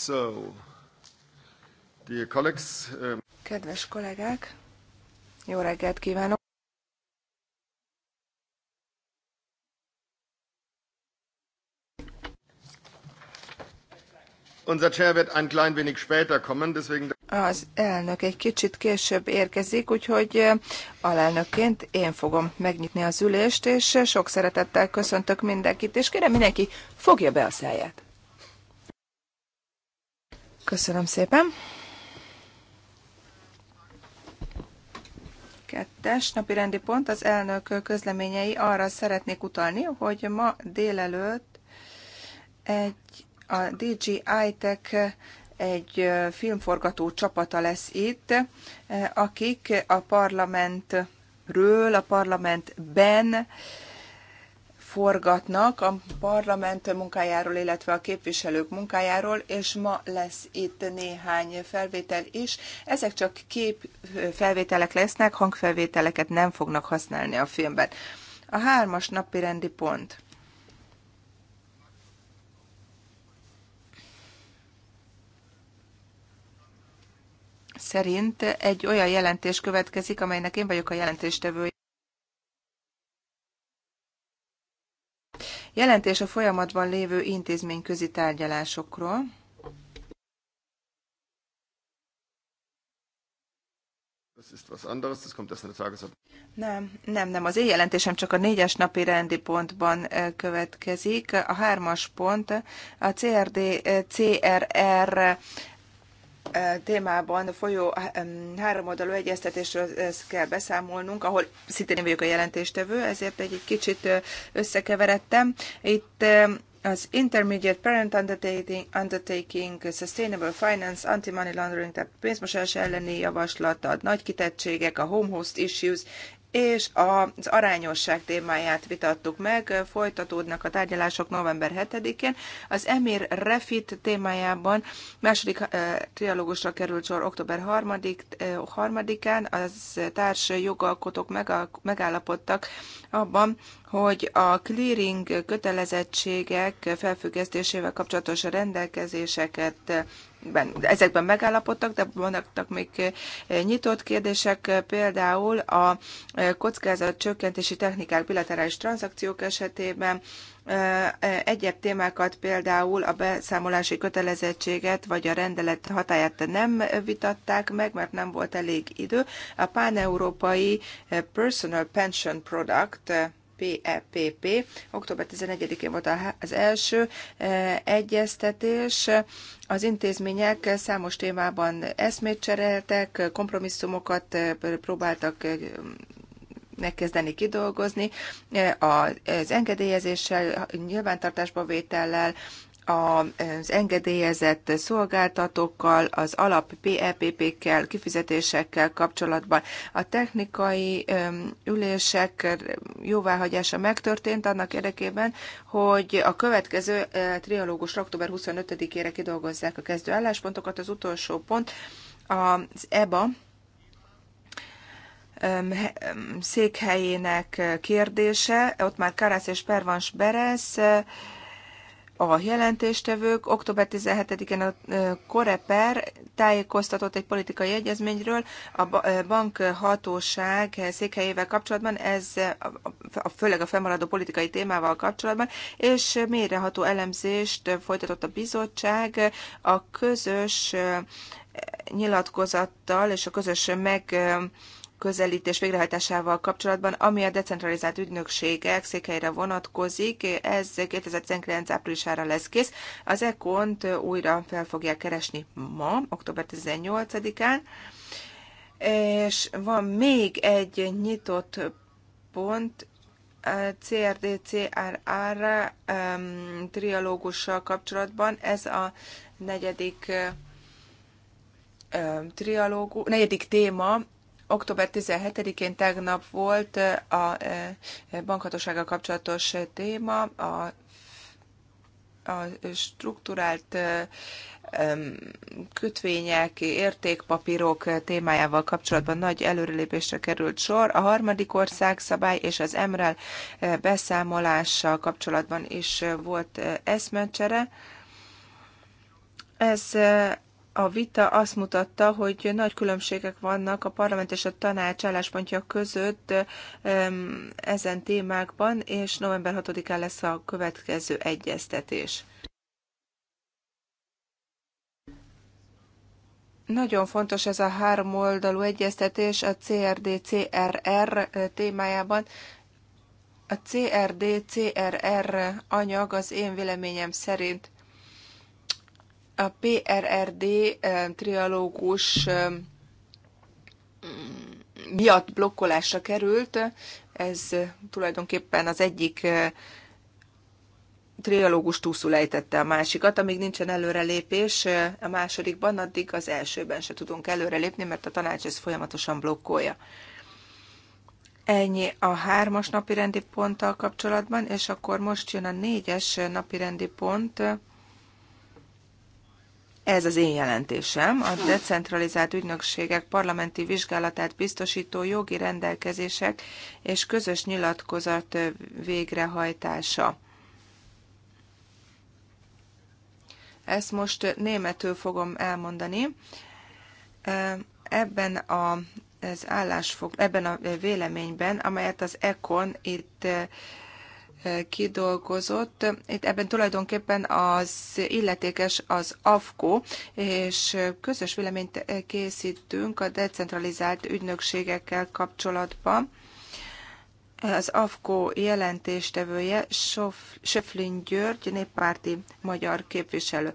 So, dear colleagues, um... Kedves kollégák, jó reggelt kívánok! Unser Chair wird ein klein wenig später kommen, deswegen... Az elnök egy kicsit később érkezik, úgyhogy eh, alelnökként én fogom megnyitni az ülést, és eh, sok szeretettel köszöntök mindenkit, és kérem mindenki fogja be a száját. Köszönöm szépen. Kettes napi rendi pont az elnök közleményei arra szeretnék utalni, hogy ma délelőtt egy, a DG iTech egy filmforgató csapata lesz itt, akik a parlamentről, a parlamentben forgatnak a parlament munkájáról, illetve a képviselők munkájáról, és ma lesz itt néhány felvétel is. Ezek csak képfelvételek lesznek, hangfelvételeket nem fognak használni a filmben. A hármas napi rendi pont. szerint egy olyan jelentés következik, amelynek én vagyok a jelentéstevője. Jelentés a folyamatban lévő intézményközi tárgyalásokról. Nem, nem, nem. Az én jelentésem csak a négyes napi rendi pontban eh, következik. A hármas pont a CRD, eh, CRR E, témában folyó e, háromoldalú egyeztetésről e, kell beszámolnunk, ahol szintén én vagyok a jelentéstevő, ezért egy, kicsit összekeveredtem. Itt az Intermediate Parent Undertaking, Undertaking Sustainable Finance, Anti-Money Laundering, tehát pénzmosás elleni javaslat, a nagy kitettségek, a Home Host Issues és az arányosság témáját vitattuk meg, folytatódnak a tárgyalások november 7-én. Az Emir Refit témájában második eh, trialógusra került sor október 3-án, eh, az társ jogalkotók megállapodtak abban, hogy a clearing kötelezettségek felfüggesztésével kapcsolatos rendelkezéseket ben, ezekben megállapodtak, de vannak még nyitott kérdések, például a kockázat csökkentési technikák bilaterális tranzakciók esetében, egyéb témákat, például a beszámolási kötelezettséget vagy a rendelet hatáját nem vitatták meg, mert nem volt elég idő. A páneurópai Personal Pension Product PEPP. E Október 11-én volt az első e, egyeztetés. Az intézmények számos témában eszmét cseréltek, kompromisszumokat e, próbáltak megkezdeni kidolgozni, az engedélyezéssel, nyilvántartásba vétellel, az engedélyezett szolgáltatókkal, az alap PEPP-kkel, kifizetésekkel kapcsolatban. A technikai ülések jóváhagyása megtörtént annak érdekében, hogy a következő trialógus október 25-ére kidolgozzák a kezdő álláspontokat. Az utolsó pont az EBA, székhelyének kérdése. Ott már Karász és Pervans Beresz a jelentéstevők. Október 17-én a Koreper tájékoztatott egy politikai egyezményről a bankhatóság székhelyével kapcsolatban, ez a, főleg a fennmaradó politikai témával kapcsolatban, és mélyreható elemzést folytatott a bizottság a közös nyilatkozattal és a közös meg közelítés végrehajtásával kapcsolatban, ami a decentralizált ügynökségek székhelyre vonatkozik. Ez 2019 áprilisára lesz kész. Az ekont újra fel fogják keresni ma, október 18-án. És van még egy nyitott pont, CRD-CRR um, trialógussal kapcsolatban. Ez a negyedik um, trialógu, negyedik téma október 17-én tegnap volt a bankhatósággal kapcsolatos téma, a, a strukturált kötvények, értékpapírok témájával kapcsolatban nagy előrelépésre került sor. A harmadik ország szabály és az MREL beszámolással kapcsolatban is volt eszmecsere. Ez a vita azt mutatta, hogy nagy különbségek vannak a parlament és a tanács álláspontja között ezen témákban, és november 6-án lesz a következő egyeztetés. Nagyon fontos ez a három oldalú egyeztetés a CRD-CRR eh, témájában. A CRD-CRR anyag az én véleményem szerint a PRRD eh, trialógus eh, miatt blokkolásra került. Ez tulajdonképpen az egyik eh, trialógus túszul ejtette a másikat, amíg nincsen előrelépés a másodikban, addig az elsőben se tudunk előrelépni, mert a tanács ezt folyamatosan blokkolja. Ennyi a hármas napi rendi ponttal kapcsolatban, és akkor most jön a négyes napi rendi pont, ez az én jelentésem, a decentralizált ügynökségek parlamenti vizsgálatát biztosító jogi rendelkezések és közös nyilatkozat végrehajtása. Ezt most németül fogom elmondani. Ebben a az állásfog, ebben a véleményben, amelyet az ECON itt kidolgozott. Itt ebben tulajdonképpen az illetékes az AFKO, és közös véleményt készítünk a decentralizált ügynökségekkel kapcsolatban. Az AFKO jelentéstevője Söflin György, néppárti magyar képviselő.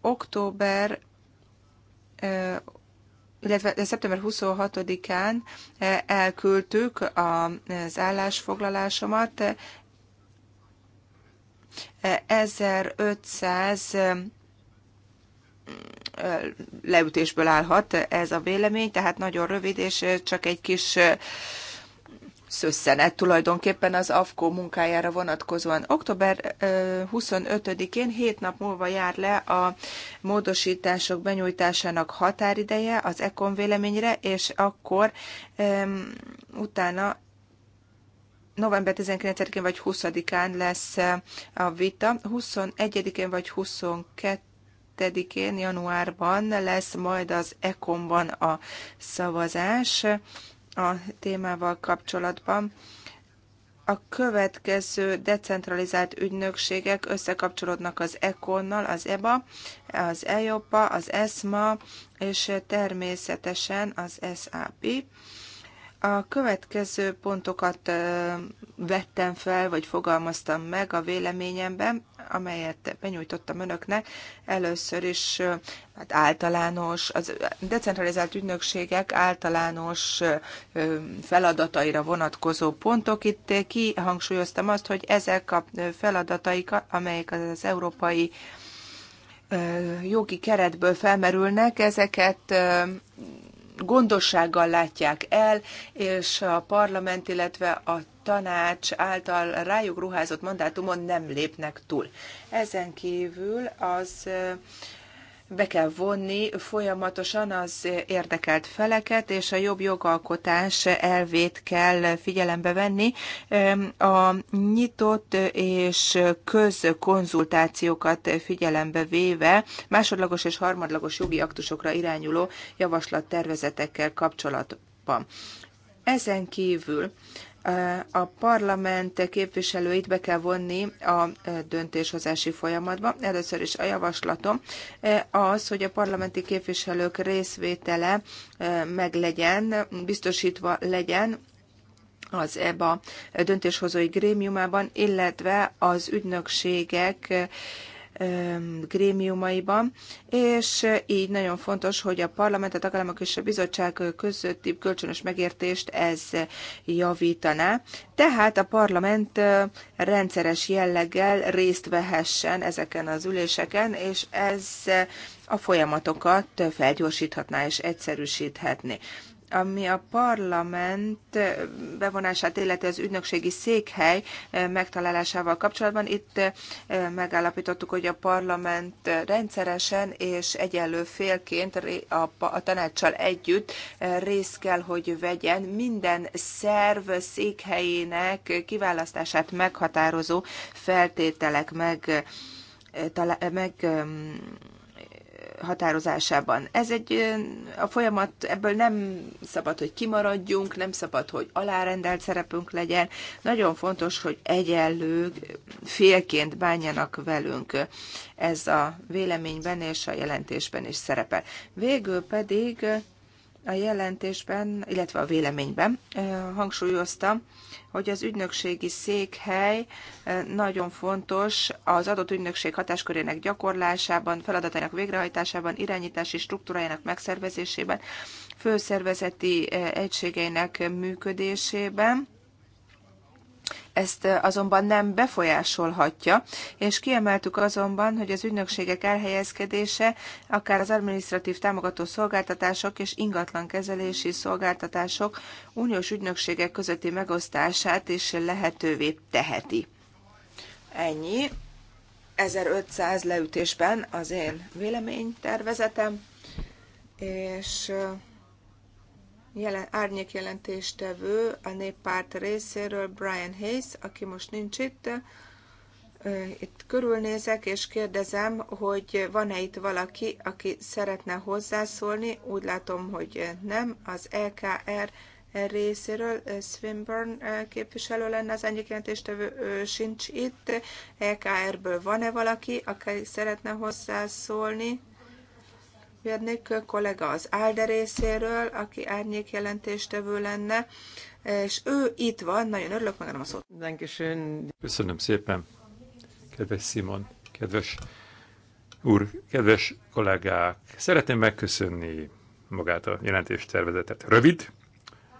Október illetve szeptember 26-án elküldtük az állásfoglalásomat. 1500 leütésből állhat ez a vélemény, tehát nagyon rövid, és csak egy kis szösszenet tulajdonképpen az AFKO munkájára vonatkozóan. Október 25-én, hét nap múlva jár le a módosítások benyújtásának határideje az ECOM véleményre, és akkor utána november 19-én vagy 20-án lesz eh, a vita, 21-én vagy 22 én januárban lesz majd az ekonban a szavazás a témával kapcsolatban. A következő decentralizált ügynökségek összekapcsolódnak az ekonnal, az EBA, az EIOPA, az ESMA, és természetesen az SAP. A következő pontokat vettem fel, vagy fogalmaztam meg a véleményemben, amelyet benyújtottam önöknek. Először is hát általános, az decentralizált ügynökségek általános feladataira vonatkozó pontok. Itt kihangsúlyoztam azt, hogy ezek a feladataik, amelyek az európai jogi keretből felmerülnek, ezeket gondossággal látják el, és a parlament, illetve a tanács által rájuk ruházott mandátumon nem lépnek túl. Ezen kívül az be kell vonni folyamatosan az érdekelt feleket, és a jobb jogalkotás elvét kell figyelembe venni. A nyitott és közkonzultációkat figyelembe véve másodlagos és harmadlagos jogi aktusokra irányuló javaslattervezetekkel kapcsolatban. Ezen kívül a parlament képviselőit be kell vonni a döntéshozási folyamatba. Először is a javaslatom az, hogy a parlamenti képviselők részvétele meglegyen, biztosítva legyen az EBA döntéshozói grémiumában, illetve az ügynökségek grémiumaiban, és így nagyon fontos, hogy a parlament, a tagállamok és a bizottság közötti kölcsönös megértést ez javítaná. Tehát a parlament rendszeres jelleggel részt vehessen ezeken az üléseken, és ez a folyamatokat felgyorsíthatná és egyszerűsíthetné ami a parlament bevonását illetve az ügynökségi székhely megtalálásával kapcsolatban. Itt megállapítottuk, hogy a parlament rendszeresen és egyenlő félként a tanácssal együtt részt kell, hogy vegyen minden szerv székhelyének kiválasztását meghatározó feltételek meg, talá, meg meghatározásában. Ez egy a folyamat, ebből nem szabad, hogy kimaradjunk, nem szabad, hogy alárendelt szerepünk legyen. Nagyon fontos, hogy egyenlő félként bánjanak velünk. Ez a véleményben és a jelentésben is szerepel. Végül pedig a jelentésben, illetve a véleményben hangsúlyozta, hogy az ügynökségi székhely nagyon fontos az adott ügynökség hatáskörének gyakorlásában, feladatainak végrehajtásában, irányítási struktúrájának megszervezésében, főszervezeti egységeinek működésében ezt azonban nem befolyásolhatja, és kiemeltük azonban, hogy az ügynökségek elhelyezkedése akár az administratív támogató szolgáltatások és ingatlankezelési szolgáltatások uniós ügynökségek közötti megosztását is lehetővé teheti. Ennyi. 1500 leütésben az én véleménytervezetem, és jelen, árnyékjelentéstevő a néppárt részéről Brian Hayes, aki most nincs itt. Itt körülnézek, és kérdezem, hogy van-e itt valaki, aki szeretne hozzászólni. Úgy látom, hogy nem. Az EKR részéről Swinburne képviselő lenne az egyik ő sincs itt. EKR-ből van-e valaki, aki szeretne hozzászólni? Vérnék kollega az Álde részéről, aki árnyék jelentéstevő lenne, és ő itt van, nagyon örülök, megadom a szót. Köszönöm szépen, kedves Simon, kedves úr, kedves kollégák. Szeretném megköszönni magát a jelentéstervezetet. Rövid,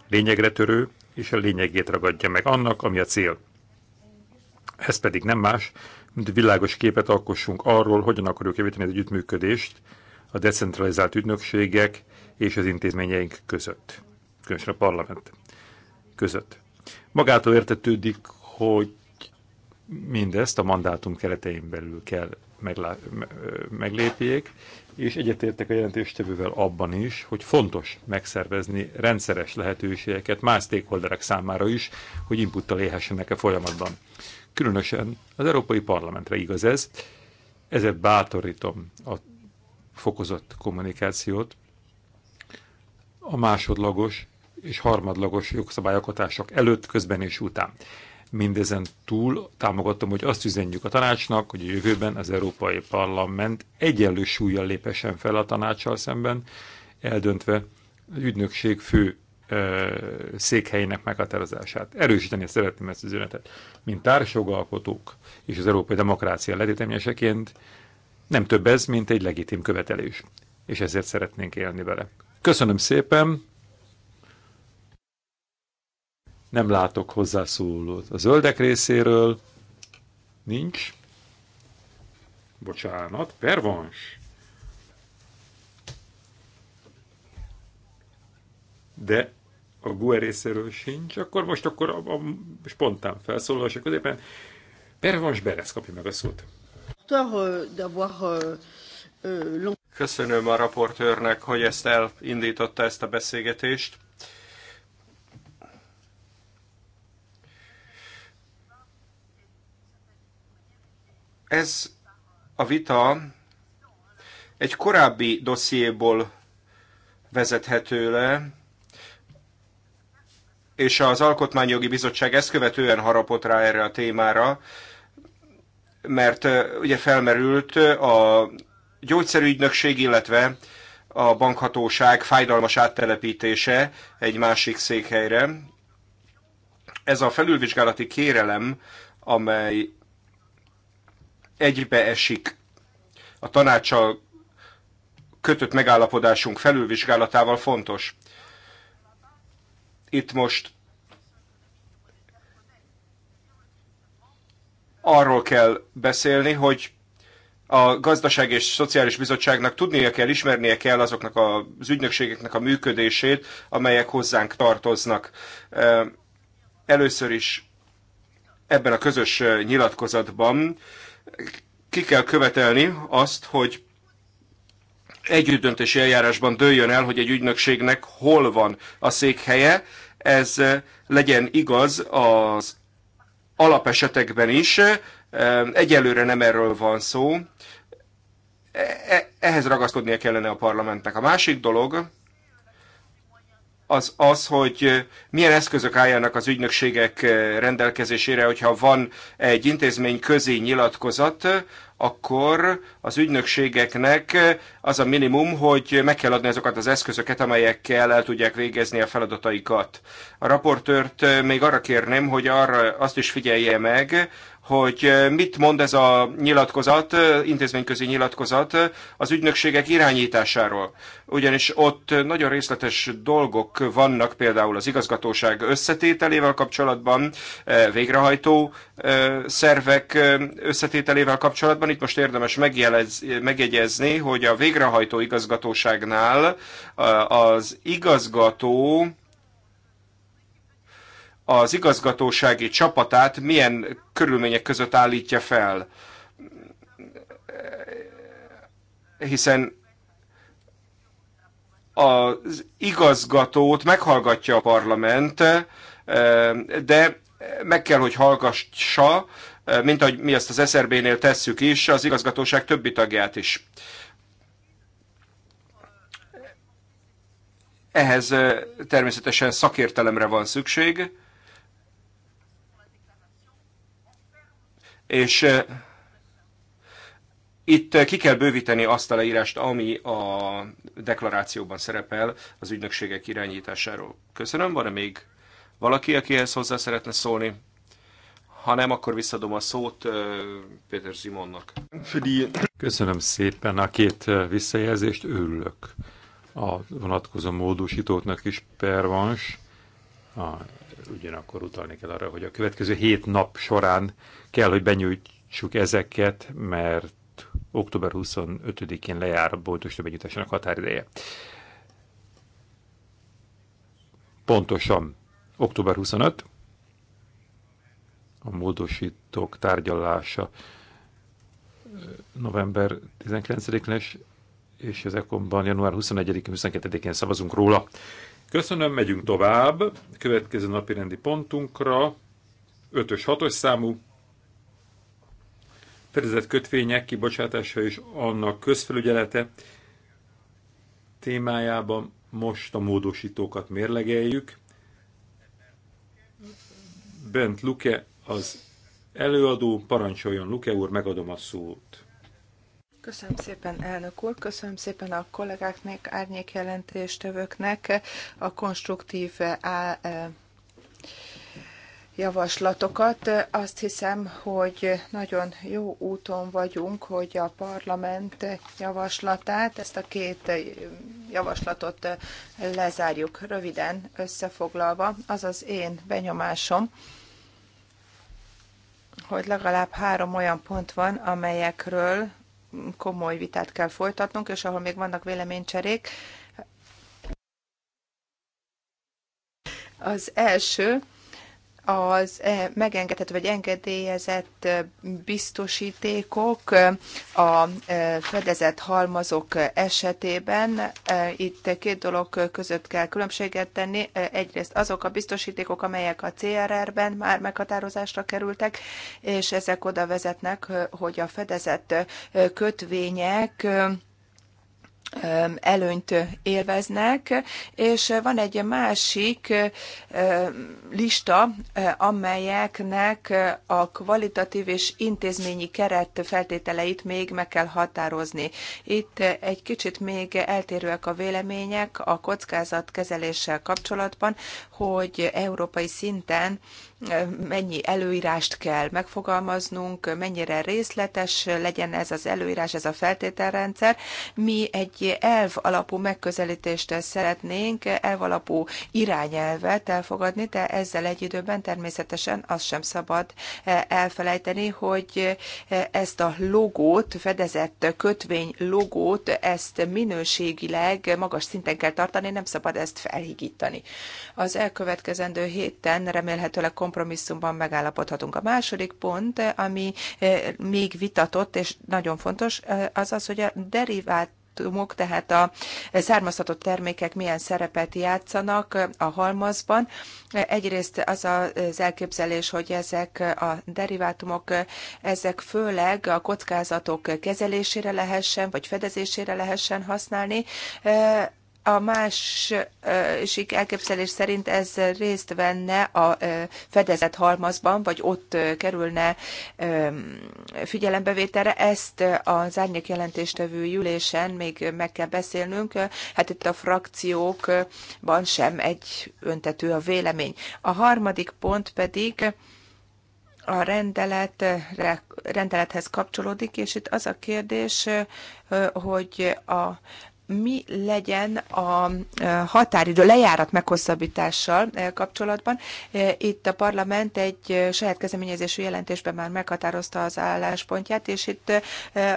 lényegre törő, és a lényegét ragadja meg annak, ami a cél. Ez pedig nem más, mint világos képet alkossunk arról, hogyan akarjuk javítani az együttműködést a decentralizált ügynökségek és az intézményeink között, különösen a parlament között. Magától értetődik, hogy mindezt a mandátum keretein belül kell meglá- meglépjék, és egyetértek a jelentéstevővel abban is, hogy fontos megszervezni rendszeres lehetőségeket más stakeholderek számára is, hogy inputtal élhessenek a folyamatban. Különösen az Európai Parlamentre igaz ez, ezért bátorítom a fokozott kommunikációt a másodlagos és harmadlagos jogszabályalkotások előtt, közben és után. Mindezen túl támogatom, hogy azt üzenjük a tanácsnak, hogy a jövőben az Európai Parlament egyenlő súlyjal lépesen fel a tanácssal szemben, eldöntve az ügynökség fő ö, székhelyének meghatározását. Erősíteni szeretném ezt az üzenetet. Mint társjogalkotók és az európai demokrácia letéteményeseként nem több ez, mint egy legitim követelés, és ezért szeretnénk élni vele. Köszönöm szépen! Nem látok hozzászólót. A zöldek részéről nincs. Bocsánat, pervans. De a GUE részéről sincs, akkor most akkor a, a spontán felszólalások középen Pervans Beresz kapja meg a szót. Euh, euh, euh, Köszönöm a raportőrnek, hogy ezt elindította ezt a beszélgetést. Ez a vita egy korábbi dossziéból vezethető le, és az Alkotmányjogi Bizottság ezt követően harapott rá erre a témára, mert ugye felmerült a gyógyszerügynökség, illetve a bankhatóság fájdalmas áttelepítése egy másik székhelyre. Ez a felülvizsgálati kérelem, amely egybeesik a tanácssal kötött megállapodásunk felülvizsgálatával fontos. Itt most arról kell beszélni, hogy a Gazdaság és Szociális Bizottságnak tudnia kell, ismernie kell azoknak az ügynökségeknek a működését, amelyek hozzánk tartoznak. Először is ebben a közös nyilatkozatban ki kell követelni azt, hogy együttdöntési eljárásban dőljön el, hogy egy ügynökségnek hol van a székhelye, ez legyen igaz az alapesetekben is. Egyelőre nem erről van szó. E, e, ehhez ragaszkodnia kellene a parlamentnek. A másik dolog, az az, hogy milyen eszközök álljanak az ügynökségek rendelkezésére, hogyha van egy intézmény közé nyilatkozat, akkor az ügynökségeknek az a minimum, hogy meg kell adni azokat az eszközöket, amelyekkel el tudják végezni a feladataikat. A raportőrt még arra kérném, hogy arra azt is figyelje meg, hogy eh, mit mond ez a nyilatkozat, eh, intézményközi nyilatkozat eh, az ügynökségek irányításáról. Ugyanis ott nagyon részletes dolgok vannak, például az igazgatóság összetételével kapcsolatban, végrehajtó szervek összetételével kapcsolatban. Itt most érdemes megjelez, megjegyezni, hogy a végrehajtó igazgatóságnál az igazgató az igazgatósági csapatát milyen körülmények között állítja fel. Hiszen az igazgatót meghallgatja a parlament, de meg kell, hogy hallgassa, mint ahogy mi ezt az SRB-nél tesszük is, az igazgatóság többi tagját is. Ehhez természetesen szakértelemre van szükség. És eh, itt eh, ki kell bővíteni azt a leírást, ami a deklarációban szerepel az ügynökségek irányításáról. Köszönöm, van-e még valaki, aki ehhez hozzá szeretne szólni? Ha nem, akkor visszadom a szót eh, Péter Zimonnak. Köszönöm szépen a két visszajelzést, örülök. A vonatkozó módosítótnak is pervans, a ugyanakkor utalni kell arra, hogy a következő hét nap során kell, hogy benyújtsuk ezeket, mert október 25-én lejár a boltos begyújtásának határideje. Pontosan október 25, a módosítók tárgyalása eh, november 19-én és az január 21-22-én én szavazunk róla. Köszönöm, megyünk tovább. Következő napi rendi pontunkra 5-ös, 6-os számú fedezett kötvények kibocsátása és annak közfelügyelete témájában most a módosítókat mérlegeljük. Bent Luke az előadó, parancsoljon Luke úr, megadom a szót. Köszönöm szépen, elnök úr, köszönöm szépen a kollégáknak, árnyékjelentéstevőknek a konstruktív e, javaslatokat. Azt hiszem, hogy nagyon jó úton vagyunk, hogy a parlament javaslatát, ezt a két javaslatot lezárjuk röviden összefoglalva. Az az én benyomásom, hogy legalább három olyan pont van, amelyekről komoly vitát kell folytatnunk, és ahol még vannak véleménycserék. Az első, az eh, megengedhető vagy engedélyezett eh, biztosítékok eh, a fedezett halmazok esetében. Itt két dolog között kell különbséget tenni. Egyrészt azok a biztosítékok, amelyek a CRR-ben már meghatározásra kerültek, és ezek oda vezetnek, hogy a fedezett kötvények előnyt élveznek, és van egy másik lista, amelyeknek a kvalitatív és intézményi keret feltételeit még meg kell határozni. Itt egy kicsit még eltérőek a vélemények a kockázatkezeléssel kapcsolatban, hogy európai szinten mennyi előírást kell megfogalmaznunk, mennyire részletes legyen ez az előírás, ez a feltételrendszer. Mi egy elv alapú megközelítést szeretnénk, elv alapú irányelvet elfogadni, de ezzel egy időben természetesen azt sem szabad eh, elfelejteni, hogy eh, ezt a logót, fedezett kötvény logót, ezt minőségileg magas szinten kell tartani, nem szabad ezt felhigítani. Az elkövetkezendő héten remélhetőleg kompromisszumban megállapodhatunk. A második pont, ami eh, még vitatott, és nagyon fontos, eh, az az, hogy a derivált tehát a származtatott termékek milyen szerepet játszanak eh, a halmazban. Egyrészt az az elképzelés, hogy ezek a derivátumok, ezek főleg a kockázatok kezelésére lehessen, vagy fedezésére lehessen használni, a másik elképzelés szerint ez részt venne a fedezett halmazban, vagy ott kerülne figyelembevételre. Ezt az árnyék jelentéstevő ülésen még meg kell beszélnünk. Hát itt a frakciókban sem egy öntető a vélemény. A harmadik pont pedig a rendelet, rendelethez kapcsolódik, és itt az a kérdés, hogy a mi legyen a határidő lejárat meghosszabbítással kapcsolatban. Itt a parlament egy saját kezdeményezésű jelentésben már meghatározta az álláspontját, és itt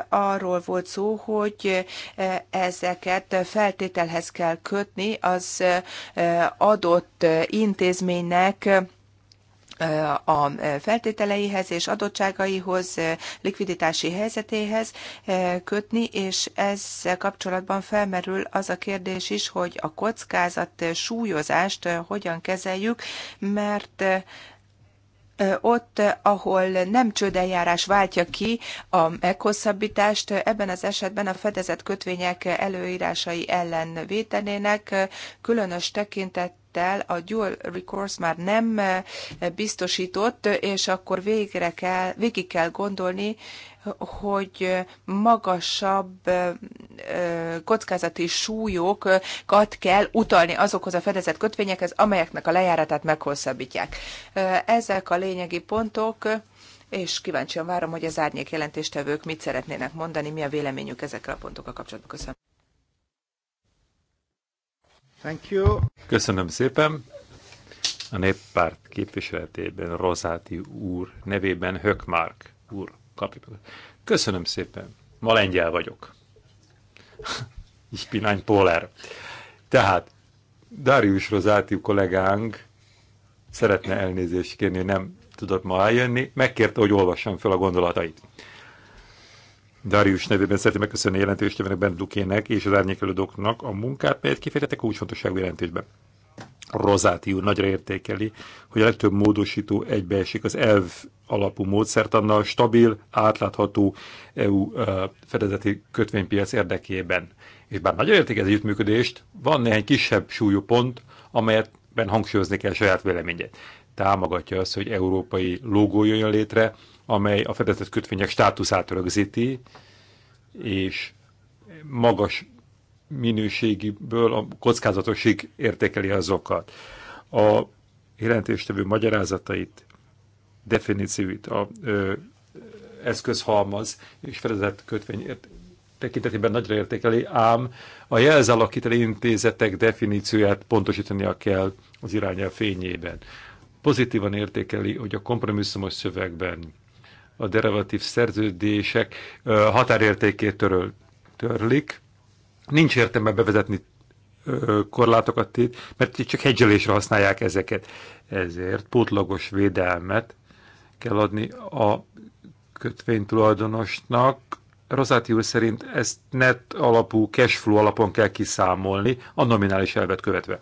arról volt szó, hogy ezeket feltételhez kell kötni az adott intézménynek, a feltételeihez és adottságaihoz, likviditási helyzetéhez kötni, és ezzel kapcsolatban felmerül az a kérdés is, hogy a kockázat súlyozást hogyan kezeljük, mert ott, ahol nem csődeljárás váltja ki a meghosszabbítást, ebben az esetben a fedezett kötvények előírásai ellen vétenének, különös tekintet esettel a dual recourse már nem eh, biztosított, és akkor végre kell, végig kell gondolni, hogy magasabb eh, kockázati súlyokat kell utalni azokhoz a fedezett kötvényekhez, amelyeknek a lejáratát meghosszabbítják. Eh, ezek a lényegi pontok, és kíváncsian várom, hogy az árnyék jelentéstevők mit szeretnének mondani, mi a véleményük ezekkel a pontokkal kapcsolatban. Köszönöm. Thank you. Köszönöm szépen. A néppárt képviseletében Rozáti úr nevében Hökmark úr kapja. Köszönöm szépen. Ma lengyel vagyok. Ich bin ein Poler. Tehát Darius Rozáti kollégánk szeretne elnézést kérni, nem tudott ma eljönni, megkérte, hogy olvassam fel a gondolatait. Darius nevében szeretném megköszönni a jelentőstevőnek, Bent és az árnyékelődoknak a munkát, melyet kifejtettek a úgyfontosságú jelentésben. Rozáti úr nagyra értékeli, hogy a legtöbb módosító egybeesik az elv alapú módszertannal stabil, átlátható EU fedezeti kötvénypiac érdekében. És bár nagyon érték az együttműködést, van néhány kisebb súlyú pont, amelyetben hangsúlyozni kell saját véleményét. Támogatja azt, hogy európai logó jöjjön létre, amely a fedezett kötvények státuszát rögzíti, és magas minőségiből a kockázatosig értékeli azokat. A jelentéstevő magyarázatait, definícióit, a ö, eszközhalmaz és fedezett kötvény tekintetében nagyra értékeli, ám a jelzálakíteli intézetek definícióját pontosítania kell az irányel fényében. Pozitívan értékeli, hogy a kompromisszumos szövegben a derivatív szerződések határértékét töröl, törlik. Nincs értelme bevezetni korlátokat itt, mert itt csak hegyelésre használják ezeket. Ezért pótlagos védelmet kell adni a kötvénytulajdonosnak. Rosati úr szerint ezt net alapú flow alapon kell kiszámolni, a nominális elvet követve.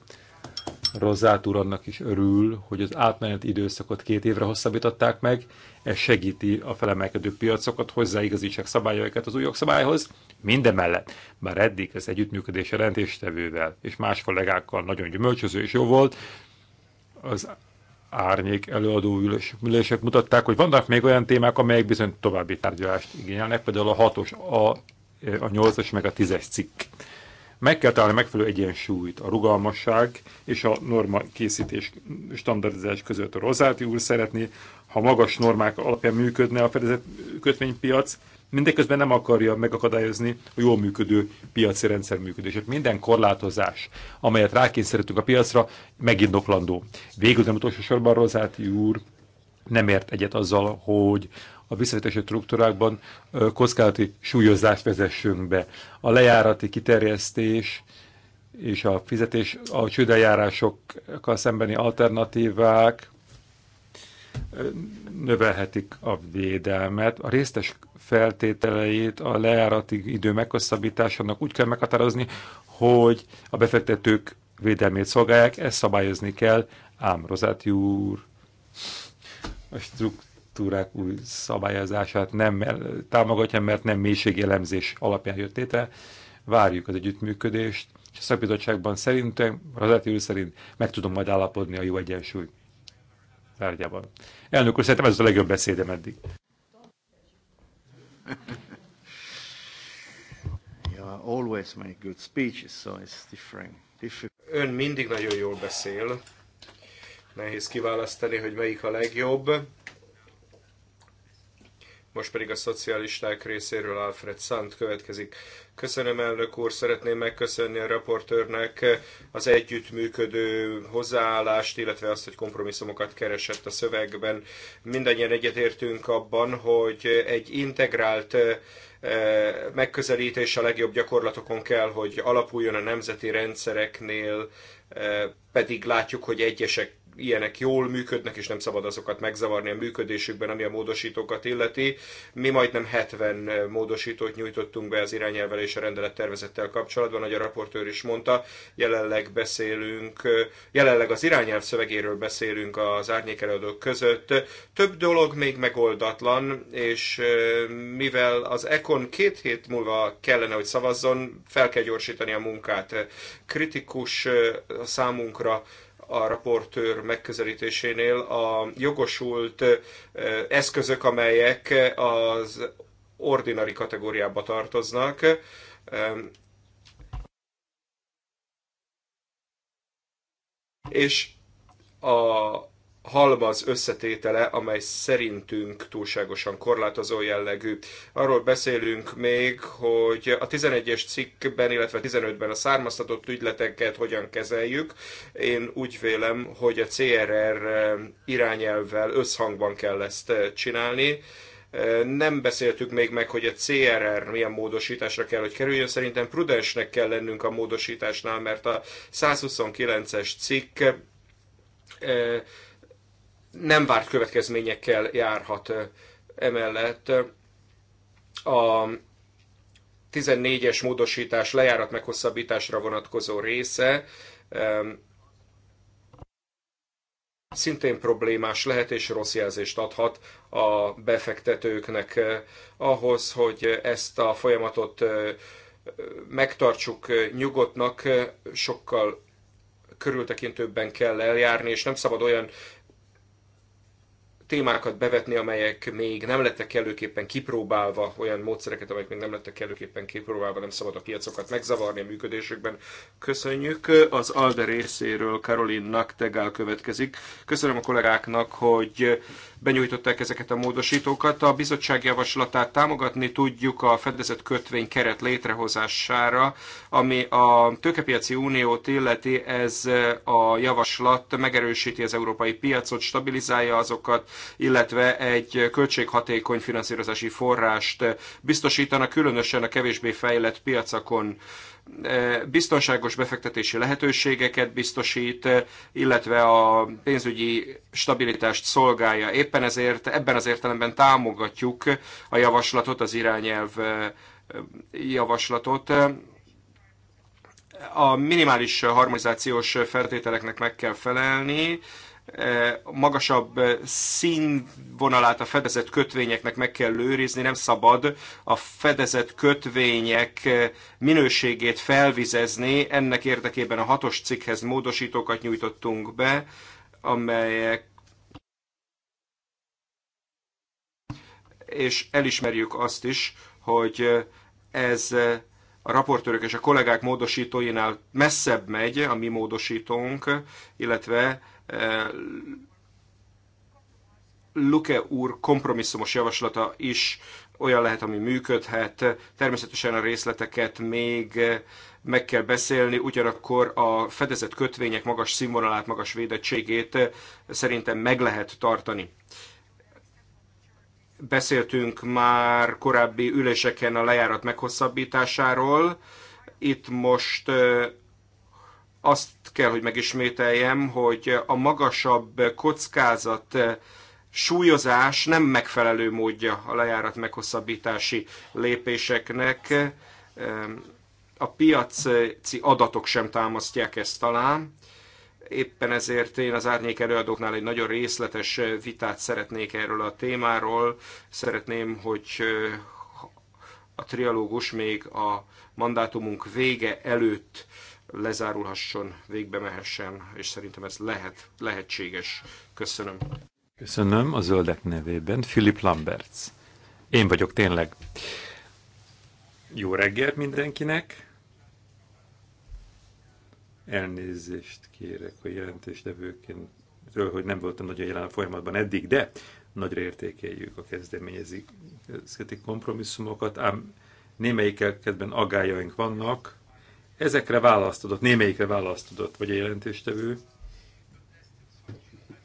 Rozát annak is örül, hogy az átmenet időszakot két évre hosszabbították meg, ez segíti a felemelkedő piacokat, hozzáigazítsák szabályaikat az új jogszabályhoz, mellett. Bár eddig az együttműködés a rendéstevővel és más kollégákkal nagyon gyümölcsöző és jó volt, az árnyék előadó ülések mutatták, hogy vannak még olyan témák, amelyek bizony további tárgyalást igényelnek, például a 6-os, a, a 8-as meg a 10-es cikk meg kell találni megfelelő egyensúlyt a rugalmasság és a norma készítés standardizás között. A Rozáti úr szeretné, ha magas normák alapján működne a fedezett kötvénypiac, mindeközben nem akarja megakadályozni a jól működő piaci rendszer működését. Minden korlátozás, amelyet rákényszerítünk a piacra, megindoklandó. Végül nem utolsó sorban Rozáti úr nem ért egyet azzal, hogy a visszavetési struktúrákban kockázati súlyozást vezessünk be. A lejárati kiterjesztés és a fizetés, a csődeljárásokkal szembeni alternatívák növelhetik a védelmet. A résztes feltételeit a lejárati idő meghosszabbításának úgy kell meghatározni, hogy a befektetők védelmét szolgálják, ezt szabályozni kell, ám Rozáti úr a struktúrát struktúrák új szabályozását nem támogatja, mert nem mélységélemzés alapján jött létre. Várjuk az együttműködést, és a szakbizottságban szerintem, az úr szerint meg tudom majd állapodni a jó egyensúly tárgyában. Elnök úr, szerintem ez a legjobb beszédem eddig. yeah, always make good speeches, so it's different. different. Ön mindig nagyon jól beszél. Nehéz kiválasztani, hogy melyik a legjobb. Most pedig a szocialisták részéről Alfred Sand következik. Köszönöm, elnök úr, szeretném megköszönni a raportőrnek az együttműködő hozzáállást, illetve azt, hogy kompromisszumokat keresett a szövegben. Mindannyian egyetértünk abban, hogy egy integrált eh, megközelítés a legjobb gyakorlatokon kell, hogy alapuljon a nemzeti rendszereknél, eh, pedig látjuk, hogy egyesek ilyenek jól működnek, és nem szabad azokat megzavarni a működésükben, ami a módosítókat illeti. Mi majdnem 70 módosítót nyújtottunk be az irányelvel és a tervezettel kapcsolatban, ahogy a raportőr is mondta, jelenleg beszélünk, jelenleg az irányelv szövegéről beszélünk az árnyékelőadók között. Több dolog még megoldatlan, és mivel az Econ két hét múlva kellene, hogy szavazzon, fel kell gyorsítani a munkát. Kritikus számunkra a raportőr megközelítésénél a jogosult eszközök, amelyek az ordinari kategóriába tartoznak. És a halmaz összetétele, amely szerintünk túlságosan korlátozó jellegű. Arról beszélünk még, hogy a 11-es cikkben, illetve 15-ben a származtatott ügyleteket hogyan kezeljük. Én úgy vélem, hogy a CRR irányelvvel összhangban kell ezt csinálni. Nem beszéltük még meg, hogy a CRR milyen módosításra kell, hogy kerüljön. Szerintem prudensnek kell lennünk a módosításnál, mert a 129-es cikk eh, nem várt következményekkel járhat emellett. A 14-es módosítás lejárat meghosszabbításra vonatkozó része szintén problémás lehet és rossz jelzést adhat a befektetőknek ahhoz, hogy ezt a folyamatot megtartsuk nyugodtnak, sokkal körültekintőbben kell eljárni, és nem szabad olyan témákat bevetni, amelyek még nem lettek kellőképpen kipróbálva, olyan módszereket, amelyek még nem lettek kellőképpen kipróbálva, nem szabad a piacokat megzavarni a működésükben. Köszönjük. Az ALDE részéről Karolinnak Naktegál következik. Köszönöm a kollégáknak, hogy benyújtották ezeket a módosítókat. A bizottság javaslatát támogatni tudjuk a fedezett kötvény keret létrehozására, ami a tőkepiaci uniót illeti, ez a javaslat megerősíti az európai piacot, stabilizálja azokat, illetve egy költséghatékony finanszírozási forrást biztosítana, különösen a kevésbé fejlett piacokon biztonságos befektetési lehetőségeket biztosít, illetve a pénzügyi stabilitást szolgálja. Éppen ezért ebben az értelemben támogatjuk a javaslatot, az irányelv javaslatot a minimális harmonizációs feltételeknek meg kell felelni, Eh, magasabb eh, színvonalát a fedezett kötvényeknek meg kell őrizni, nem szabad a fedezett kötvények eh, minőségét felvizezni. Ennek érdekében a hatos cikkhez módosítókat nyújtottunk be, amelyek és elismerjük azt is, hogy ez a raportőrök és a kollégák módosítóinál messzebb megy a mi módosítónk, illetve Luke úr kompromisszumos javaslata is olyan lehet, ami működhet. Természetesen a részleteket még meg kell beszélni, ugyanakkor a fedezett kötvények magas színvonalát, magas védettségét szerintem meg lehet tartani. Beszéltünk már korábbi üléseken a lejárat meghosszabbításáról. Itt most azt kell, hogy megismételjem, hogy a magasabb kockázat eh, súlyozás nem megfelelő módja a lejárat meghosszabbítási lépéseknek. Eh, a piaci adatok sem támasztják ezt talán. Éppen ezért én az árnyék előadóknál egy nagyon részletes eh, vitát szeretnék erről a témáról. Szeretném, hogy a trialógus még a mandátumunk vége előtt lezárulhasson, végbe mehessen, és szerintem ez lehet, lehetséges. Köszönöm. Köszönöm a zöldek nevében, Philip Lamberts. Én vagyok tényleg. Jó reggelt mindenkinek! Elnézést kérek a jelentéstevőként, hogy nem voltam nagyon jelen a folyamatban eddig, de nagyra értékeljük a kezdeményezik kompromisszumokat, ám némelyikkel kedben agályaink vannak, Ezekre választ adott, némelyikre választ adott, vagy jelentéstevő,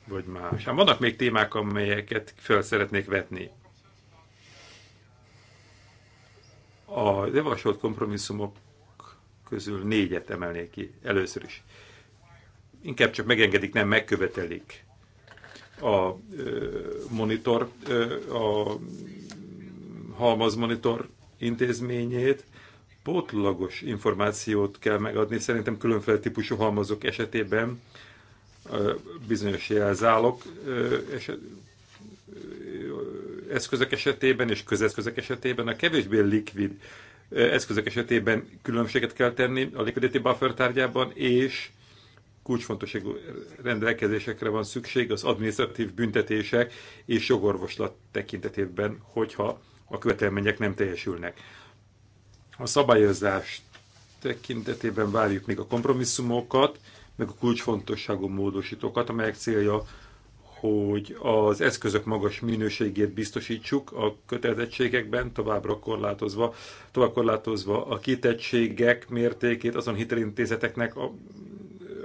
vagy más. Hát vannak még témák, amelyeket fel szeretnék vetni. A javasolt kompromisszumok közül négyet emelnék ki először is. Inkább csak megengedik, nem megkövetelik a monitor, a halmazmonitor intézményét, pótlagos információt kell megadni. Szerintem különféle típusú halmazok esetében bizonyos jelzálok eszközök esetében és közeszközök esetében, a kevésbé likvid eszközök esetében különbséget kell tenni a liquidity buffer tárgyában, és kulcsfontosságú rendelkezésekre van szükség az administratív büntetések és jogorvoslat tekintetében, hogyha a követelmények nem teljesülnek. A szabályozás tekintetében várjuk még a kompromisszumokat, meg a kulcsfontosságú módosítókat, amelyek célja, hogy az eszközök magas minőségét biztosítsuk a kötelezettségekben, továbbra korlátozva, tovább korlátozva a kitettségek mértékét azon hitelintézeteknek, a,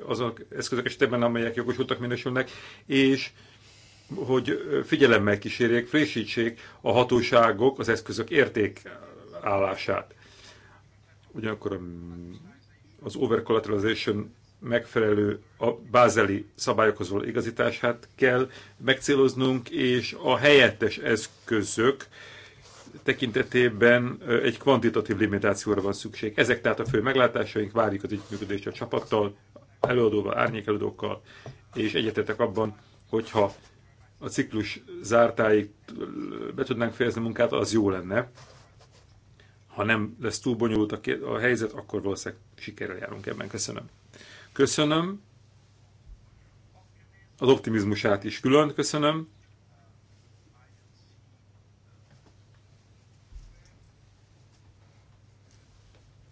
azon eszközök esetében, amelyek jogosultak minősülnek, és hogy figyelemmel kísérjék, frissítsék a hatóságok az eszközök értékállását. Ugyanakkor az over collateralization megfelelő a bázeli szabályokhoz való igazítását kell megcéloznunk, és a helyettes eszközök tekintetében egy kvantitatív limitációra van szükség. Ezek tehát a fő meglátásaink, várjuk az együttműködést a csapattal, előadóval, árnyékelődókkal, és egyetetek abban, hogyha a ciklus zártáig be tudnánk fejezni a munkát, az jó lenne. Ha nem lesz túl bonyolult a, a helyzet, akkor valószínűleg sikerrel járunk ebben. Köszönöm. Köszönöm. Az optimizmusát is külön köszönöm.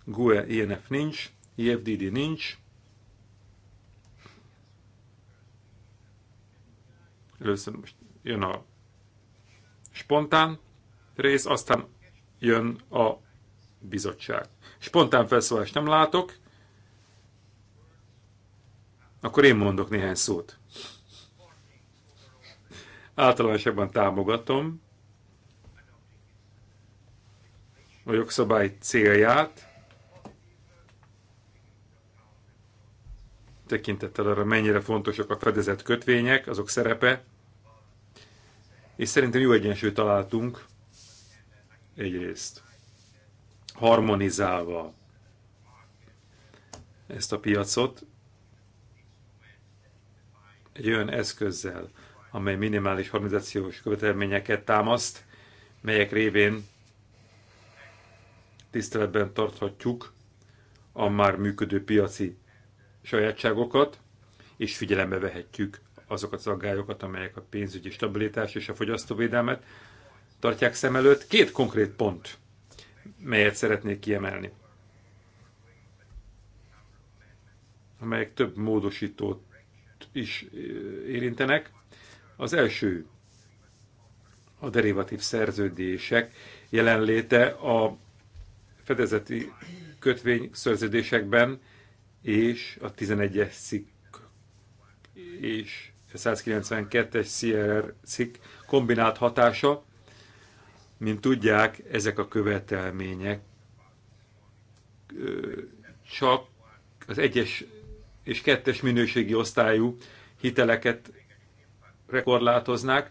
GUE INF nincs, IFDD nincs. Először most jön a spontán rész, aztán jön a bizottság. Spontán felszólást nem látok, akkor én mondok néhány szót. Általánosabban támogatom a jogszabály célját, tekintettel arra, mennyire fontosak a fedezett kötvények, azok szerepe, és szerintem jó egyensúlyt találtunk egyrészt harmonizálva ezt a piacot egy olyan eszközzel, amely minimális harmonizációs követelményeket támaszt, melyek révén tiszteletben tarthatjuk a már működő piaci sajátságokat, és figyelembe vehetjük azokat az aggályokat, amelyek a pénzügyi stabilitás és a fogyasztóvédelmet tartják szem előtt. Két konkrét pont melyet szeretnék kiemelni, amelyek több módosítót is eh, érintenek. Az első a derivatív szerződések jelenléte a fedezeti kötvény szerződésekben és a 11-es szik és a 192-es CRR szik kombinált hatása mint tudják, ezek a követelmények csak az egyes és kettes minőségi osztályú hiteleket rekorlátoznák,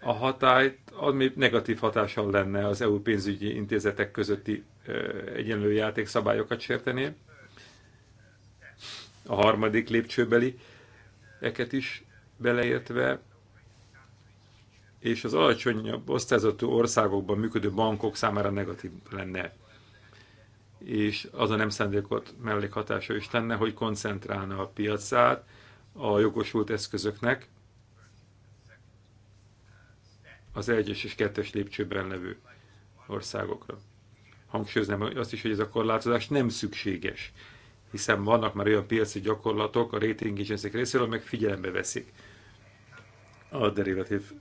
a hatályt, ami negatív hatással lenne az EU pénzügyi intézetek közötti egyenlő játékszabályokat sértené. A harmadik lépcsőbeli eket is beleértve, és az alacsonyabb osztályzatú országokban működő bankok számára negatív lenne. És az a nem szándékot mellékhatása is lenne, hogy koncentrálna a piacát a jogosult eszközöknek az egyes és kettes lépcsőben levő országokra. Hangsúlyoznám azt is, hogy ez a korlátozás nem szükséges, hiszen vannak már olyan piaci gyakorlatok a rating agency részéről, amelyek figyelembe veszik a derivatív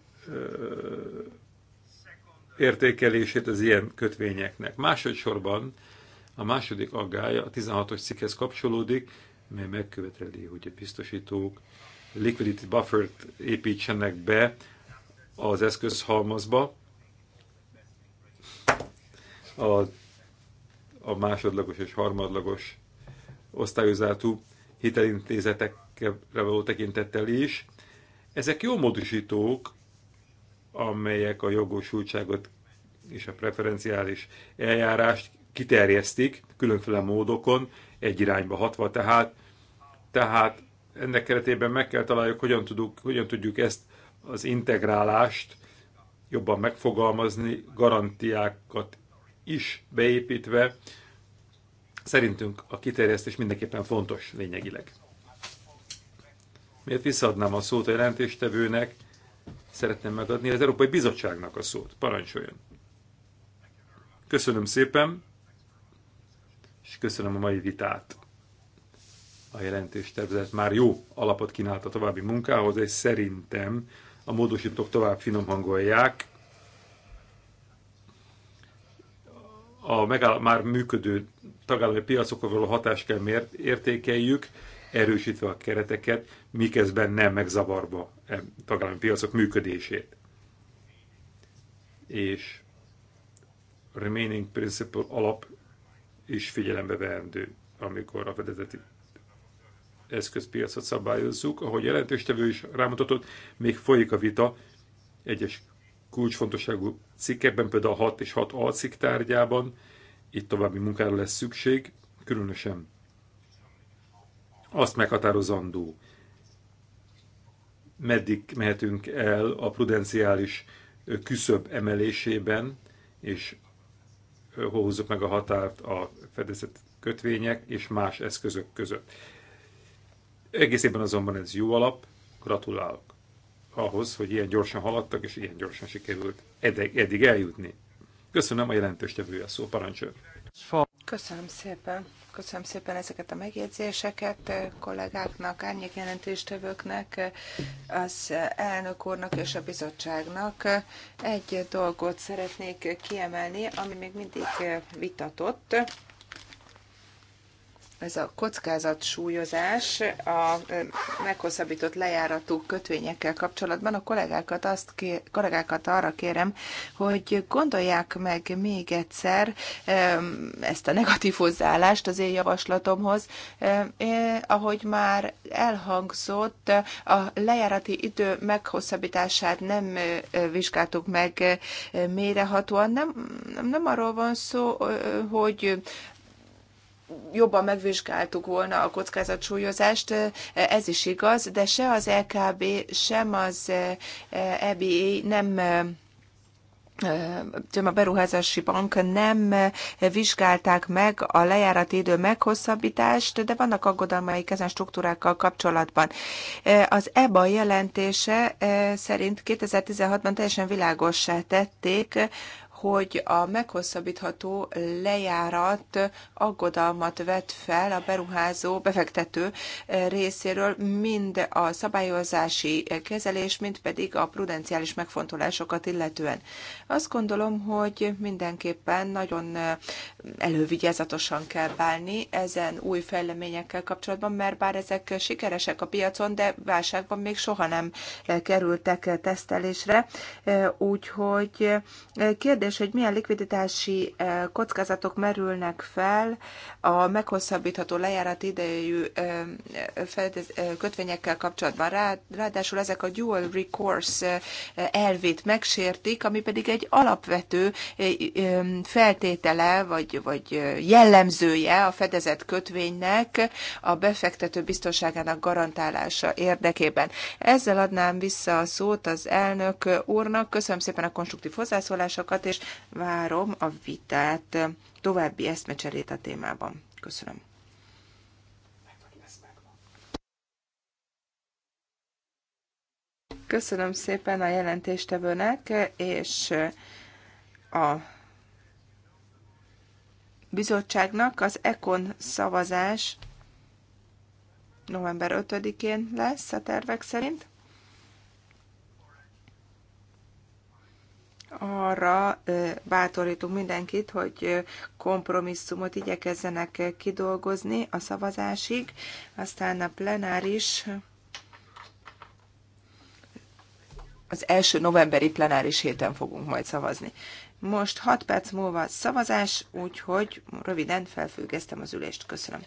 értékelését az ilyen kötvényeknek. Másodszorban a második aggája a 16-os cikkhez kapcsolódik, mely megköveteli, hogy a biztosítók liquidity buffert építsenek be az eszközhalmazba. A, a másodlagos és harmadlagos osztályozatú hitelintézetekre való tekintettel is. Ezek jó módosítók, amelyek a jogosultságot és a preferenciális eljárást kiterjesztik különféle módokon, egy irányba hatva tehát. Tehát ennek keretében meg kell találjuk, hogyan, tudunk, hogyan tudjuk ezt az integrálást jobban megfogalmazni, garantiákat is beépítve. Szerintünk a kiterjesztés mindenképpen fontos lényegileg. Miért visszaadnám a szót a jelentéstevőnek, szeretném megadni az Európai Bizottságnak a szót. Parancsoljon! Köszönöm szépen, és köszönöm a mai vitát. A jelentés tervezet már jó alapot kínált a további munkához, és szerintem a módosítók tovább finomhangolják a megáll- már működő tagállami piacokról való hatást kell mér- értékeljük, erősítve a kereteket, miközben nem megzavarva a e tagállami piacok működését. És a remaining principle alap is figyelembe veendő, amikor a fedezeti eszközpiacot szabályozzuk. Ahogy jelentőstevő is rámutatott, még folyik a vita egyes kulcsfontosságú cikkekben, például a 6 és 6 alcik tárgyában, itt további munkára lesz szükség, különösen azt meghatározandó, meddig mehetünk el a prudenciális küszöb emelésében, és hozzuk meg a határt a fedezett kötvények és más eszközök között. Egészében azonban ez jó alap, gratulálok ahhoz, hogy ilyen gyorsan haladtak, és ilyen gyorsan sikerült eddig, eddig eljutni. Köszönöm a jelentős tevője szó, parancsolj! Köszönöm szépen! Köszönöm szépen ezeket a megjegyzéseket eh, kollégáknak, árnyékjelentéstevőknek, eh, az elnök úrnak és a bizottságnak. Egy dolgot szeretnék kiemelni, ami még mindig eh, vitatott ez a kockázat súlyozás a meghosszabbított lejáratú kötvényekkel kapcsolatban a kollégákat, azt kér, kollégákat arra kérem, hogy gondolják meg még egyszer ezt a negatív hozzáállást az én javaslatomhoz. Én, ahogy már elhangzott, a lejárati idő meghosszabbítását nem vizsgáltuk meg mérehatóan. Nem, nem arról van szó, hogy jobban megvizsgáltuk volna a kockázatsúlyozást, ez is igaz, de se az LKB, e sem az EBA eh, e nem eh, eh, a beruházási bank nem vizsgálták meg a lejárati idő meghosszabbítást, de vannak aggodalmaik ezen struktúrákkal kapcsolatban. Az EBA jelentése szerint 2016-ban teljesen világossá tették, hogy a meghosszabbítható lejárat aggodalmat vet fel a beruházó, befektető eh, részéről, mind a szabályozási eh, kezelés, mind pedig a prudenciális megfontolásokat illetően. Azt gondolom, hogy mindenképpen nagyon eh, elővigyázatosan kell bánni ezen új fejleményekkel kapcsolatban, mert bár ezek sikeresek a piacon, de válságban még soha nem kerültek tesztelésre, úgyhogy kérdés kérdés, hogy milyen likviditási eh, kockázatok merülnek fel a meghosszabbítható lejárat idejű eh, eh, kötvényekkel kapcsolatban. Ráadásul ezek a dual recourse elvét megsértik, ami pedig egy alapvető feltétele vagy, vagy jellemzője a fedezett kötvénynek a befektető biztonságának garantálása érdekében. Ezzel adnám vissza a szót az elnök úrnak. Köszönöm szépen a konstruktív hozzászólásokat, és kérdést. várom a vitát, további eszmecserét a témában. Köszönöm. Köszönöm szépen a jelentéstevőnek, és a bizottságnak az ECON szavazás november 5-én lesz a tervek szerint. arra bátorítunk mindenkit, hogy kompromisszumot igyekezzenek kidolgozni a szavazásig, aztán a plenáris az első novemberi plenáris héten fogunk majd szavazni. Most 6 perc múlva szavazás, úgyhogy röviden felfüggesztem az ülést. Köszönöm.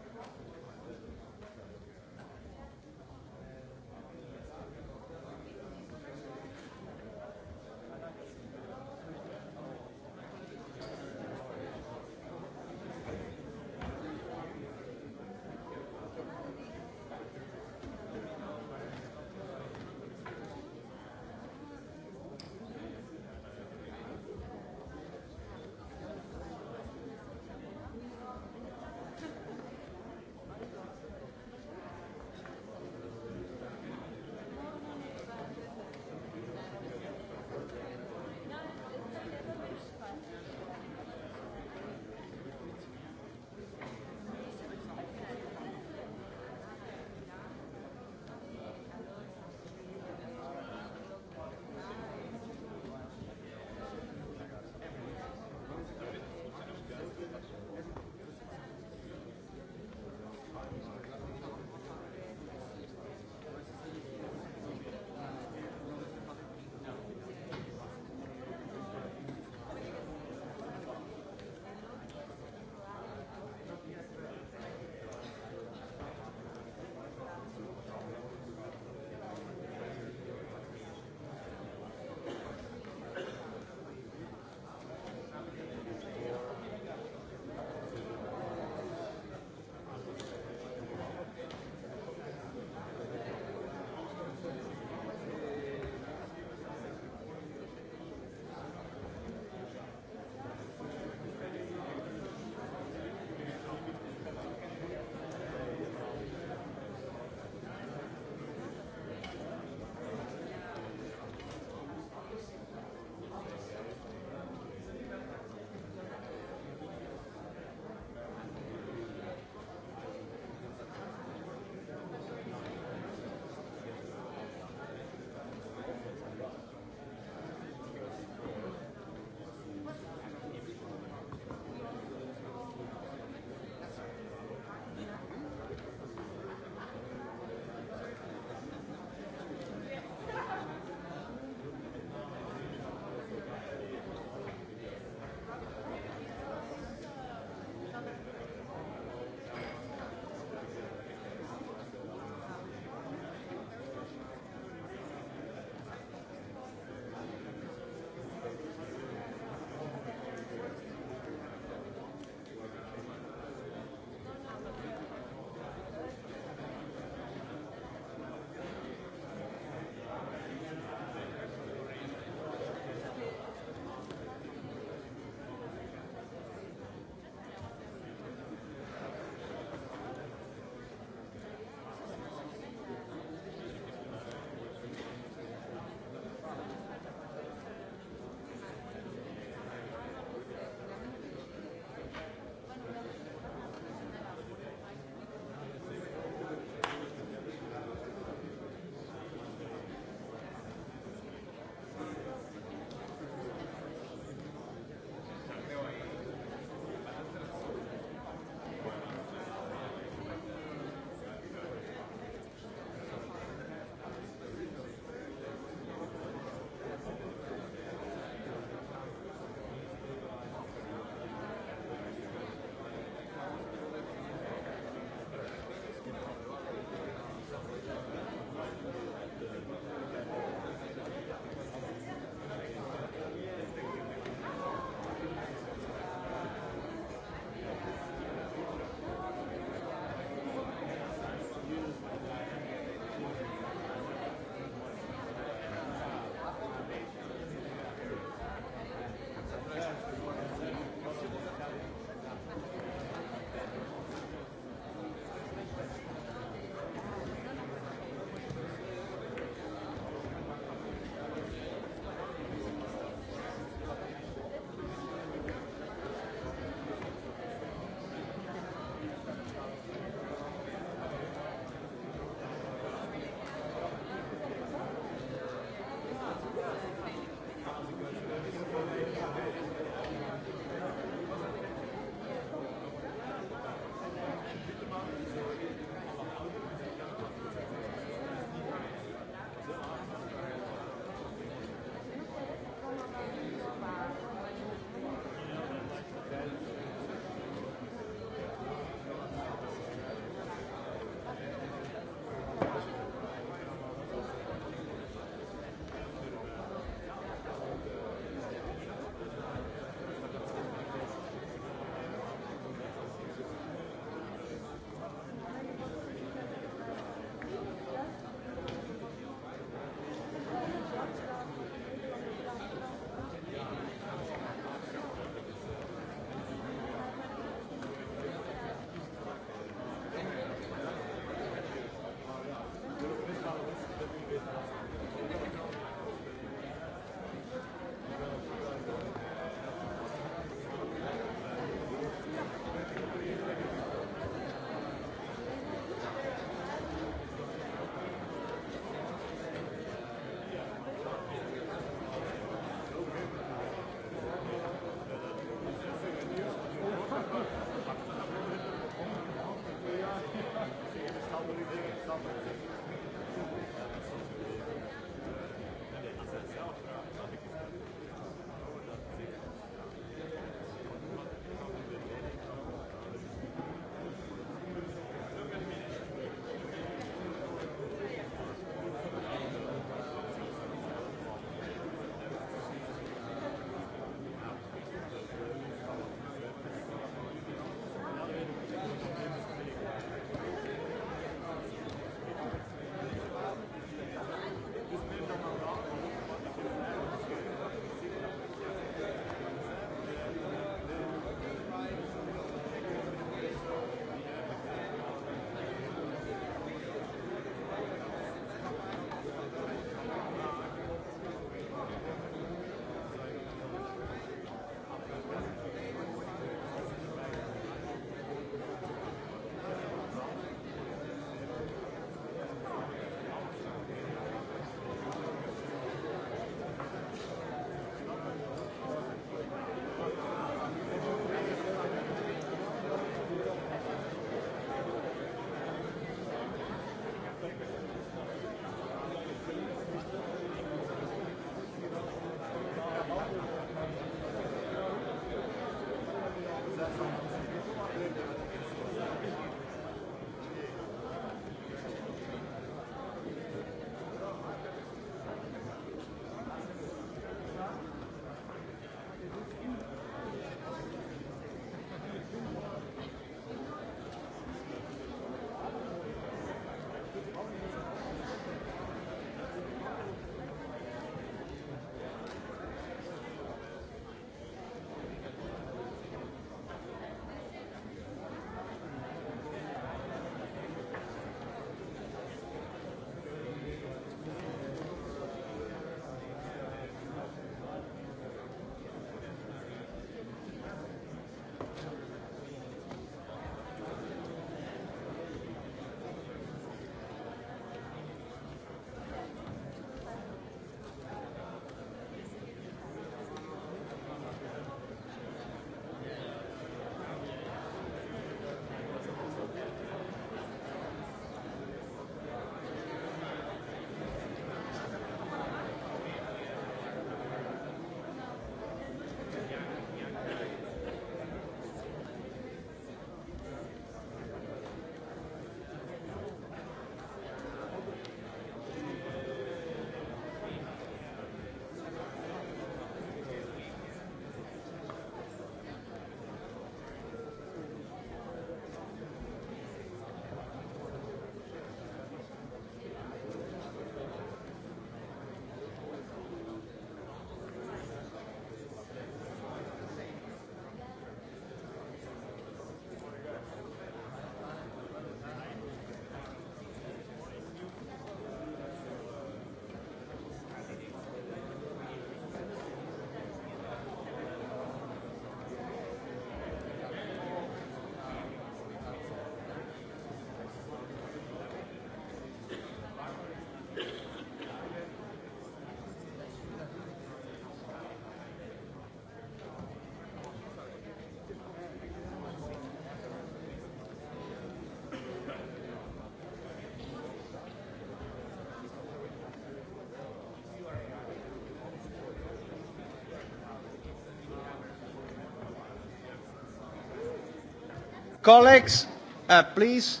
Colleagues, uh, please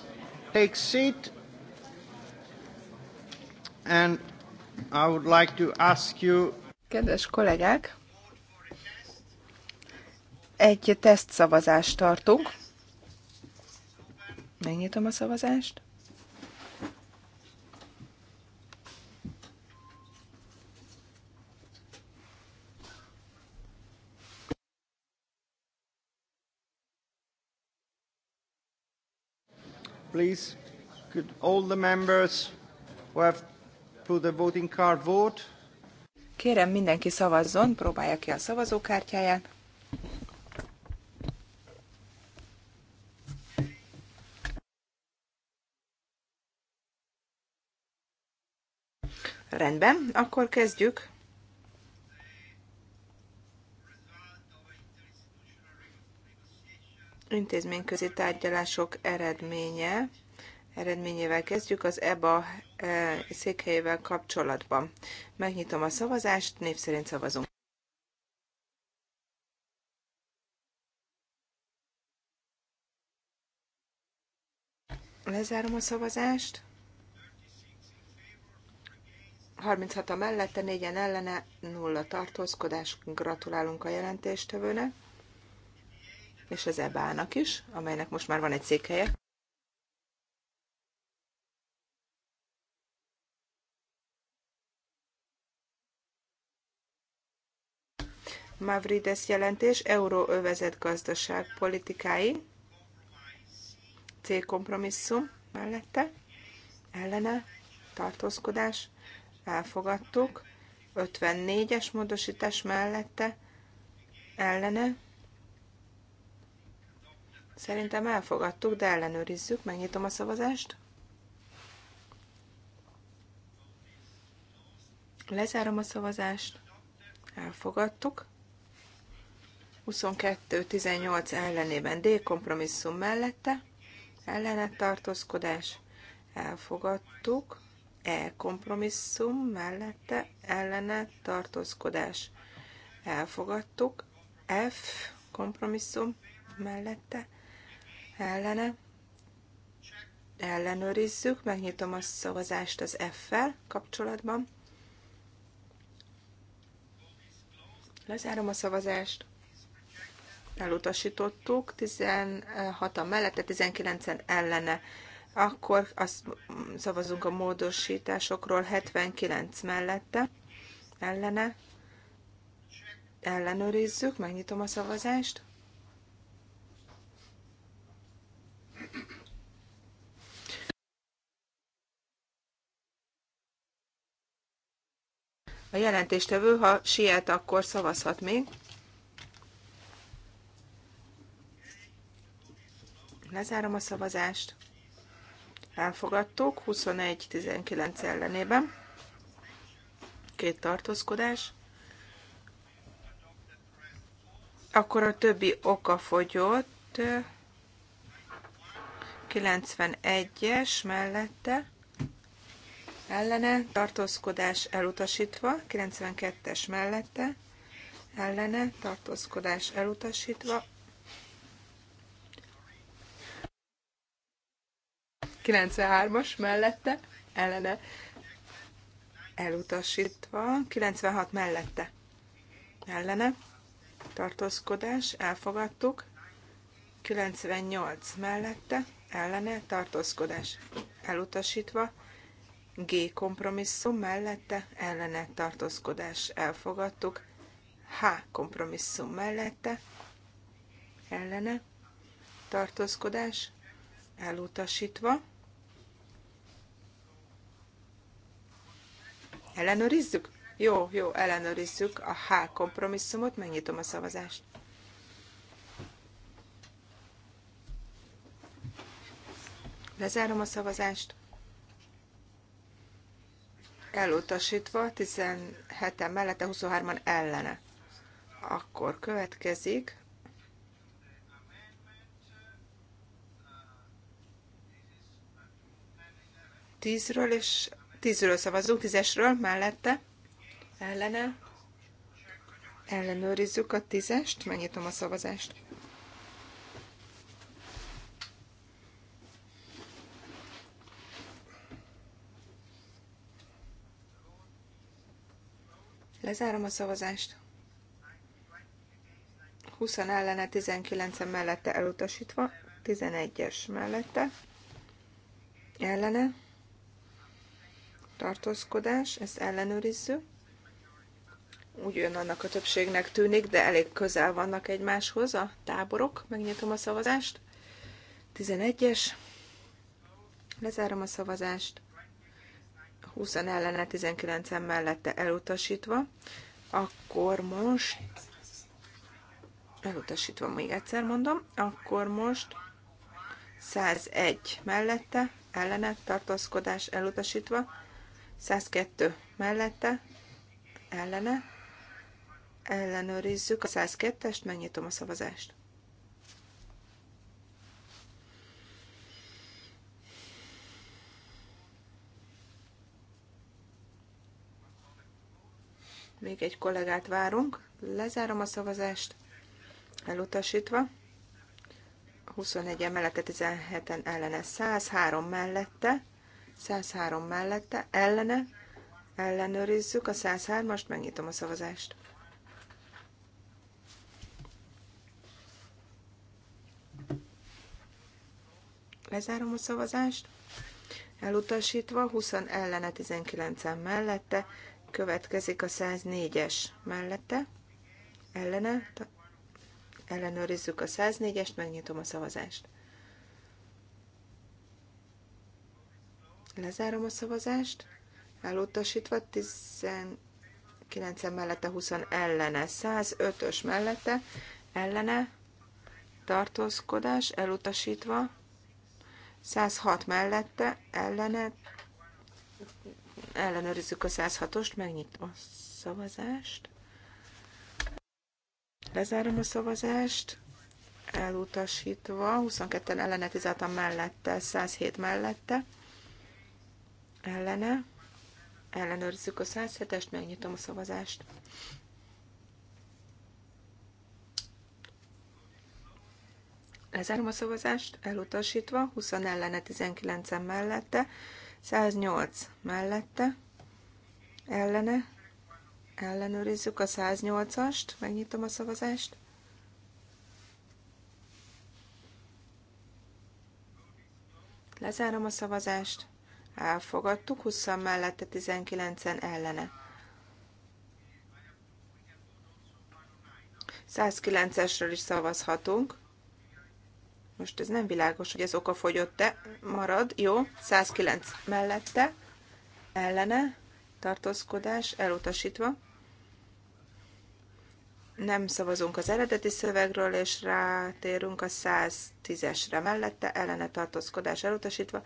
take seat. And I would like to ask you... Kedves kollégák, egy tesztszavazást tartunk. Megnyitom a szavazást. please? Could all the members who have put the voting card vote? Kérem, mindenki szavazzon, próbálja ki a szavazókártyáját. Rendben, akkor kezdjük. intézményközi tárgyalások eredménye. Eredményével kezdjük az EBA eh, székhelyével kapcsolatban. Megnyitom a szavazást, név szerint szavazunk. Lezárom a szavazást. 36 a mellette, 4 ellene, nulla tartózkodás. Gratulálunk a jelentéstevőnek és az EBA-nak is, amelynek most már van egy székhelye. Mavrides jelentés, euróövezet gazdaság politikái, C kompromisszum mellette, ellene, tartózkodás, elfogadtuk, 54-es módosítás mellette, ellene, Szerintem elfogadtuk, de ellenőrizzük. Megnyitom a szavazást. Lezárom a szavazást. Elfogadtuk. 22-18 ellenében D kompromisszum mellette. Ellenet tartózkodás. Elfogadtuk. E kompromisszum mellette Ellenet tartózkodás. Elfogadtuk. F kompromisszum mellette ellene. Ellenőrizzük, megnyitom a szavazást az F-fel kapcsolatban. Lezárom a szavazást. Elutasítottuk, 16-a mellette, 19-en ellene. Akkor azt szavazunk a módosításokról, 79 mellette, ellene. Ellenőrizzük, megnyitom a szavazást. a jelentéstevő, ha siet, akkor szavazhat még. Lezárom a szavazást. Elfogadtuk 21-19 ellenében. Két tartózkodás. Akkor a többi oka fogyott. 91-es mellette ellene, tartózkodás elutasítva, 92-es mellette, ellene, tartózkodás elutasítva, 93-as mellette, ellene, elutasítva, 96 mellette, ellene, tartózkodás, elfogadtuk, 98 mellette, ellene, tartózkodás elutasítva, G kompromisszum mellette ellene tartózkodás elfogadtuk. H kompromisszum mellette ellene tartózkodás elutasítva. Ellenőrizzük? Jó, jó, ellenőrizzük a H kompromisszumot, megnyitom a szavazást. Lezárom a szavazást elutasítva, 17-en mellette, 23-an ellene. Akkor következik tízről, és tízről szavazunk, tízesről mellette, ellene, ellenőrizzük a tízest, megnyitom a szavazást. Lezárom a szavazást. 20 ellene, 19 mellette elutasítva, 11-es mellette ellene tartózkodás, ezt ellenőrizzük. Úgy jön annak a többségnek tűnik, de elég közel vannak egymáshoz a táborok. Megnyitom a szavazást. 11-es. Lezárom a szavazást. 20 ellene, 19 mellette elutasítva, akkor most, elutasítva még egyszer mondom, akkor most 101 mellette, ellene, tartózkodás elutasítva, 102 mellette, ellene, ellenőrizzük a 102-est, megnyitom a szavazást. Még egy kollégát várunk. Lezárom a szavazást. Elutasítva. 21 mellette, 17-en ellene. 103 mellette. 103 mellette. Ellene. Ellenőrizzük a 103-ast. Megnyitom a szavazást. Lezárom a szavazást. Elutasítva 20 ellene 19 mellette Következik a 104-es mellette. Ellene. Ellenőrizzük a 104-est, megnyitom a szavazást. Lezárom a szavazást. Elutasítva 19 mellette, 20 ellene, 105-ös mellette, ellene, tartózkodás, elutasítva, 106 mellette, ellene, ellenőrizzük a 106-ost, megnyitom a szavazást. Lezárom a szavazást, elutasítva, 22-en ellene, 16 mellette, 107 mellette, ellene, ellenőrizzük a 107-est, megnyitom a szavazást. Lezárom a szavazást, elutasítva, 20 ellene, 19 mellette, 108 mellette, ellene, ellenőrizzük a 108-ast, megnyitom a szavazást. Lezárom a szavazást. Elfogadtuk, 20 mellette, 19-en ellene. 109-esről is szavazhatunk. Most ez nem világos, hogy ez oka fogyott-e. Marad, jó. 109 mellette, ellene, tartózkodás, elutasítva. Nem szavazunk az eredeti szövegről, és rátérünk a 110-esre mellette, ellene tartózkodás elutasítva.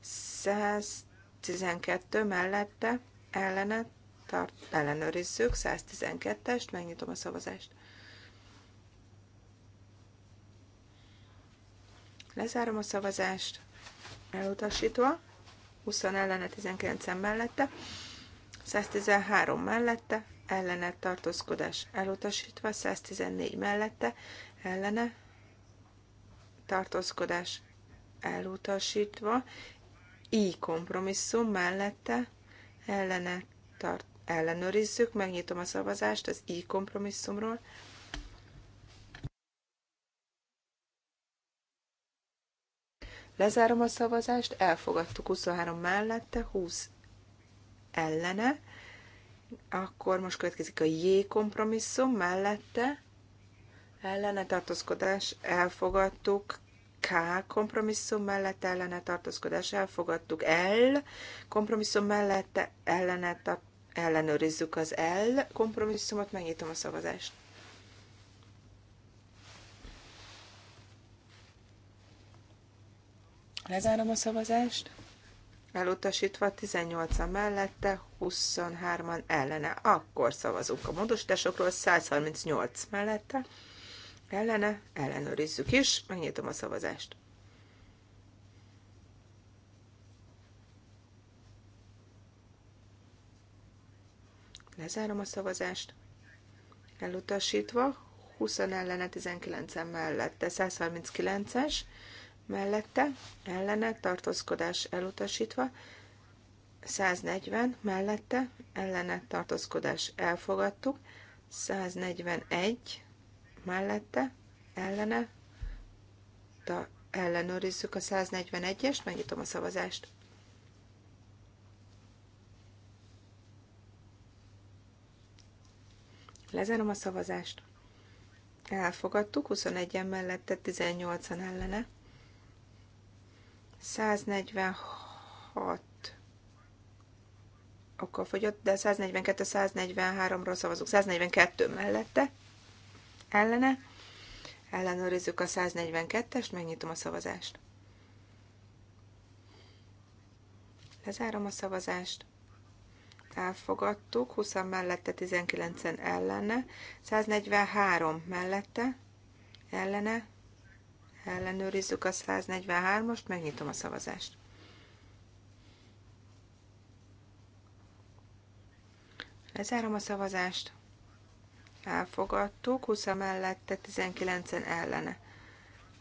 112 mellette, ellene, tart, ellenőrizzük, 112-est, megnyitom a szavazást. Lezárom a szavazást, elutasítva. 20 ellene, 19 mellette. 113 mellette, ellene tartózkodás elutasítva, 114 mellette, ellene tartózkodás elutasítva, i kompromisszum mellette, ellene tart, ellenőrizzük, megnyitom a szavazást az i kompromisszumról, Lezárom a szavazást, elfogadtuk 23 mellette, 20 ellene. Akkor most következik a J kompromisszum mellette, ellene tartózkodás, elfogadtuk K kompromisszum mellette, ellene tartózkodás, elfogadtuk L kompromisszum mellette, ellene ellenőrizzük az L kompromisszumot, megnyitom a szavazást. Lezárom a szavazást. Elutasítva 18-a mellette, 23-an ellene. Akkor szavazunk a módosításokról, 138 mellette. Ellene, ellenőrizzük is, megnyitom a szavazást. Lezárom a szavazást. Elutasítva, 20 ellene, 19 mellette, 139-es mellette, ellene, tartózkodás elutasítva, 140 mellette, ellene, tartózkodás elfogadtuk, 141 mellette, ellene, ta, ellenőrizzük a 141-est, megnyitom a szavazást. Lezárom a szavazást. Elfogadtuk, 21-en mellette, 18-an ellene. 146 akkor fogyott, de 142-143-ról szavazunk. 142 mellette, ellene. Ellenőrizzük a 142-est, megnyitom a szavazást. Lezárom a szavazást. Elfogadtuk, 20 mellette, 19-en ellene, 143 mellette, ellene, Ellenőrizzük a 143 ost megnyitom a szavazást. Lezárom a szavazást. Elfogadtuk, 20 mellette, 19-en ellene.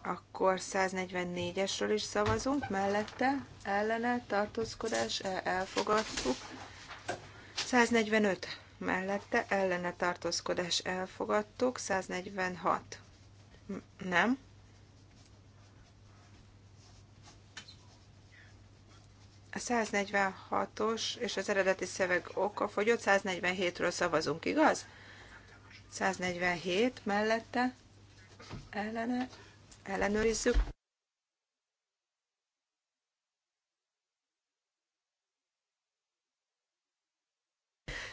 Akkor 144-esről is szavazunk, mellette, ellene, tartózkodás, e, elfogadtuk. 145 mellette, ellene tartózkodás elfogadtuk, 146 nem, 146-os és az eredeti szöveg oka fogyott, 147-ről szavazunk, igaz? 147 mellette ellene, ellenőrizzük.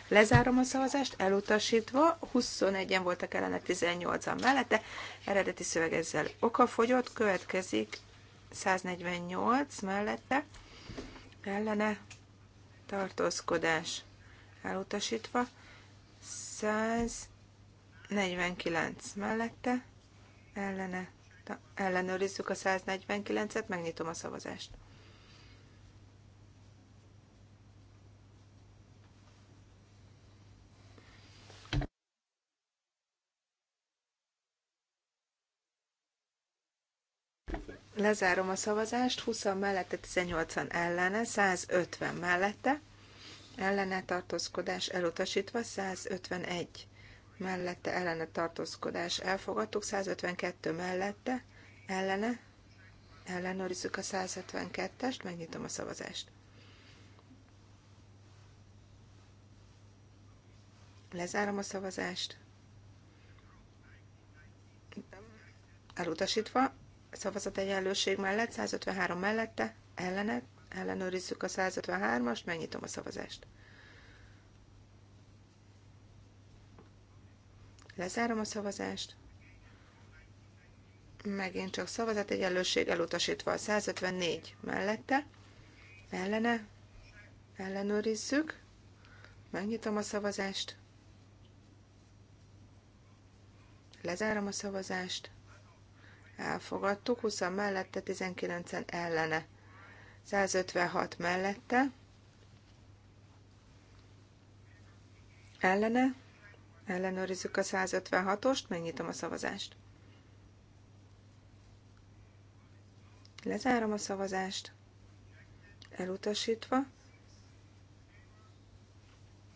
Lezárom a szavazást, elutasítva, 21-en voltak ellene, 18-an mellette, eredeti szöveg ezzel fogyott következik 148 mellette, ellene tartózkodás elutasítva, 149 mellette ellene, ellenőrizzük a 149-et, megnyitom a szavazást. Lezárom a szavazást, 20 mellette, 18-an ellene, 150 mellette, ellene tartózkodás elutasítva, 151 mellette ellene tartózkodás elfogadtuk, 152 mellette ellene, ellenőrizzük a 152 est megnyitom a szavazást. Lezárom a szavazást. Elutasítva, szavazat mellett, 153 mellette, ellene, ellenőrizzük a 153-ast, megnyitom a szavazást. Lezárom a szavazást. Megint csak szavazat elutasítva a 154 mellette, ellene, ellenőrizzük, megnyitom a szavazást. Lezárom a szavazást elfogadtuk, 20 mellette, 19 ellene. 156 mellette, ellene, ellenőrizzük a 156-ost, megnyitom a szavazást. Lezárom a szavazást, elutasítva.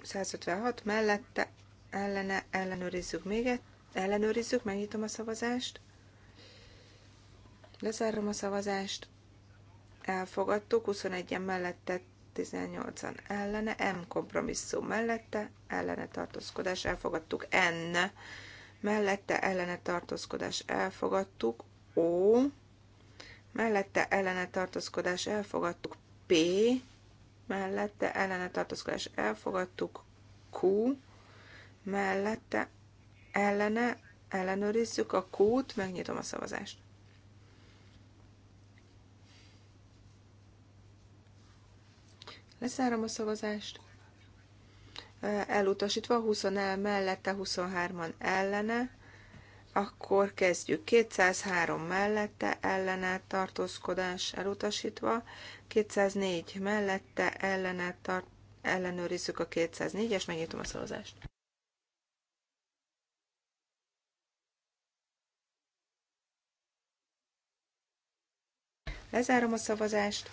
156 mellette, ellene, ellenőrizzük még egy, ellenőrizzük, megnyitom a szavazást. Lezárom a szavazást. Elfogadtuk, 21-en mellette, 18-an ellene, M kompromisszum mellette, ellene tartózkodás, elfogadtuk, N mellette, ellene tartózkodás, elfogadtuk, O mellette, ellene tartózkodás, elfogadtuk, P mellette, ellene tartózkodás, elfogadtuk, Q mellette, ellene, ellenőrizzük a Q-t, megnyitom a szavazást. leszárom a szavazást. Elutasítva 20 el mellette, 23-an ellene. Akkor kezdjük. 203 mellette, ellene tartózkodás elutasítva. 204 mellette, ellene tart, ellenőrizzük a 204-es, megnyitom a szavazást. Lezárom a szavazást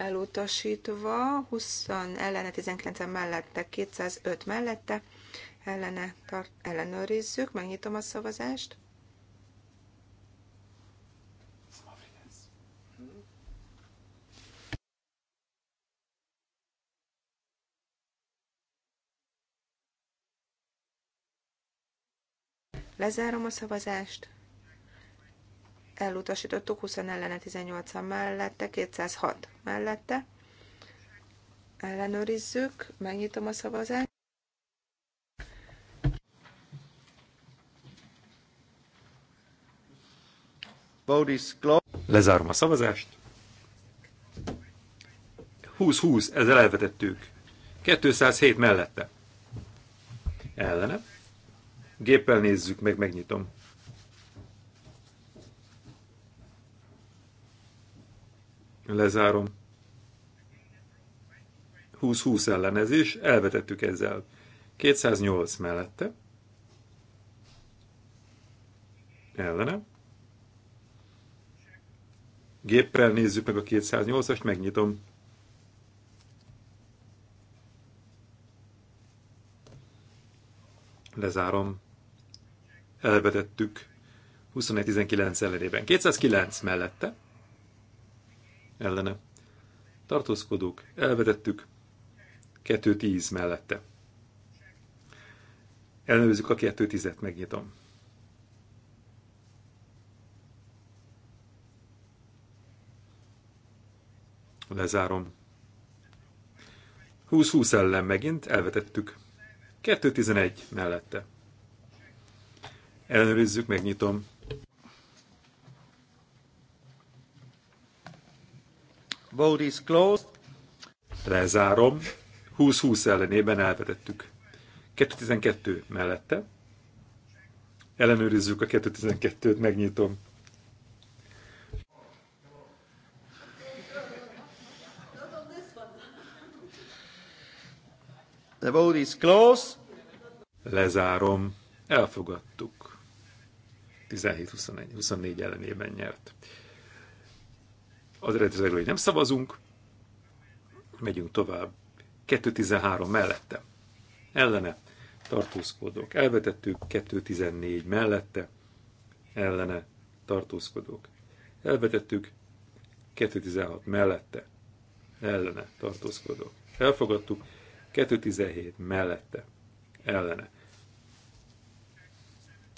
elutasítva, 20 ellene, 19 mellette, 205 mellette, ellene tart, ellenőrizzük, megnyitom a szavazást. Lezárom a szavazást elutasítottuk, 20 ellene 18 mellette, 206 mellette. Ellenőrizzük, megnyitom a szavazást. Lezárom a szavazást. 20-20, ezzel elvetettük. 207 mellette. Ellene. Géppel nézzük, meg megnyitom. Lezárom. 20-20 ellenezés, elvetettük ezzel. 208 mellette. Ellene. Géppel nézzük meg a 208-ast, megnyitom. Lezárom. Elvetettük 21-19 ellenében. 209 mellette ellene. Tartózkodók, elvetettük, 2-10 mellette. Ellenőrizzük a 2-10-et, megnyitom. Lezárom. 20-20 ellen megint elvetettük. 2-11 mellette. Ellenőrizzük, megnyitom. Vote is closed. Lezárom. 20-20 ellenében elvetettük. 212 mellette. Ellenőrizzük a 212-t, megnyitom. The vote is close. Lezárom. Elfogadtuk. 17-24 ellenében nyert az eredeti hogy nem szavazunk, megyünk tovább. 2.13 mellette. Ellene tartózkodók. Elvetettük 2.14 mellette. Ellene tartózkodók. Elvetettük 2.16 mellette. Ellene tartózkodók. Elfogadtuk 2.17 mellette. Ellene.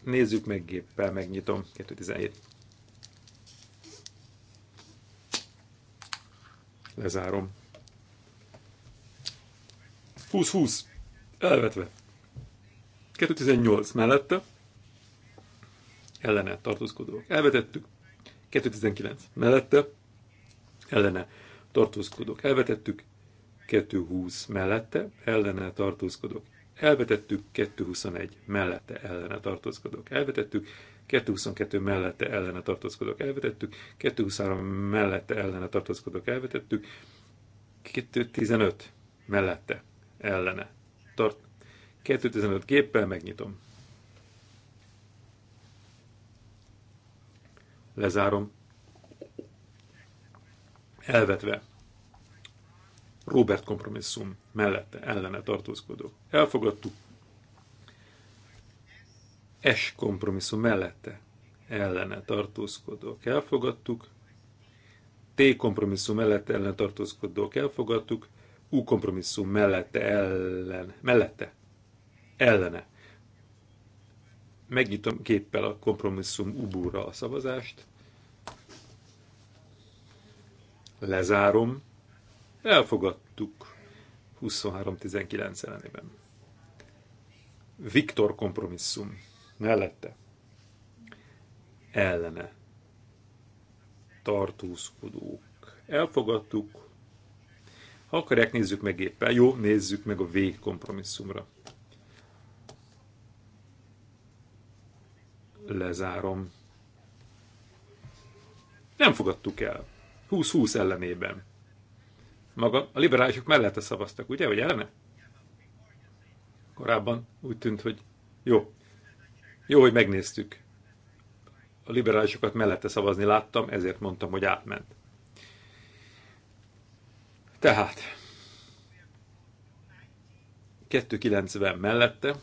Nézzük meg géppel, megnyitom 2.17. Lezárom. 20-20. Elvetve. 2018 mellette. Ellene tartózkodók. Elvetettük. 2019 mellette. Ellene tartózkodók. Elvetettük. 2020 mellette. Ellene tartózkodók. Elvetettük. 221 mellette. Ellene tartózkodók. Elvetettük. 222 mellette ellene tartózkodók elvetettük, 223 mellette ellene tartózkodók elvetettük, 215 mellette ellene tart. 215 géppel megnyitom. Lezárom. Elvetve. Robert kompromisszum mellette ellene tartózkodó. Elfogadtuk s kompromisszum mellette ellene tartózkodók elfogadtuk, T kompromisszum mellette ellene tartózkodók elfogadtuk, U kompromisszum mellette ellen, mellette, ellene. Megnyitom képpel a kompromisszum ubúra a szavazást. Lezárom. Elfogadtuk 23-19 ellenében. Viktor kompromisszum mellette ellene tartózkodók. Elfogadtuk. Ha akarják, nézzük meg éppen. Jó, nézzük meg a V kompromisszumra. Lezárom. Nem fogadtuk el. 20-20 ellenében. Maga a liberálisok mellette szavaztak, ugye, vagy ellene? Korábban úgy tűnt, hogy jó, jó, hogy megnéztük. A liberálisokat mellette szavazni láttam, ezért mondtam, hogy átment. Tehát 290 mellette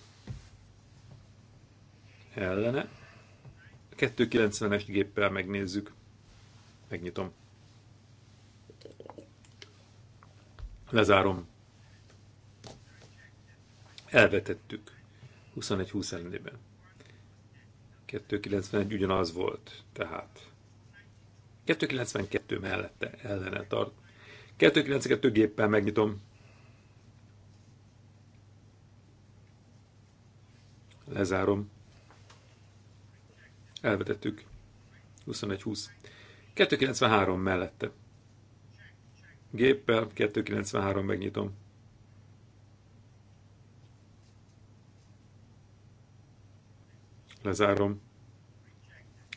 ellene. 290-es géppel megnézzük. Megnyitom. Lezárom. Elvetettük. 21-20 ellenében. 291 ugyanaz volt, tehát. 292 mellette ellene tart. 292 géppel megnyitom. Lezárom. Elvetettük. 21-20. 293 mellette. Géppel 293 megnyitom. Lezárom.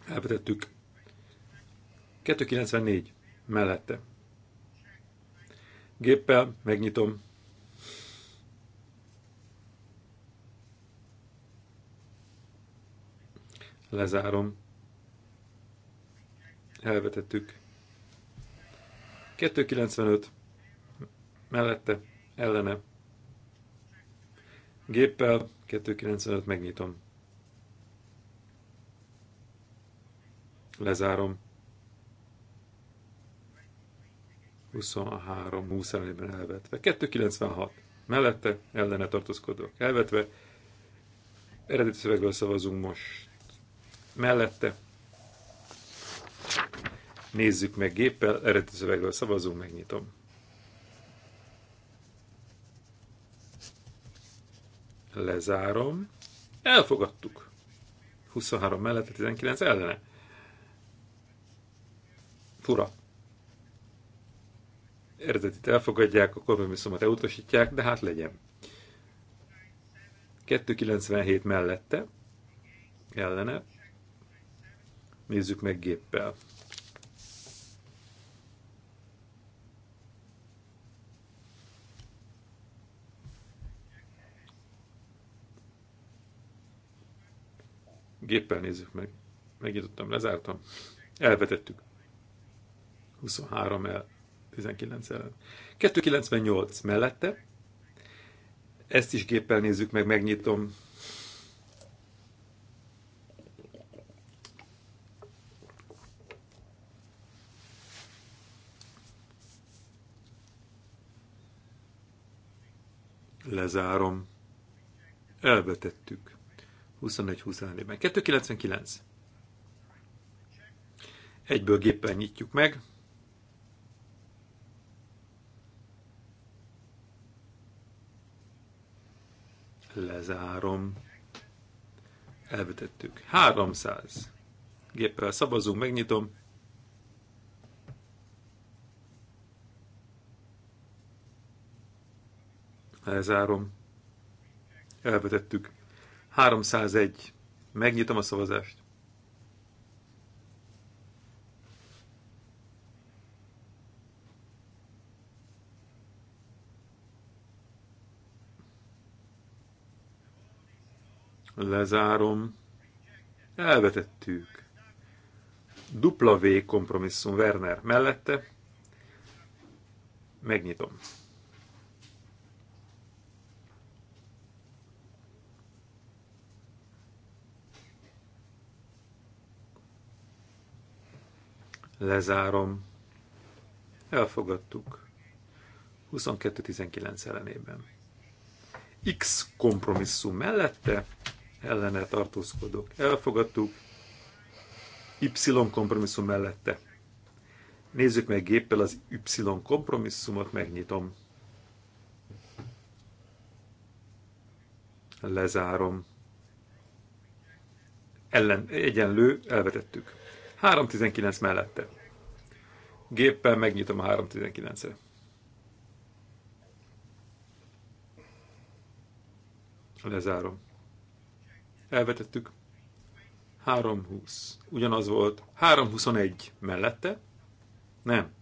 Elvetettük. 294 mellette. Géppel megnyitom. Lezárom. Elvetettük. 295 mellette, ellene. Géppel 295 megnyitom. Lezárom. 23, 20 ellenében elvetve. 296. Mellette ellene tartózkodók elvetve. Eredeti szövegből szavazunk most. Mellette. Nézzük meg géppel. Eredeti szövegből szavazunk, megnyitom. Lezárom. Elfogadtuk. 23 mellette, 19 ellene fura. Eredetit elfogadják, a kompromisszumot elutasítják, de hát legyen. 297 mellette, ellene, nézzük meg géppel. Géppel nézzük meg. Megnyitottam, lezártam. Elvetettük. 23 el, 19 el. 298 mellette. Ezt is géppel nézzük meg, megnyitom. Lezárom. Elvetettük. 21-24-ben. 299. Egyből géppel nyitjuk meg. Lezárom. Elvetettük. 300. Géppel szavazunk, megnyitom. Lezárom. Elvetettük. 301. Megnyitom a szavazást. Lezárom. Elvetettük. Dupla V kompromisszum Werner mellette. Megnyitom. Lezárom. Elfogadtuk. 22-19 ellenében. X kompromisszum mellette ellene tartózkodók elfogadtuk, Y kompromisszum mellette. Nézzük meg géppel az Y kompromisszumot, megnyitom. Lezárom. Ellen, egyenlő, elvetettük. 3.19 mellette. Géppel megnyitom a 3.19-re. Lezárom elvetettük. 320. Ugyanaz volt. 321 mellette? Nem.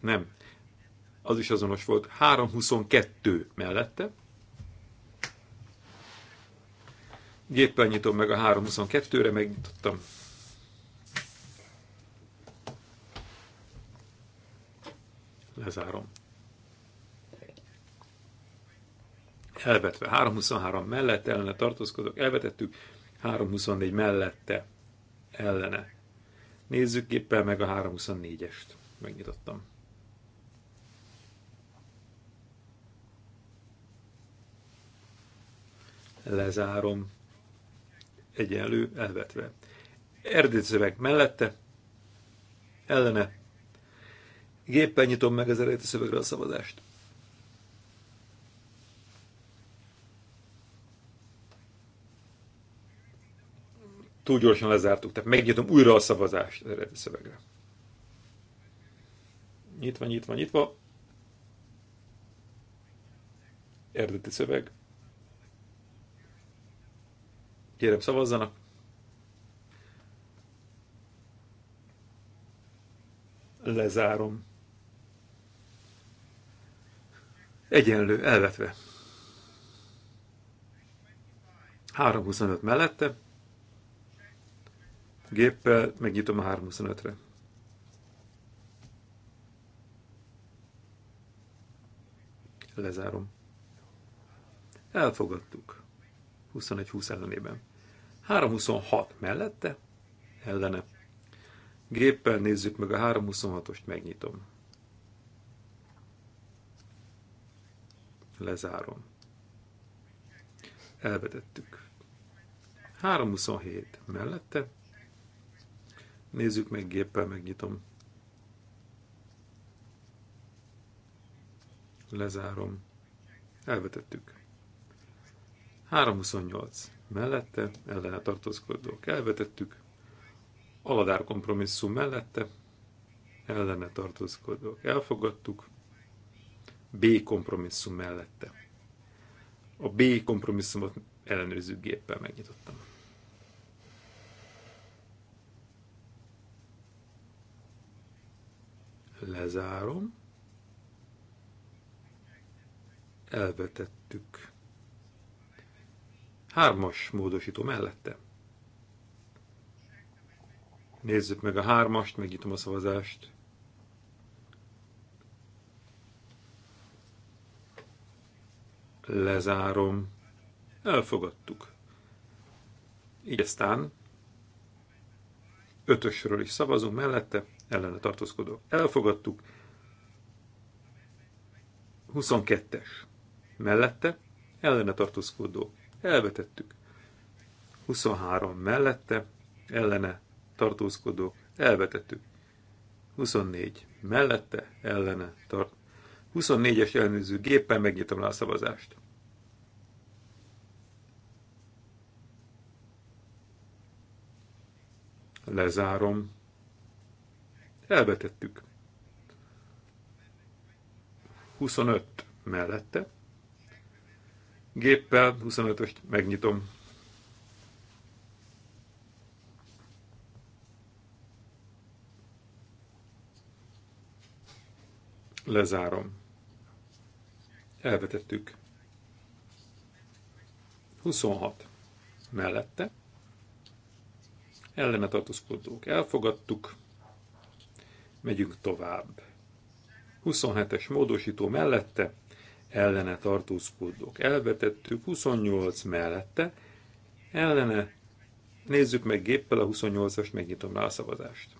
Nem. Az is azonos volt. 322 mellette. Géppel nyitom meg a 322-re, megnyitottam. Lezárom. elvetve. 323 mellett ellene tartózkodok, elvetettük, 324 mellette ellene. Nézzük éppen meg a 324-est. Megnyitottam. Lezárom. Egyenlő, elvetve. Erdély szöveg mellette, ellene. Géppel nyitom meg az eredeti szövegre a szavazást. túl gyorsan lezártuk, tehát megnyitom újra a szavazást az eredeti szövegre. Nyitva, nyitva, nyitva. Eredeti szöveg. Kérem szavazzanak. Lezárom. Egyenlő, elvetve. 3.25 mellette, géppel, megnyitom a 325-re. Lezárom. Elfogadtuk. 21-20 ellenében. 326 mellette, ellene. Géppel nézzük meg a 326-ost, megnyitom. Lezárom. Elvetettük. 327 mellette, Nézzük meg géppel, megnyitom. Lezárom. Elvetettük. 328. Mellette ellene tartózkodók. Elvetettük. Aladár kompromisszum mellette ellene tartózkodók. Elfogadtuk. B kompromisszum mellette. A B kompromisszumot ellenőrző géppel megnyitottam. Lezárom. Elvetettük. Hármas módosító mellette. Nézzük meg a hármast, megnyitom a szavazást. Lezárom. Elfogadtuk. Így aztán ötösről is szavazunk mellette ellene tartózkodó. elfogadtuk. 22-es mellette ellene tartózkodó. elvetettük. 23 mellette ellene tartózkodó. elvetettük. 24 mellette ellene tart. 24-es ellenőrző géppel megnyitom rá a szavazást. Lezárom elvetettük. 25 mellette. Géppel 25-öst megnyitom. Lezárom. Elvetettük. 26 mellette. Ellene tartózkodók elfogadtuk. Megyünk tovább. 27-es módosító mellette, ellene tartózkodók. Elvetettük 28 mellette, ellene nézzük meg géppel a 28-ast, megnyitom rá a szavazást.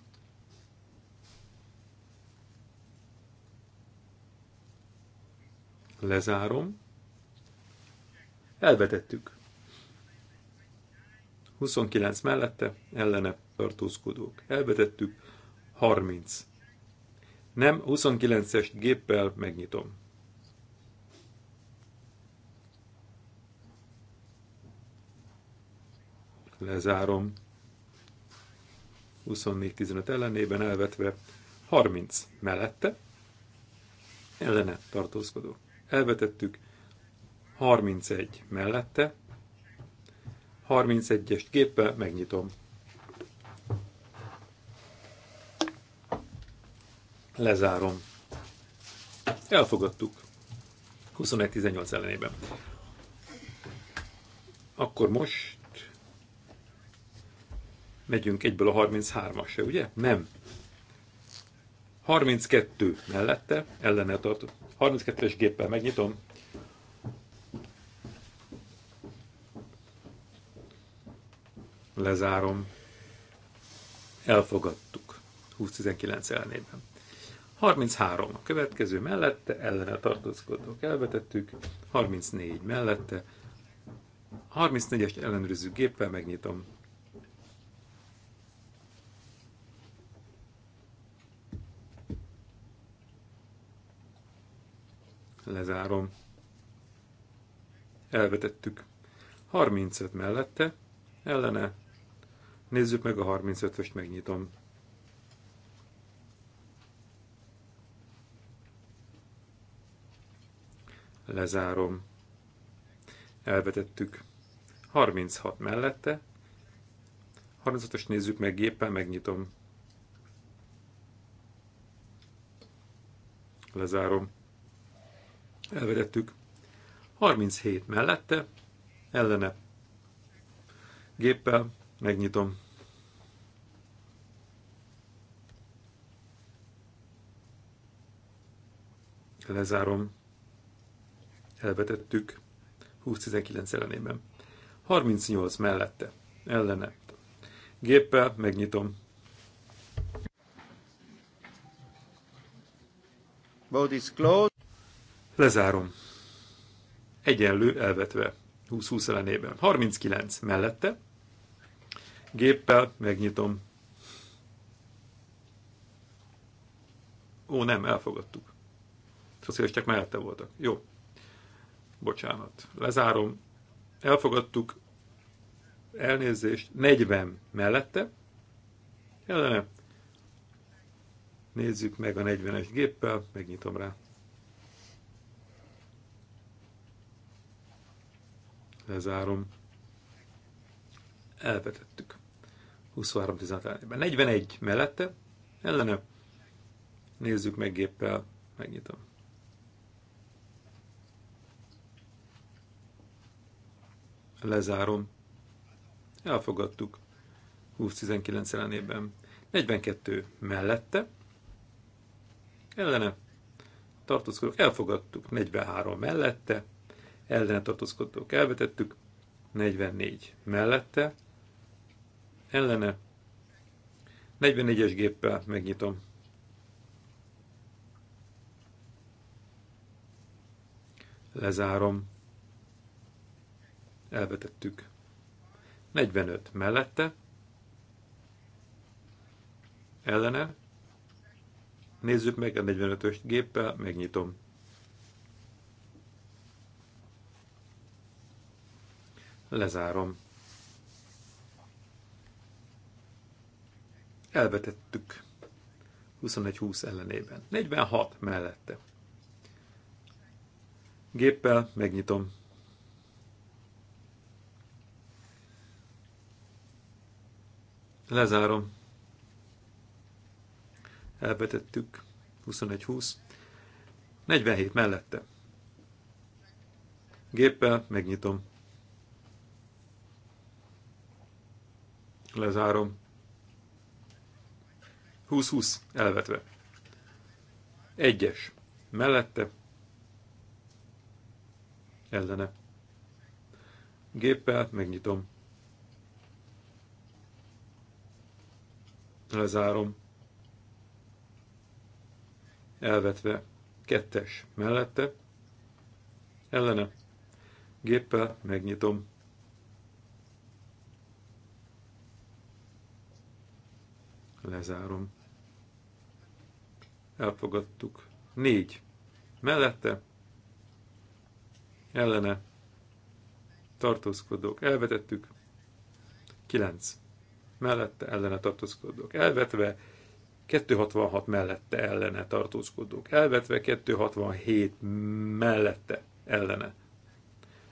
Lezárom. Elvetettük. 29 mellette, ellene tartózkodók. Elvetettük 30 nem, 29-es géppel megnyitom. Lezárom. 24-15 ellenében elvetve 30 mellette ellene tartózkodó. Elvetettük 31 mellette, 31-est géppel megnyitom. Lezárom. Elfogadtuk. 21-18 ellenében. Akkor most megyünk egyből a 33-asra, ugye? Nem. 32 mellette, ellene tart. 32-es géppel megnyitom. Lezárom. Elfogadtuk. 20-19 ellenében. 33 a következő mellette, ellene tartózkodók elvetettük, 34 mellette, 34-est ellenőrző géppel megnyitom. Lezárom. Elvetettük. 35 mellette, ellene. Nézzük meg a 35-öst, megnyitom. Lezárom. Elvetettük. 36 mellette. 36-os nézzük meg géppel, megnyitom. Lezárom. Elvetettük. 37 mellette. Ellene. Géppel megnyitom. lezárom elvetettük 20-19 ellenében. 38 mellette, ellene. Géppel megnyitom. Vote is closed. Lezárom. Egyenlő elvetve. 20-20 ellenében. 39 mellette. Géppel megnyitom. Ó, nem, elfogadtuk. csak mellette voltak. Jó bocsánat, lezárom, elfogadtuk, elnézést, 40 mellette, ellene, nézzük meg a 40-es géppel, megnyitom rá. Lezárom. Elvetettük. 23 16 41 mellette, ellene, nézzük meg géppel, megnyitom. Lezárom. Elfogadtuk. 20-19 ellenében. 42 mellette. Ellene tartózkodók elfogadtuk. 43 mellette. Ellene tartózkodók elvetettük. 44 mellette. Ellene 44-es géppel megnyitom. Lezárom elvetettük. 45 mellette, ellene, nézzük meg a 45-ös géppel, megnyitom. Lezárom. Elvetettük 21-20 ellenében. 46 mellette. Géppel megnyitom. Lezárom. Elvetettük. 21-20. 47 mellette. Géppel megnyitom. Lezárom. 20-20 elvetve. Egyes. Mellette. Ellene. Géppel megnyitom. Lezárom. Elvetve. Kettes. Mellette. Ellene. Géppel megnyitom. Lezárom. Elfogadtuk. Négy. Mellette. Ellene. Tartózkodók. Elvetettük. Kilenc mellette ellene tartózkodók elvetve, 266 mellette ellene tartózkodók elvetve, 267 mellette ellene.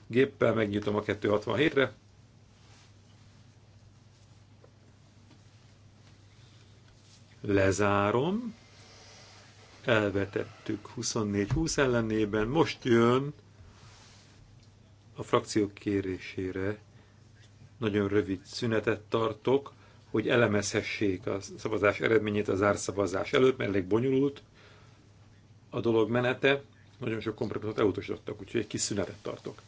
Géppel megnyitom a 267-re. Lezárom. Elvetettük 24-20 ellenében. Most jön a frakciók kérésére. Nagyon rövid szünetet tartok hogy elemezhessék a szavazás eredményét a zárszavazás előtt, mert elég bonyolult a dolog menete, nagyon sok kompromisszumot elutasítottak, úgyhogy egy kis szünetet tartok.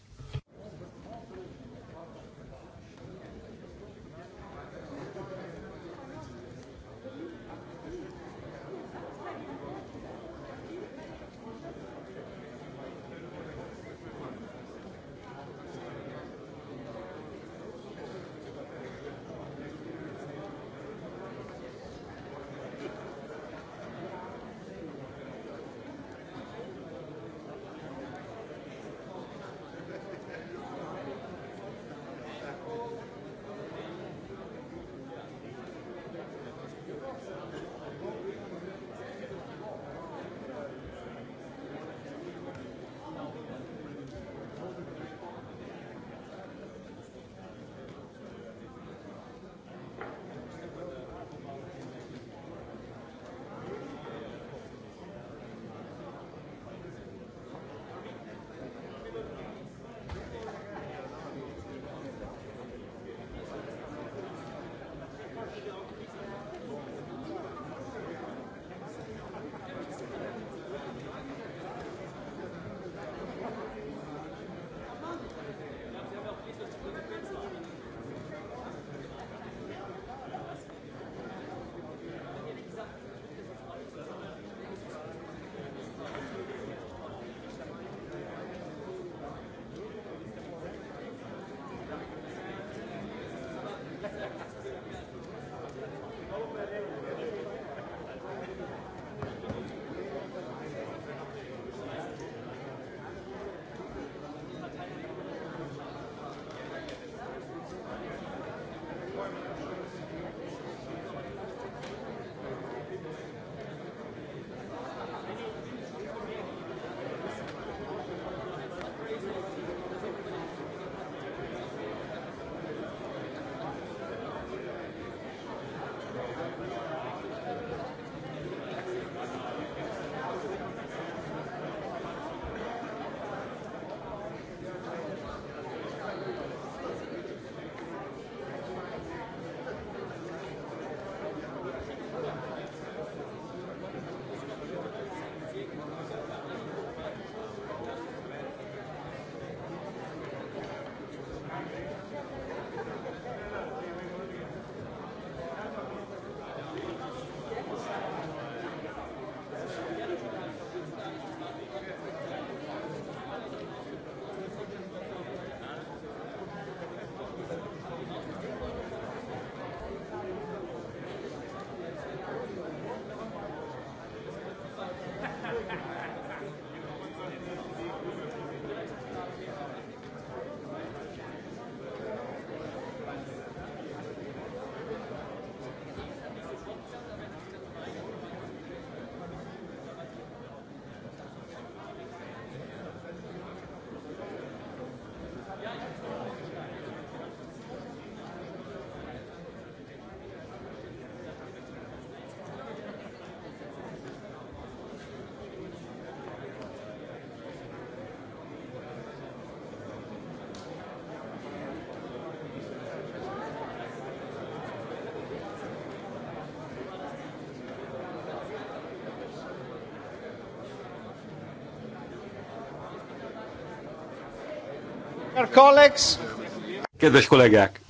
Kedves kollégák,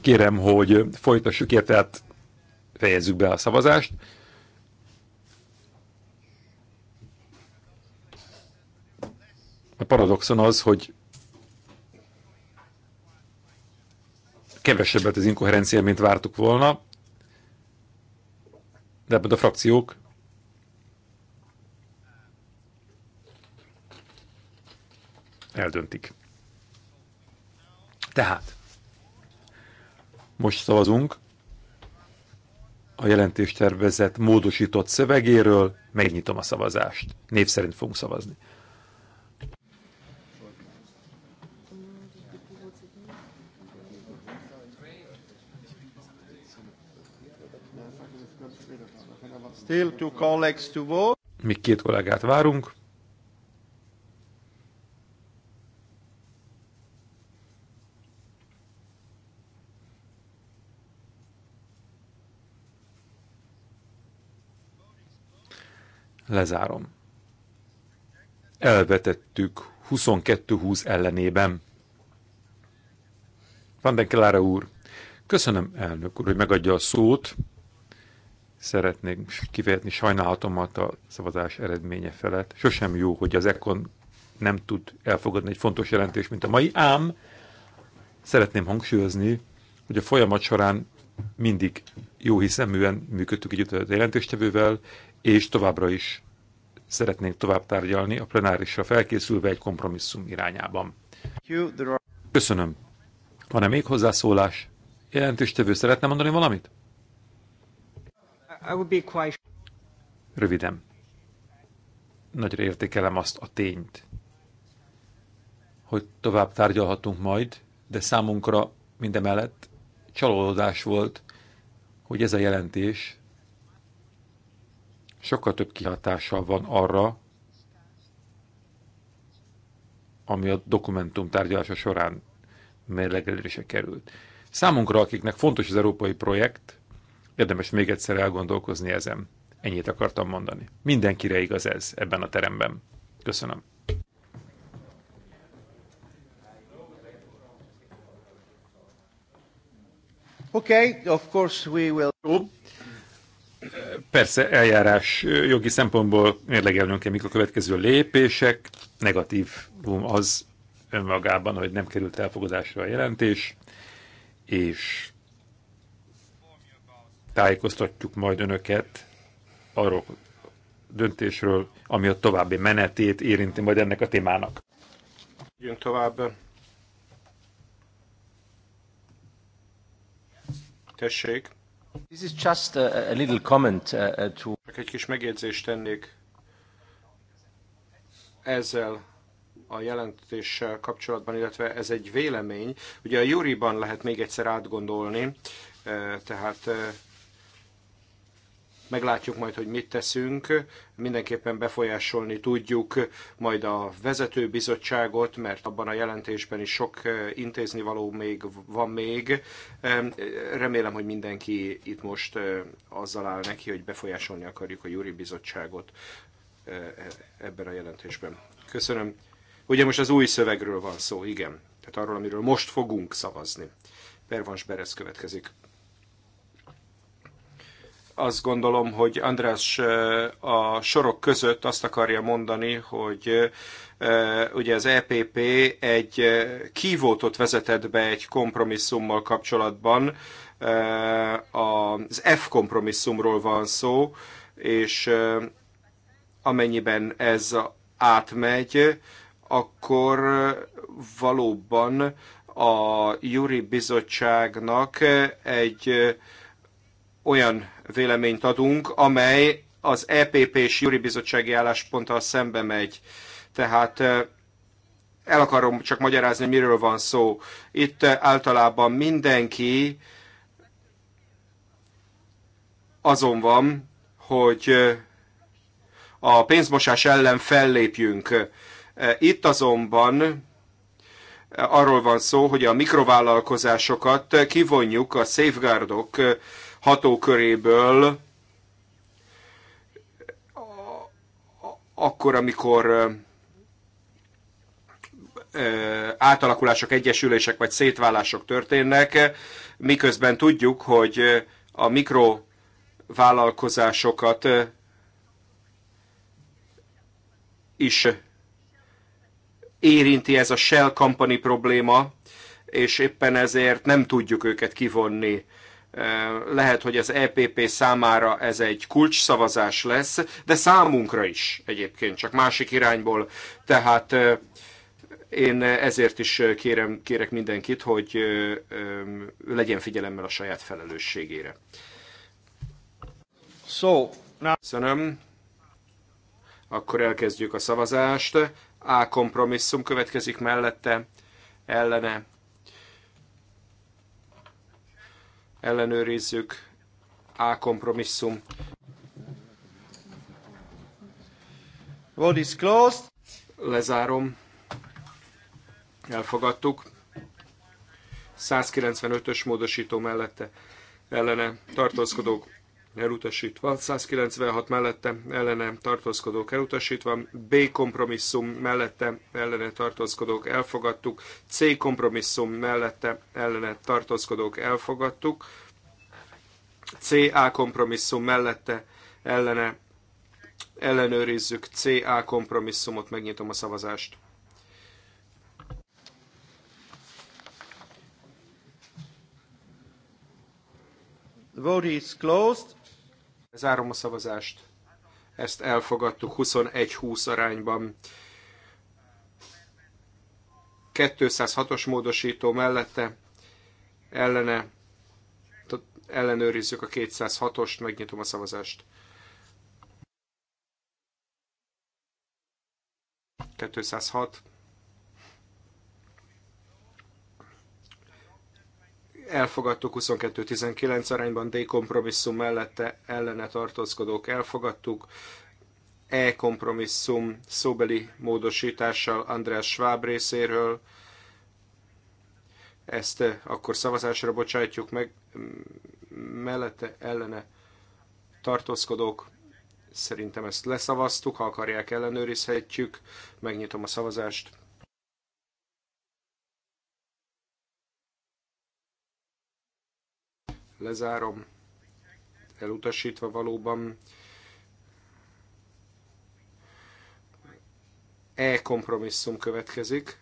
kérem, hogy folytassuk el, tehát fejezzük be a szavazást. A paradoxon az, hogy kevesebbet az inkoherencia, mint vártuk volna, de ebben a frakciók eldöntik. Tehát, most szavazunk a jelentéstervezet módosított szövegéről, megnyitom a szavazást. Név szerint fogunk szavazni. Still two colleagues to vote. Még két kollégát várunk. Lezárom. Elvetettük 22-20 ellenében. Van de Klára úr, köszönöm elnök úr, hogy megadja a szót. Szeretnék kifejezni sajnálatomat a szavazás eredménye felett. Sosem jó, hogy az Ekon nem tud elfogadni egy fontos jelentést, mint a mai, ám szeretném hangsúlyozni, hogy a folyamat során mindig jó hiszeműen működtük együtt a jelentéstevővel, és továbbra is szeretnénk tovább tárgyalni a plenárisra felkészülve egy kompromisszum irányában. Köszönöm. Van-e még hozzászólás? Jelentéstevő szeretne mondani valamit? Röviden. Nagyra értékelem azt a tényt, hogy tovább tárgyalhatunk majd, de számunkra mindemellett csalódás volt, hogy ez a jelentés sokkal több kihatással van arra, ami a dokumentum tárgyalása során mérlegelésre került. Számunkra, akiknek fontos az európai projekt, érdemes még egyszer elgondolkozni ezen. Ennyit akartam mondani. Mindenkire igaz ez ebben a teremben. Köszönöm. Okay, of course we will persze eljárás jogi szempontból mérlegelnünk kell, mik a következő lépések. Negatív az önmagában, hogy nem került elfogadásra a jelentés, és tájékoztatjuk majd önöket arról döntésről, ami a további menetét érinti majd ennek a témának. Jön tovább. Tessék. This is just a, a little comment uh, uh to... Egy kis megjegyzést tennék ezzel a jelentéssel kapcsolatban, illetve ez egy vélemény. Ugye a Juriban lehet még egyszer átgondolni, eh, tehát eh, meglátjuk majd, hogy mit teszünk. Mindenképpen befolyásolni tudjuk majd a vezetőbizottságot, mert abban a jelentésben is sok eh, intézni való még van még. Remélem, hogy mindenki itt most eh, azzal áll neki, hogy befolyásolni akarjuk a júri bizottságot eh, e, ebben a jelentésben. Köszönöm. Ugye most az új szövegről van szó, igen. Tehát arról, amiről most fogunk szavazni. Pervans Berez következik azt gondolom, hogy András eh, a sorok között azt akarja mondani, hogy eh, ugye az EPP egy eh, kívótot vezetett be egy kompromisszummal kapcsolatban, az F kompromisszumról van szó, és amennyiben ez átmegy, akkor valóban a Juri Bizottságnak egy olyan véleményt adunk, amely az EPP és Júri Bizottsági állásponttal szembe megy. Tehát el akarom csak magyarázni, miről van szó. Itt általában mindenki azon van, hogy a pénzmosás ellen fellépjünk. Itt azonban arról van szó, hogy a mikrovállalkozásokat kivonjuk a safeguardok -ok hatóköréből akkor, amikor átalakulások, egyesülések vagy szétválások történnek, miközben tudjuk, hogy a mikrovállalkozásokat is érinti ez a shell company probléma, és éppen ezért nem tudjuk őket kivonni lehet, hogy az EPP számára ez egy kulcsszavazás lesz, de számunkra is egyébként, csak másik irányból. Tehát én ezért is kérem, kérek mindenkit, hogy legyen figyelemmel a saját felelősségére. So, now... Köszönöm. Akkor elkezdjük a szavazást. A kompromisszum következik mellette, ellene ellenőrizzük. A kompromisszum. What is closed. Lezárom. Elfogadtuk. 195-ös módosító mellette ellene tartózkodók elutasítva, 196 mellette ellene tartózkodók elutasítva, B kompromisszum mellette ellene tartózkodók elfogadtuk, C kompromisszum mellette ellene tartózkodók elfogadtuk, A kompromisszum mellette ellene ellenőrizzük C A kompromisszumot, megnyitom a szavazást. The vote is closed. Zárom a szavazást. Ezt elfogadtuk 21-20 arányban. 206-os módosító mellette ellene ellenőrizzük a 206-ost, megnyitom a szavazást. 206 elfogadtuk 22-19 arányban, D kompromisszum mellette ellene tartózkodók elfogadtuk, E kompromisszum szóbeli módosítással András Schwab részéről, ezt akkor szavazásra bocsátjuk meg, mellette ellene tartózkodók, szerintem ezt leszavaztuk, ha akarják ellenőrizhetjük, megnyitom a szavazást. lezárom, elutasítva valóban. E kompromisszum következik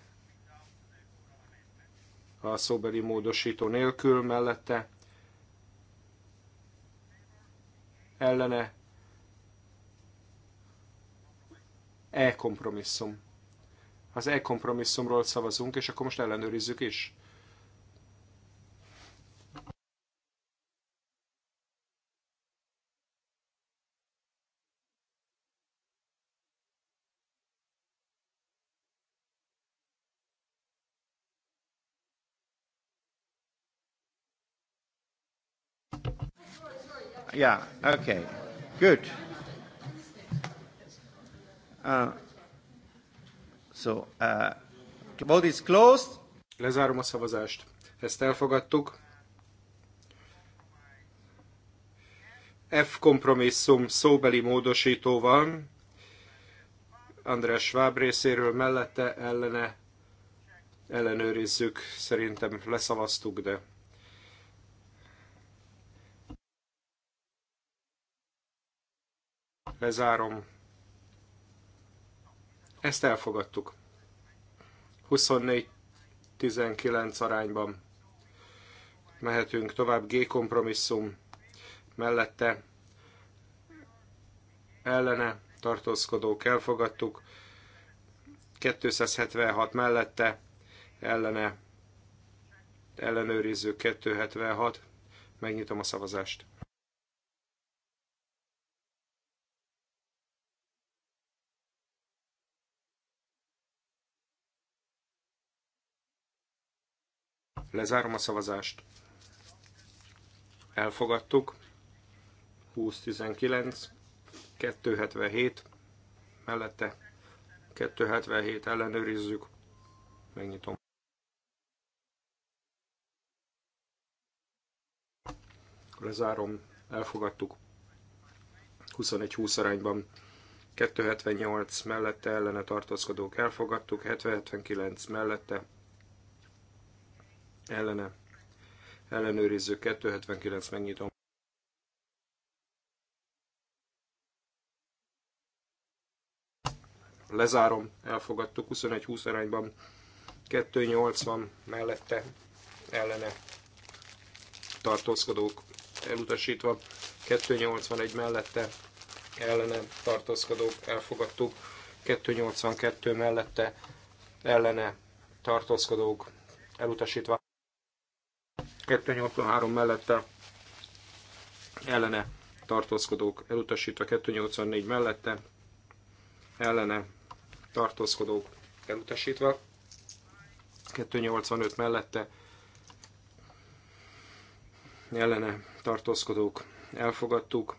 a szóbeli módosító nélkül mellette ellene e kompromisszum. Az e kompromisszumról szavazunk, és akkor most ellenőrizzük is. Yeah, okay. Good. Uh, so, uh, vote is closed. Lezárom a szavazást. Ezt elfogadtuk. F kompromisszum szóbeli módosítóval. András Schwab részéről mellette ellene ellenőrizzük. Szerintem leszavaztuk, de bezárom. Ezt elfogadtuk. 24-19 arányban. Mehetünk tovább. G kompromisszum mellette ellene tartózkodók elfogadtuk. 276 mellette ellene ellenőrizzük 276. Megnyitom a szavazást. Lezárom a szavazást. Elfogadtuk. 2019, 277 mellette, 277 ellenőrizzük. Megnyitom. Lezárom, elfogadtuk. 21-20 arányban 278 mellette ellene tartózkodók elfogadtuk, 779 mellette ellene ellenőrizzük 279 megnyitom. Lezárom, elfogadtuk 21-20 arányban, 280 mellette ellene tartózkodók elutasítva, 281 mellette ellene tartózkodók elfogadtuk, 282 mellette ellene tartózkodók elutasítva. 283 mellette ellene tartózkodók elutasítva, 284 mellette ellene tartózkodók elutasítva, 285 mellette ellene tartózkodók elfogadtuk,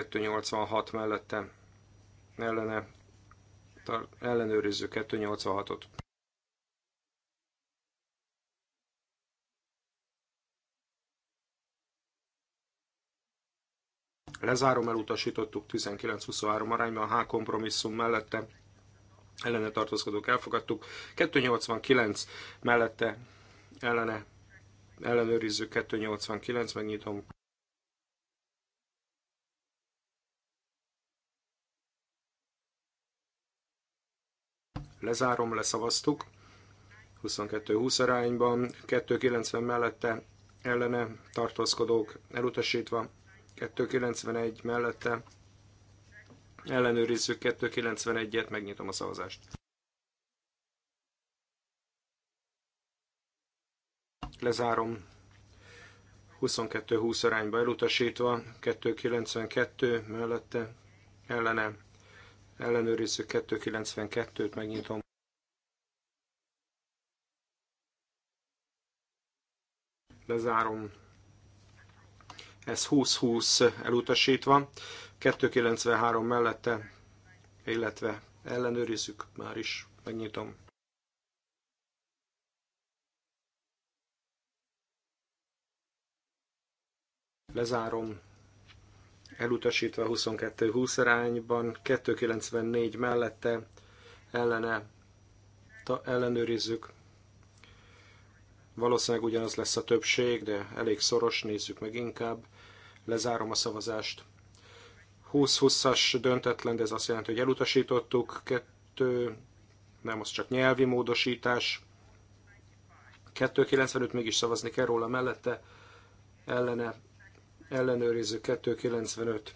286 mellette ellene tar- ellenőrizzük 286-ot. Lezárom, elutasítottuk 19-23 arányban, H kompromisszum mellette ellene tartózkodók elfogadtuk. 289 mellette ellene ellenőrizzük 289, megnyitom. Lezárom, leszavaztuk. 22-20 arányban, 290 mellette ellene tartózkodók elutasítva, 291 mellette. Ellenőrizzük 291-et, megnyitom a szavazást. Lezárom 22-20 arányba elutasítva, 292 mellette ellene. Ellenőrizzük 292-t, megnyitom. Lezárom ez 20-20 elutasítva, 293 mellette, illetve ellenőrizzük már is, megnyitom. Lezárom, elutasítva 22-20 arányban, 294 mellette, ellene, ta, ellenőrizzük, Valószínűleg ugyanaz lesz a többség, de elég szoros, nézzük meg inkább. Lezárom a szavazást. 20-20-as döntetlen, de ez azt jelenti, hogy elutasítottuk. Kettő, nem, az csak nyelvi módosítás. 295 mégis szavazni kell róla mellette, ellene, ellenőrizzük 295.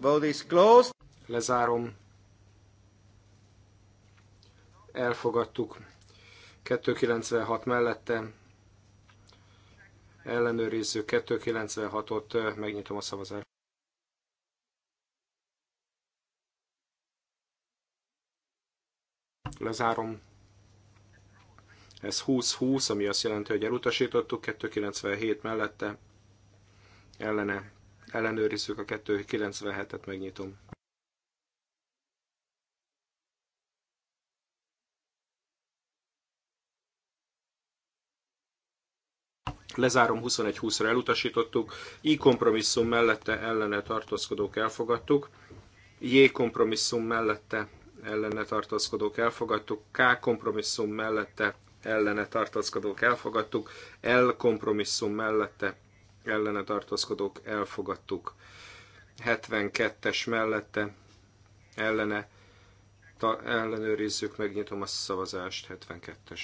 Vote is closed. Lezárom. Elfogadtuk. 296 mellette. Ellenőrizzük 296-ot. Megnyitom a szavazást. Lezárom. Ez 20-20, ami azt jelenti, hogy elutasítottuk 297 mellette. Ellene ellenőrizzük a 297-et, megnyitom. Lezárom 21-20-ra elutasítottuk, I kompromisszum mellette ellene tartózkodók elfogadtuk, J kompromisszum mellette ellene tartózkodók elfogadtuk, K kompromisszum mellette ellene tartózkodók elfogadtuk, L kompromisszum mellette ellene tartózkodók elfogadtuk, 72-es mellette ellene ta, ellenőrizzük, megnyitom a szavazást, 72-es.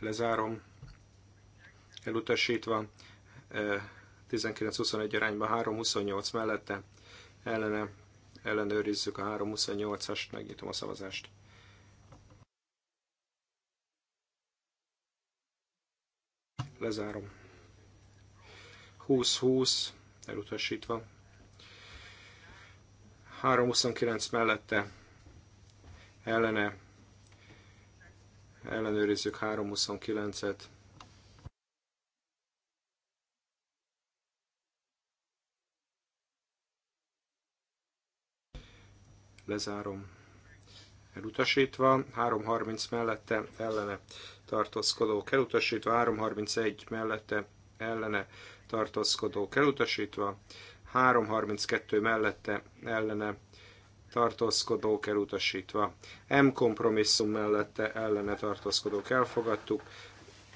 lezárom, elutasítva, 19-21 eh, arányban 3-28 mellette, ellene ellenőrizzük a 3-28-ast, megnyitom a szavazást. Lezárom. 20-20, elutasítva. 3-29 mellette, ellene ellenőrizzük 329-et. Lezárom. Elutasítva, 330 mellette ellene tartózkodók elutasítva, 331 mellette ellene tartózkodók elutasítva, 332 mellette ellene tartózkodók elutasítva. M kompromisszum mellette ellene tartózkodók elfogadtuk.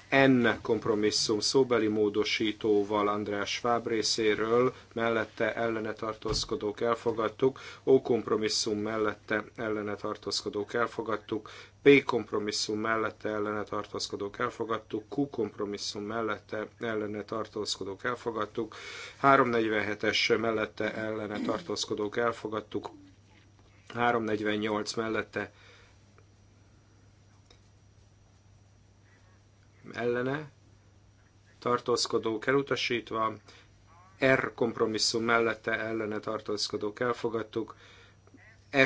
N kompromisszum szóbeli módosítóval András Schwab részéről, mellette ellene tartózkodók elfogadtuk, O kompromisszum mellette ellene tartózkodók elfogadtuk, P kompromisszum mellette ellene tartózkodók elfogadtuk, Q kompromisszum mellette ellene tartózkodók elfogadtuk, 347-es mellette ellene tartózkodók elfogadtuk, 348 mellette ellene tartózkodók elutasítva, R kompromisszum mellette ellene tartózkodók elfogadtuk,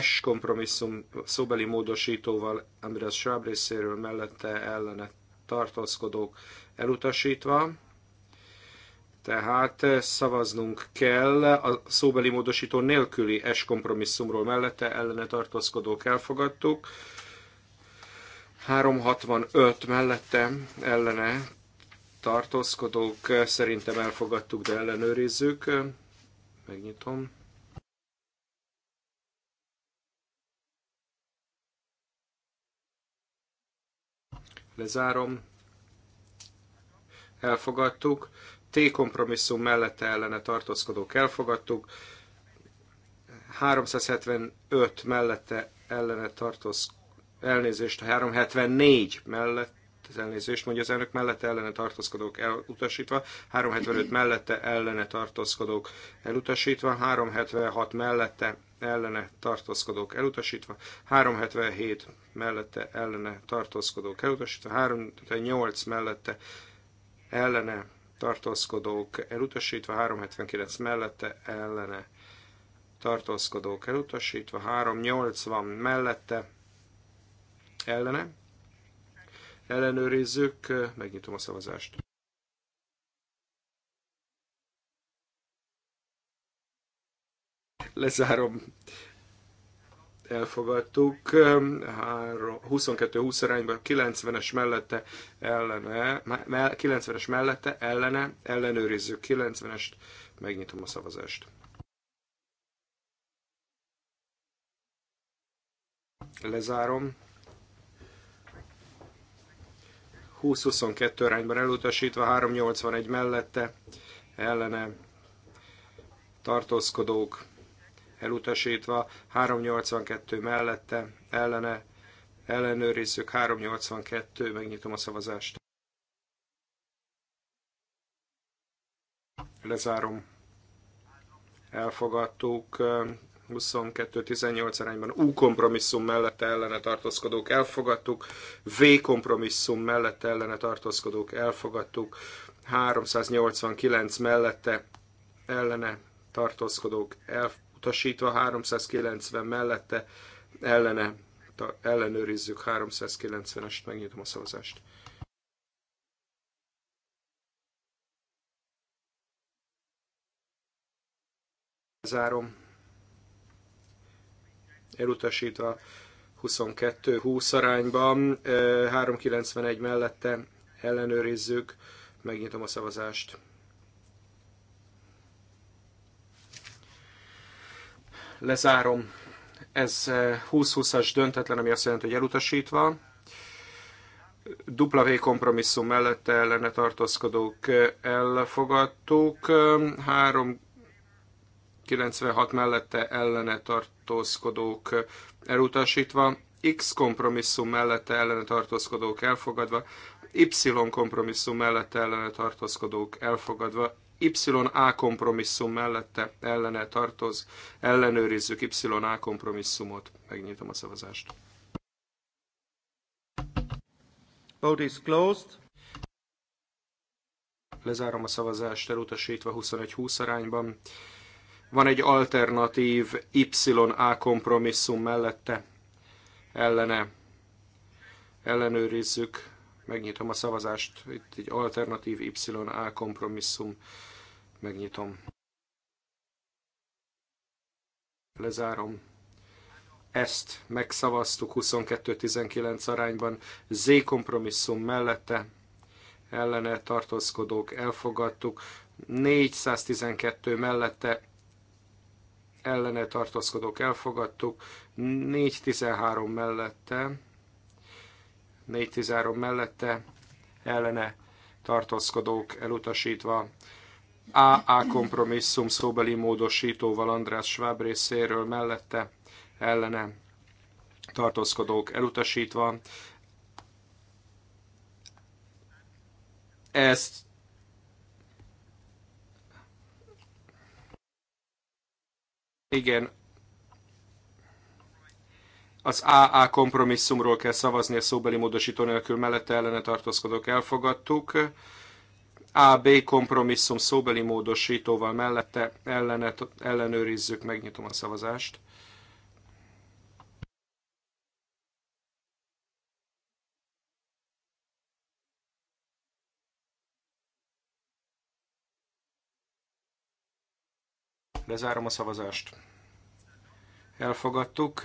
S kompromisszum szóbeli módosítóval András Schwab részéről mellette ellene tartózkodók elutasítva, tehát szavaznunk kell a szóbeli módosító nélküli es kompromisszumról mellette ellene tartózkodók elfogadtuk. 365 mellette ellene tartózkodók szerintem elfogadtuk, de ellenőrizzük. Megnyitom. Lezárom. Elfogadtuk. T kompromisszum mellette ellene tartózkodók elfogadtuk, 375 mellette ellene tartózkodók, elnézést, 374 mellett elnézést mondja az elnök, mellette ellene tartózkodók elutasítva, 375 mellette ellene tartózkodók elutasítva, 376 mellette ellene tartózkodók elutasítva, 377 mellette ellene tartózkodók elutasítva, 378 mellette ellene tartózkodók elutasítva, 379 mellette ellene tartózkodók elutasítva, 380 mellette ellene. Ellenőrizzük, megnyitom a szavazást. Lezárom, elfogadtuk. 22-20 arányban 90-es mellette ellene, 90-es mellette ellene, ellenőrizzük 90-est, megnyitom a szavazást. Lezárom. 20-22 arányban elutasítva, 381 mellette ellene tartózkodók elutasítva, 382 mellette, ellene, ellenőrizzük, 382, megnyitom a szavazást. Lezárom. Elfogadtuk 22-18 arányban U kompromisszum mellette ellene tartózkodók elfogadtuk, V kompromisszum mellette ellene tartózkodók elfogadtuk, 389 mellette ellene tartózkodók elfogadtuk utasítva, 390 mellette ellene, ellenőrizzük 390-est, megnyitom a szavazást. Zárom. Elutasítva 22-20 arányban, 391 mellette ellenőrizzük, megnyitom a szavazást. lezárom. Ez 20-20-as eh, döntetlen, ami azt jelenti, hogy elutasítva. W kompromisszum mellette ellene tartózkodók eh, elfogadtuk. 3 96 mellette ellene tartózkodók eh, elutasítva, X kompromisszum mellette ellene tartózkodók elfogadva, Y kompromisszum mellette ellene tartózkodók elfogadva, YA kompromisszum mellette ellene tartoz, ellenőrizzük YA kompromisszumot. Megnyitom a szavazást. Vote is closed. Lezárom a szavazást elutasítva 21-20 arányban. Van egy alternatív YA kompromisszum mellette ellene ellenőrizzük, megnyitom a szavazást, itt egy alternatív YA kompromisszum Megnyitom. Lezárom. Ezt megszavaztuk 22-19 arányban. Z kompromisszum mellette ellene tartózkodók elfogadtuk. 412 mellette ellene tartózkodók elfogadtuk, 413 mellette, 413 mellette ellene tartózkodók elutasítva, AA kompromisszum szóbeli módosítóval András Schwab részéről mellette ellene tartózkodók elutasítva. Ezt igen, az AA kompromisszumról kell szavazni a szóbeli módosító nélkül mellette ellene tartózkodók elfogadtuk. AB kompromisszum szóbeli módosítóval mellette ellenet, ellenőrizzük, megnyitom a szavazást. Lezárom a szavazást. Elfogadtuk.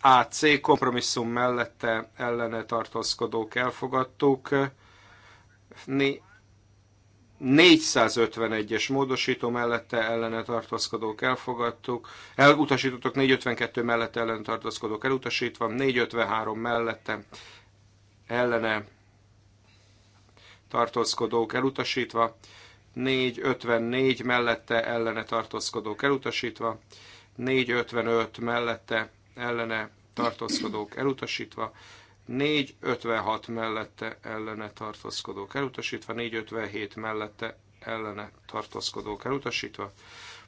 AC kompromisszum mellette ellene tartózkodók elfogadtuk. 451-es módosító mellette ellene tartózkodók elfogadtuk, elutasítottak 452 mellette ellen tartózkodók elutasítva, 453 mellette ellene tartózkodók elutasítva, 454 mellette ellene tartózkodók elutasítva, 455 mellette ellene tartózkodók elutasítva, 456 mellette ellene tartózkodók elutasítva, 457 mellette ellene tartózkodók elutasítva,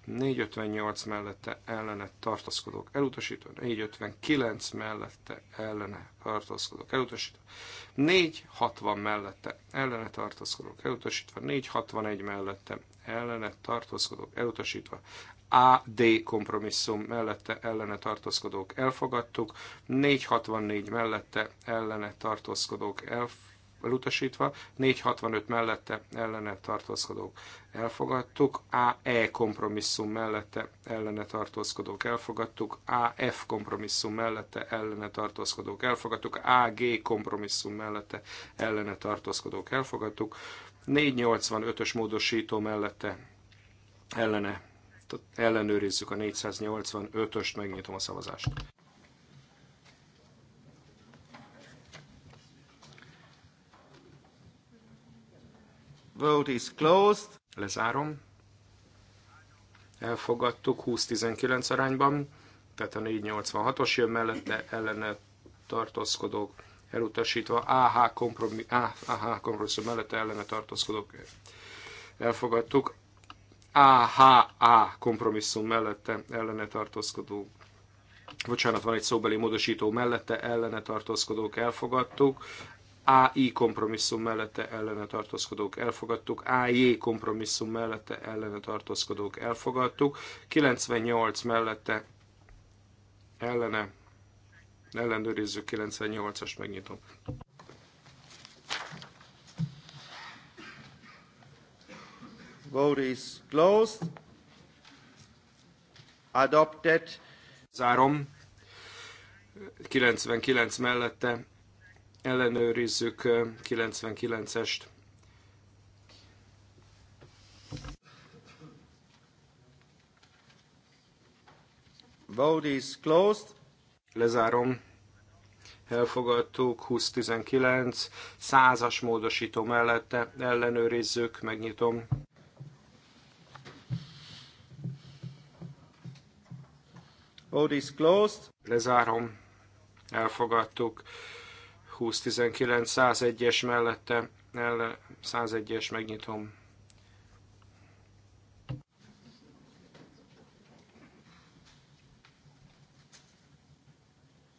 458 mellette ellene tartózkodók elutasítva, 459 mellette ellene tartózkodók elutasítva, 460 mellette ellene tartózkodók elutasítva, 461 mellette ellene tartózkodók elutasítva, AD kompromisszum mellette ellene tartózkodók elfogadtuk, 464 mellette ellene tartózkodók elutasítva, 465 mellette ellene tartózkodók elfogadtuk, AE kompromisszum mellette ellene tartózkodók elfogadtuk, AF kompromisszum mellette ellene tartózkodók elfogadtuk, AG kompromisszum mellette ellene tartózkodók elfogadtuk, 485-ös módosító mellette ellene ellenőrizzük a 485-öst, megnyitom a szavazást. Vote is closed. Lezárom. Elfogadtuk 20-19 arányban, tehát a 486-os jön mellette, ellene tartózkodók elutasítva, AH, kompromisszum mellette ellene tartózkodók elfogadtuk, AHA kompromisszum mellette ellene tartózkodó, Bocsánat, van egy szóbeli módosító mellette ellene tartózkodók elfogadtuk. AI kompromisszum mellette ellene tartózkodók elfogadtuk, AJ kompromisszum mellette ellene tartózkodók elfogadtuk, 98 mellette ellene ellenőrizzük 98-as, megnyitom. Vote is closed. Adopted. Zárom. 99 mellette ellenőrizzük 99-est. Eh, Vote is closed. Lezárom. Elfogadtuk 20-19. Százas módosító mellette ellenőrizzük, megnyitom. Vote is closed. Lezárom. Elfogadtuk. 2019 101-es mellette, 101-es megnyitom.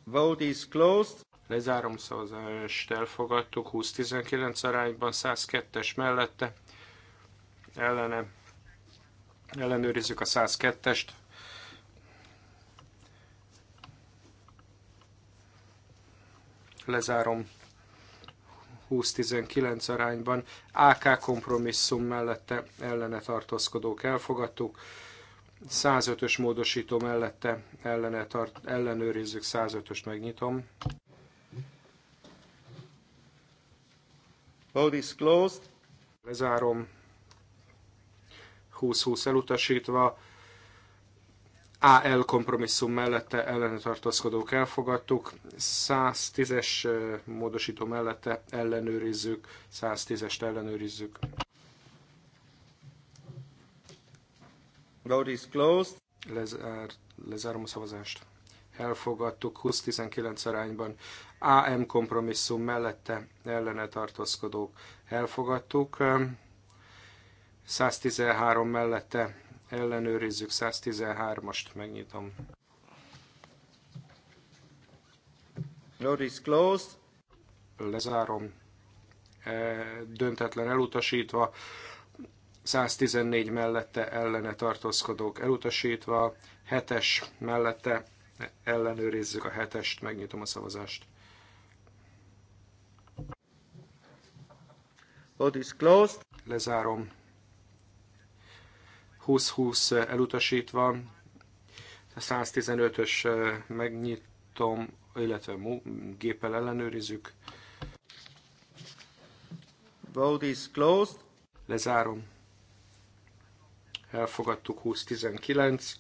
Vote is closed. Lezárom szavazást, elfogadtuk 20-19 arányban, 102-es mellette, ellene, ellenőrizzük a 102-est. lezárom 20-19 arányban. AK kompromisszum mellette ellene tartózkodók elfogadtuk. 105-ös módosító mellette ellene tart, ellenőrizzük, 105 ös megnyitom. Vote is closed. Lezárom. 20-20 elutasítva, AL kompromisszum mellette ellene tartózkodók elfogadtuk, 110-es módosító mellette ellenőrizzük, 110-est ellenőrizzük. Vote is closed. Lezár, lezárom a szavazást. Elfogadtuk 20-19 arányban. AM kompromisszum mellette ellene tartózkodók elfogadtuk. 113 mellette ellenőrizzük 113-ast, megnyitom. Notice closed. Lezárom. E, döntetlen elutasítva. 114 mellette ellene tartózkodók elutasítva. 7-es mellette ellenőrizzük a 7-est, megnyitom a szavazást. Vote is closed. Lezárom 20-20 elutasítva, 115-ös megnyitom, illetve géppel ellenőrizzük. Vote is closed. Lezárom. Elfogadtuk 20-19.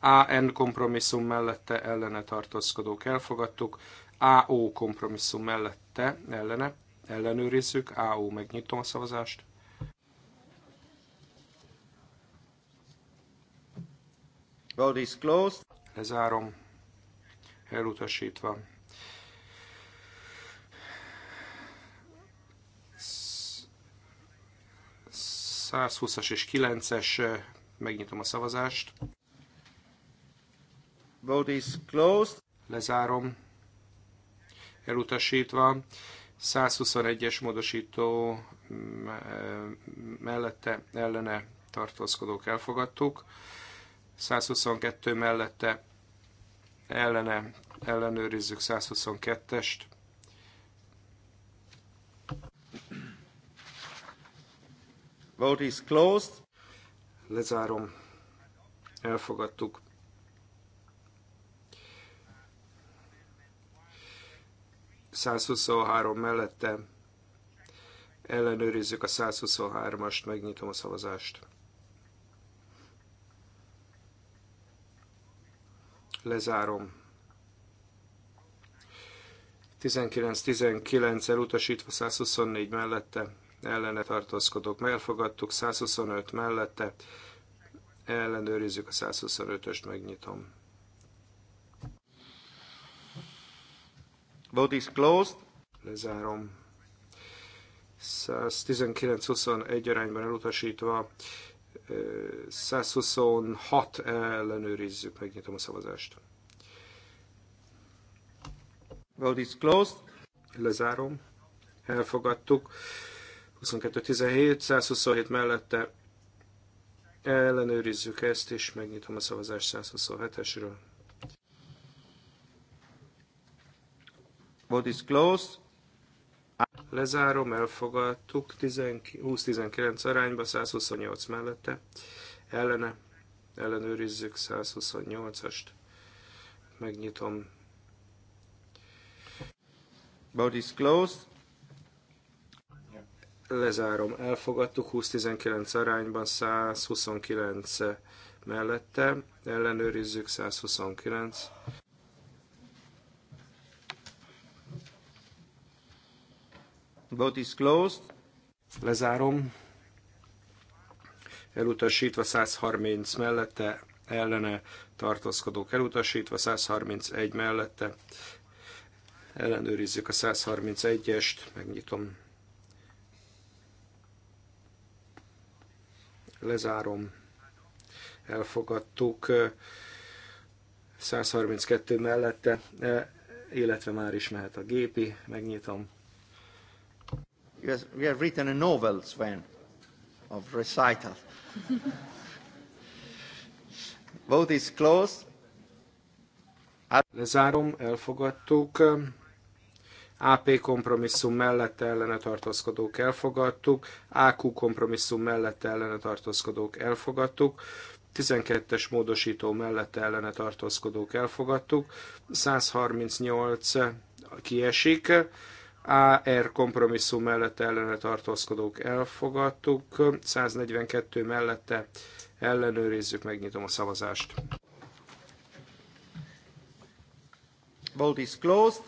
AN kompromisszum mellette ellene tartózkodók elfogadtuk. AO kompromisszum mellette ellene ellenőrizzük. AO megnyitom a szavazást. Well is Lezárom. Elutasítva. Sz 120-as és 9-es, eh, megnyitom a szavazást. Vote is closed. Lezárom. Elutasítva. 121-es módosító mm, eh, mellette ellene tartózkodók elfogadtuk. 122 mellette ellene ellenőrizzük 122-est. Vote is closed. Lezárom. Elfogadtuk. ...123 mellette ellenőrizzük a 123-ast, megnyitom a szavazást. Lezárom. 19-19 elutasítva 124 mellette ellene tartózkodok. elfogadtuk, 125 mellette ellenőrizzük a 125-öst, megnyitom. Vote is closed. Lezárom. 119-21 arányban elutasítva 126 ellenőrizzük, megnyitom a szavazást. Vote is closed. Lezárom. Elfogadtuk. 22-17, 127 mellette ellenőrizzük ezt, és megnyitom a szavazást 127-esről. Vote is closed. Lezárom, elfogadtuk, 20-19 arányba, 128 mellette, ellene, ellenőrizzük 128-ast, megnyitom. Vote is closed. Lezárom, elfogadtuk, 20-19 arányban, 129 mellette, ellenőrizzük, 129. Vote is closed. Lezárom. Elutasítva 130 mellette, ellene tartózkodók elutasítva, 131 mellette. Ellenőrizzük a 131-est, megnyitom. Lezárom. Elfogadtuk 132 mellette, illetve már is mehet a gépi, megnyitom. You have, you have written a novel, Sven, of recital. Vote is closed. Lezárom, elfogadtuk. AP kompromisszum mellett ellene tartózkodók elfogadtuk, AQ kompromisszum mellett ellene tartózkodók elfogadtuk, 12-es módosító mellett ellene tartózkodók elfogadtuk, 138 kiesik, AR kompromisszum mellette ellene tartózkodók elfogadtuk, 142 mellette ellenőrizzük, megnyitom a szavazást. Vote is closed.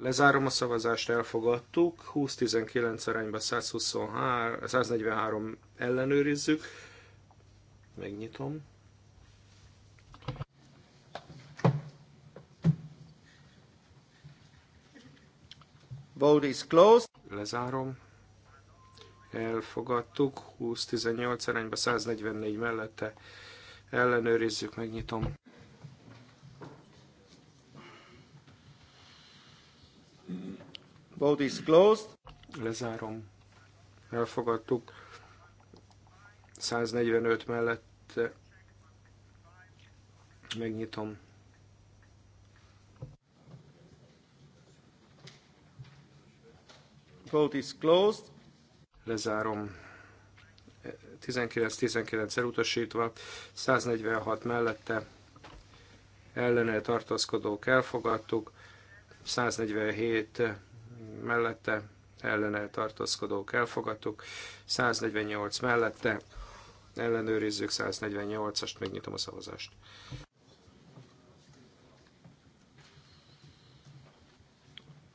Lezárom a szavazást, elfogadtuk. 20-19 arányban 123, 143 ellenőrizzük. Megnyitom. Vote is closed. Lezárom. Elfogadtuk. 20-18 arányba 144 mellette. Ellenőrizzük, megnyitom. Vote is closed. Lezárom. Elfogadtuk. 145 mellette. Megnyitom. Vote is closed. Lezárom. 19-19 elutasítva, 146 mellette ellene tartózkodók elfogadtuk, 147 mellette ellene tartózkodók elfogadtuk, 148 mellette ellenőrizzük 148-ast, megnyitom a szavazást.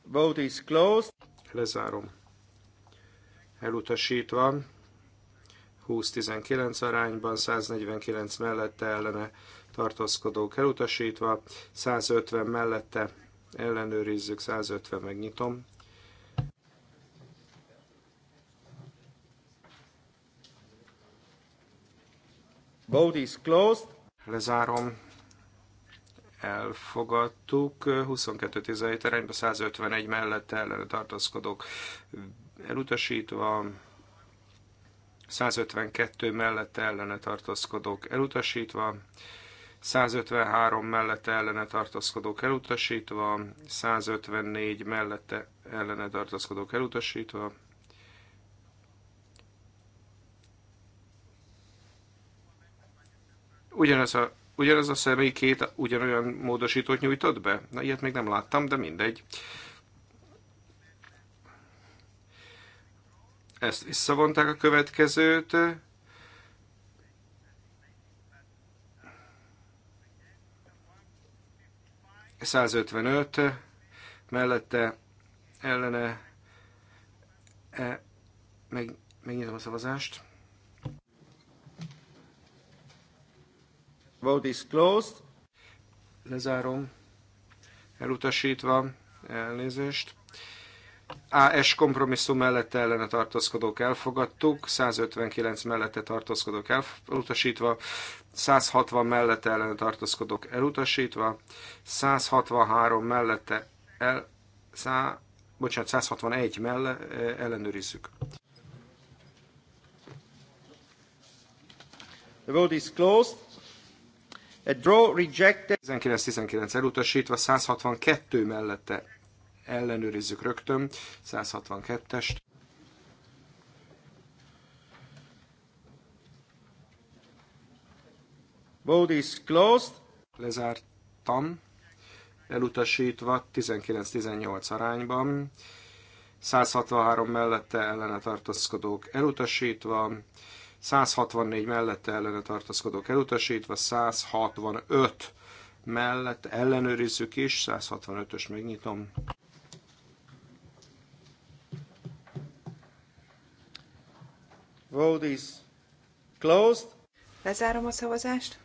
Vote is closed lezárom. Elutasítva, 20-19 arányban, 149 mellette ellene tartózkodók elutasítva, 150 mellette ellenőrizzük, 150 megnyitom. Vote is closed. Lezárom elfogadtuk, 22-17 arányban 151 mellette ellene tartózkodók elutasítva, 152 mellette ellene tartózkodók elutasítva, 153 mellette ellene tartózkodók elutasítva, 154 mellette ellene tartózkodók elutasítva, ugyanez a ugyanaz a személy két ugyanolyan módosítót nyújtott be? Na, ilyet még nem láttam, de mindegy. Ezt visszavonták a következőt. ...155, mellette ellene, e, meg, megnyitom a szavazást. Vote is closed. Lezárom. Elutasítva. Elnézést. AS kompromisszum mellette ellene tartózkodók elfogadtuk, 159 mellette tartózkodók elutasítva, 160 mellette ellene tartózkodók elutasítva, 163 mellette el, szá, bocsánat, 161 mellett eh, ellenőrizzük. The vote is closed. A draw rejected. 19-19 elutasítva, 162 mellette ellenőrizzük rögtön, 162-est. Vote is closed. Lezártam, elutasítva 19-18 arányban. 163 mellette ellene tartózkodók elutasítva, 164 mellette ellene tartaszkodók elutasítva, 165 mellett ellenőrizzük is, 165-ös megnyitom. Vote is closed. Lezárom a szavazást.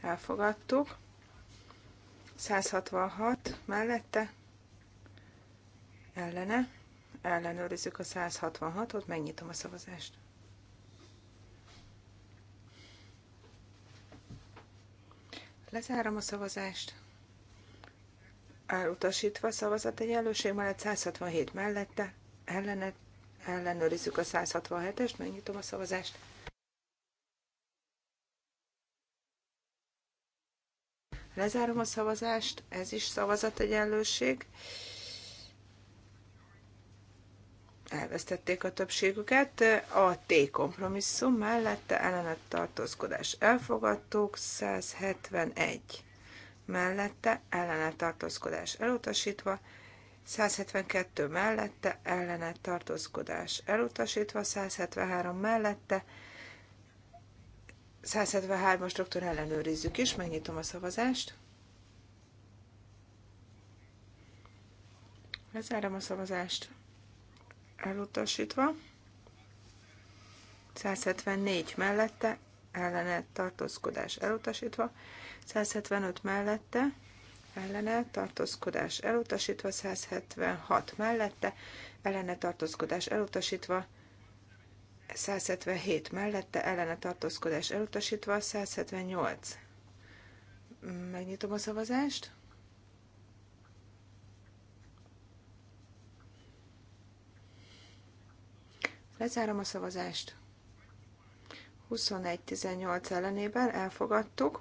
Elfogadtuk. 166 mellette. Ellene. Ellenőrizzük a 166-ot, megnyitom a szavazást. Lezárom a szavazást. Elutasítva szavazat egyenlőség mellett 167 mellette, ellene, ellenőrizzük a 167-est, megnyitom a szavazást. Lezárom a szavazást, ez is szavazat egyenlőség elvesztették a többségüket. A T kompromisszum mellette ellenet tartózkodás elfogadtuk, 171 mellette ellenet tartózkodás elutasítva, 172 mellette ellenet tartózkodás elutasítva, 173 mellette 173-as rögtön ellenőrizzük is, megnyitom a szavazást. Lezárom a szavazást elutasítva. 174 mellette ellene tartózkodás elutasítva, 175 mellette ellene tartózkodás elutasítva, 176 mellette ellene tartózkodás elutasítva, 177 mellette ellene tartózkodás elutasítva, 178. Megnyitom a szavazást. Lezárom a szavazást. 21-18 ellenében elfogadtuk.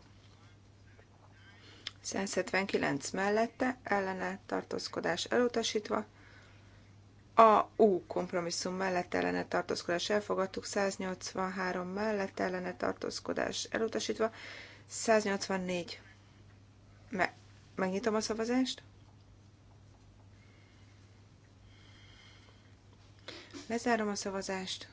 179 mellette ellene tartózkodás elutasítva. A U kompromisszum mellett ellene tartózkodás elfogadtuk, 183 mellett ellene tartózkodás elutasítva, 184. Me- megnyitom a szavazást. Lezárom a szavazást.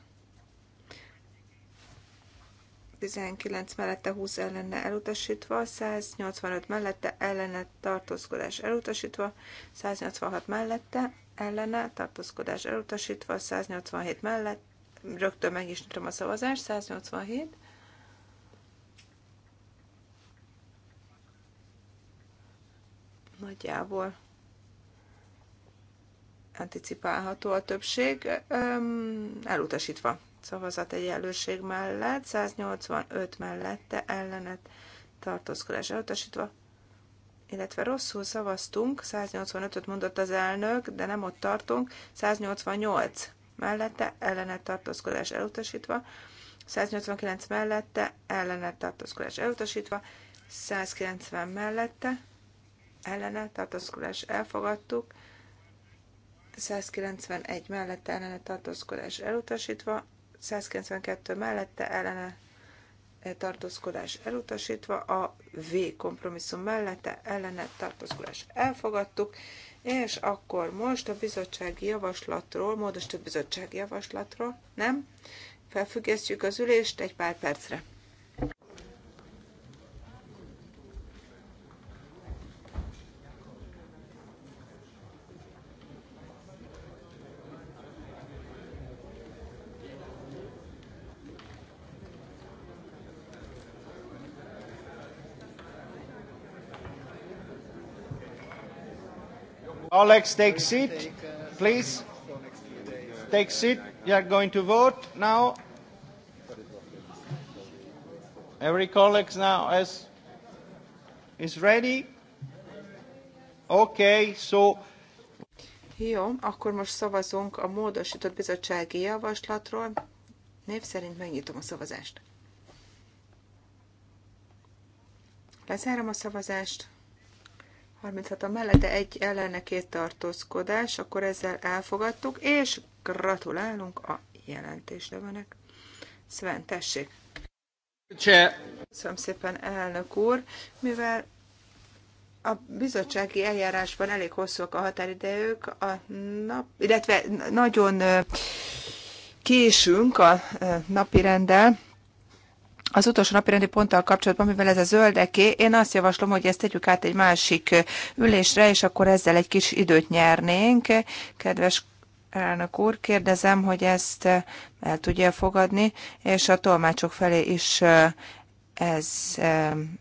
19 mellette 20 ellenne elutasítva, 185 mellette ellene tartózkodás elutasítva, 186 mellette ellene tartózkodás elutasítva, 187 mellett, rögtön meg is nyitom a szavazást, 187, nagyjából anticipálható a többség, elutasítva szavazat egyenlőség mellett, 185 mellette ellenet tartózkodás elutasítva, illetve rosszul szavaztunk, 185-öt mondott az elnök, de nem ott tartunk, 188 mellette ellenet tartózkodás elutasítva, 189 mellette ellenet tartózkodás elutasítva, 190 mellette ellenet tartózkodás elfogadtuk, 191 mellette ellene tartózkodás elutasítva, 192 mellette ellene eh, tartózkodás elutasítva, a V kompromisszum mellette ellene tartózkodás elfogadtuk, és akkor most a bizottsági javaslatról, módosított bizottsági javaslatról, nem? Felfüggesztjük az ülést egy pár percre. Alex, take seat, please. Take seat. You are going to vote now. Every colleague now has, is ready. Okay, so... Jó, akkor most szavazunk a módosított bizottsági javaslatról. Név szerint megnyitom a szavazást. Lezárom a szavazást. 36 a mellette egy ellene két tartózkodás, akkor ezzel elfogadtuk, és gratulálunk a jelentéstevőnek. Sven, tessék! Cseh. Köszönöm szépen, elnök úr, mivel a bizottsági eljárásban elég hosszúak a határidejük, a nap, illetve nagyon késünk a napi rendel, az utolsó napirendi ponttal kapcsolatban, mivel ez a zöldeké, én azt javaslom, hogy ezt tegyük át egy másik ülésre, és akkor ezzel egy kis időt nyernénk. Kedves elnök úr, kérdezem, hogy ezt el tudja fogadni, és a tolmácsok felé is ez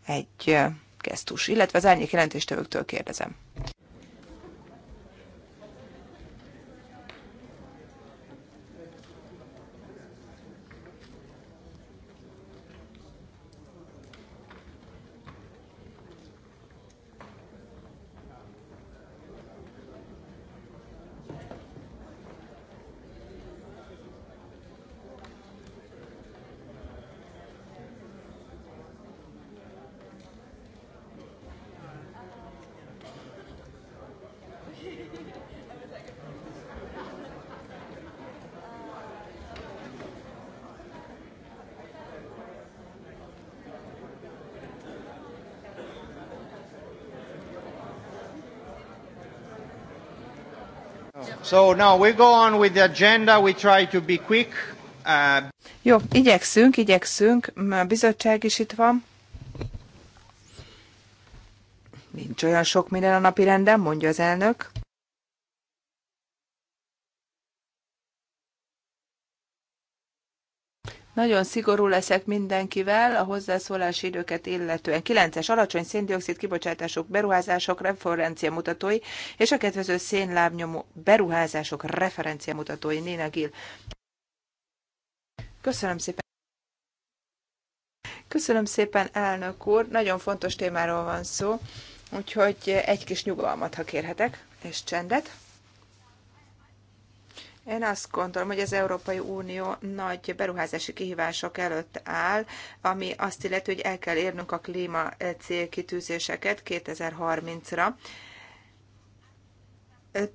egy gesztus, illetve az árnyék jelentéstevőktől kérdezem. So now we go on with the agenda, we try to be quick. Uh... Jó, igyekszünk, igyekszünk, a bizottság is itt van. Nincs olyan sok minden a napi renden, mondja az elnök. Nagyon szigorú leszek mindenkivel a hozzászólási időket illetően. 9-es alacsony széndiokszid kibocsátások, beruházások, referenciamutatói és a kedvező szénlábnyomó beruházások, referenciamutatói. Néna Gil. Köszönöm szépen. Köszönöm szépen, elnök úr. Nagyon fontos témáról van szó, úgyhogy egy kis nyugalmat, ha kérhetek, és csendet. Én azt gondolom, hogy az Európai Unió nagy beruházási kihívások előtt áll, ami azt illeti, hogy el kell érnünk a klíma célkitűzéseket 2030-ra.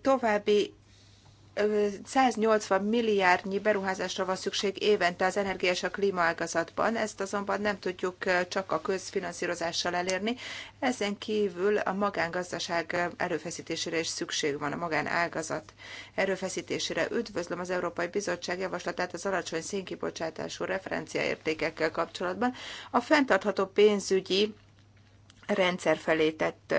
További 180 milliárdnyi beruházásra van szükség évente az energia és a klímaágazatban, ezt azonban nem tudjuk csak a közfinanszírozással elérni, ezen kívül a magángazdaság erőfeszítésére is szükség van, a magánágazat erőfeszítésére. Üdvözlöm az Európai Bizottság javaslatát az alacsony szénkibocsátású referenciaértékekkel kapcsolatban. A fenntartható pénzügyi rendszer felé tett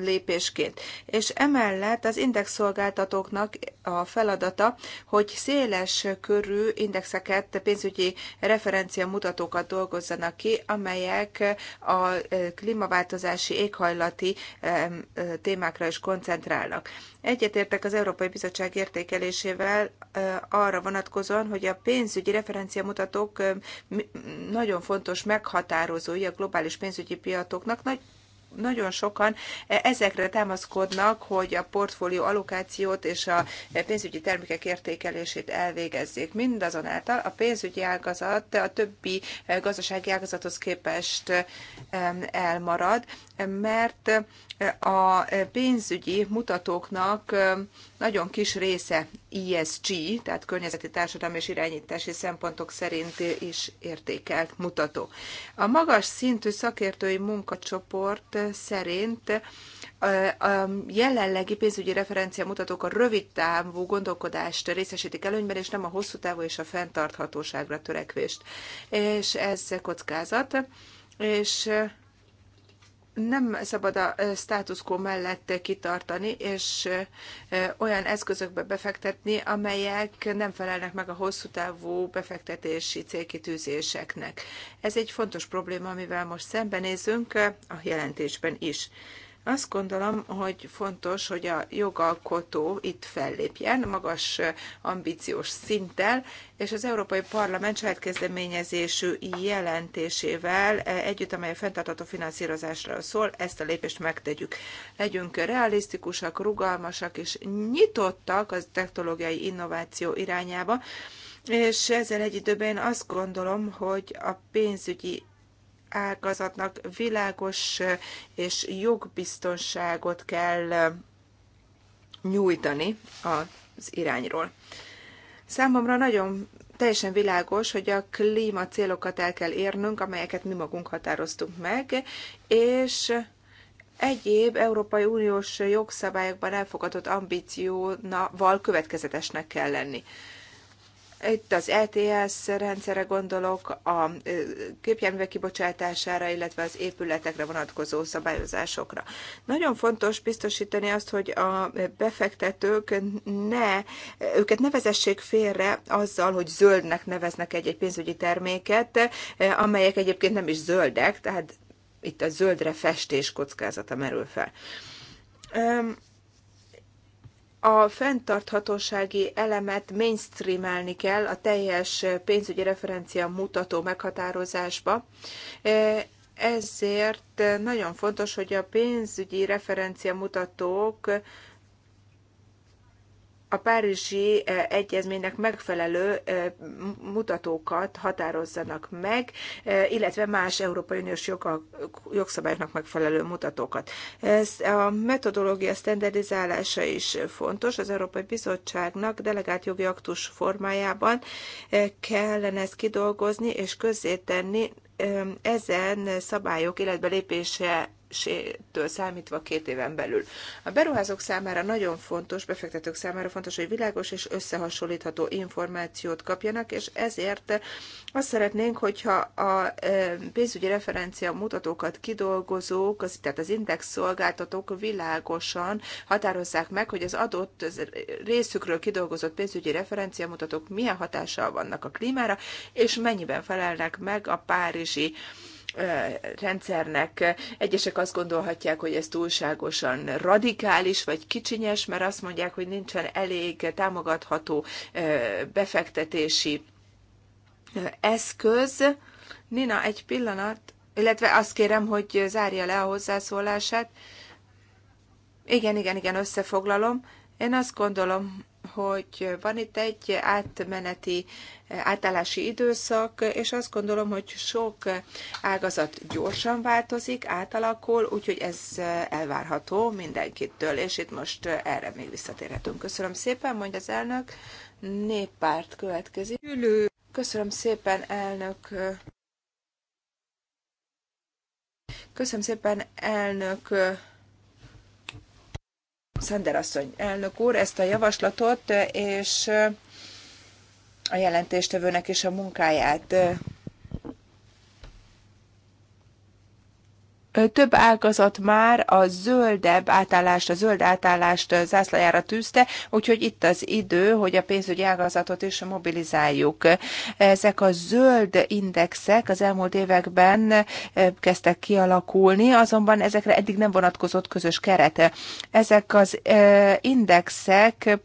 lépésként. És emellett az indexszolgáltatóknak a feladata, hogy széles körű indexeket, pénzügyi referencia mutatókat dolgozzanak ki, amelyek a e, klímaváltozási, éghajlati e, e, témákra is koncentrálnak. Egyetértek az Európai Bizottság értékelésével arra vonatkozóan, hogy a pénzügyi referencia mutatók nagyon fontos meghatározói a globális pénzügyi piatoknak, nagyon sokan e, ezekre támaszkodnak, hogy a portfólió allokációt és a pénzügyi termékek értékelését elvégezzék. Mindazonáltal a pénzügyi ágazat a többi e, gazdasági ágazathoz képest e, elmarad mert a pénzügyi mutatóknak nagyon kis része ESG, tehát környezeti társadalmi és irányítási szempontok szerint is értékelt mutató. A magas szintű szakértői munkacsoport szerint a jelenlegi pénzügyi referencia mutatók a rövid távú gondolkodást részesítik előnyben, és nem a hosszú távú és a fenntarthatóságra törekvést. És ez kockázat, és nem szabad a status quo mellett kitartani, és olyan eszközökbe befektetni, amelyek nem felelnek meg a hosszú távú befektetési célkitűzéseknek. Ez egy fontos probléma, amivel most szembenézünk a jelentésben is. Azt gondolom, hogy fontos, hogy a jogalkotó itt fellépjen magas eh, ambíciós szinttel, és az Európai Parlament saját kezdeményezésű jelentésével eh, együtt, amely a fenntartató finanszírozásra szól, ezt a lépést megtegyük. Legyünk realisztikusak, rugalmasak és nyitottak az technológiai innováció irányába, és ezzel egy időben én azt gondolom, hogy a pénzügyi ágazatnak világos eh, és jogbiztonságot kell eh, nyújtani az irányról. Számomra nagyon teljesen világos, hogy a klíma célokat el kell érnünk, amelyeket mi magunk határoztunk meg, és egyéb Európai Uniós jogszabályokban elfogadott ambícióval következetesnek kell lenni. Itt az ETS rendszerre gondolok, a képjárművek kibocsátására, illetve az épületekre vonatkozó szabályozásokra. Nagyon fontos biztosítani azt, hogy a befektetők ne, őket ne vezessék félre azzal, hogy zöldnek neveznek egy-egy pénzügyi terméket, amelyek egyébként nem is zöldek, tehát itt a zöldre festés kockázata merül fel a fenntarthatósági elemet mainstreamelni kell a teljes pénzügyi referencia mutató meghatározásba. E, ezért nagyon fontos, hogy a pénzügyi referencia mutatók a Párizsi eh, Egyezménynek megfelelő eh, mutatókat határozzanak meg, eh, illetve más Európai Uniós jogszabályoknak megfelelő mutatókat. Ez a metodológia standardizálása is fontos. Az Európai Bizottságnak delegált jogi aktus formájában kellene ezt kidolgozni és közzétenni ezen szabályok illetve lépése től számítva két éven belül. A beruházók számára nagyon fontos, befektetők számára fontos, hogy világos és összehasonlítható információt kapjanak, és ezért azt szeretnénk, hogyha a e, pénzügyi referencia mutatókat kidolgozók, az, tehát az index szolgáltatók világosan határozzák meg, hogy az adott részükről kidolgozott pénzügyi referencia mutatók milyen hatással vannak a klímára, és mennyiben felelnek meg a párizsi rendszernek. Egyesek azt gondolhatják, hogy ez túlságosan radikális vagy kicsinyes, mert azt mondják, hogy nincsen elég támogatható befektetési eszköz. Nina, egy pillanat, illetve azt kérem, hogy zárja le a hozzászólását. Igen, igen, igen, összefoglalom. Én azt gondolom, hogy van itt egy átmeneti átállási időszak, és azt gondolom, hogy sok ágazat gyorsan változik, átalakul, úgyhogy ez elvárható mindenkitől, és itt most erre még visszatérhetünk. Köszönöm szépen, mondja az elnök. Néppárt következik. Ülő. Köszönöm szépen, elnök. Köszönöm szépen, elnök Szender asszony, elnök úr, ezt a javaslatot és a jelentéstevőnek is a munkáját Több ágazat már a zöldebb átállást, a zöld átállást zászlajára tűzte, úgyhogy itt az idő, hogy a pénzügyi ágazatot is mobilizáljuk. Ezek a zöld indexek az elmúlt években kezdtek kialakulni, azonban ezekre eddig nem vonatkozott közös kerete. Ezek az indexek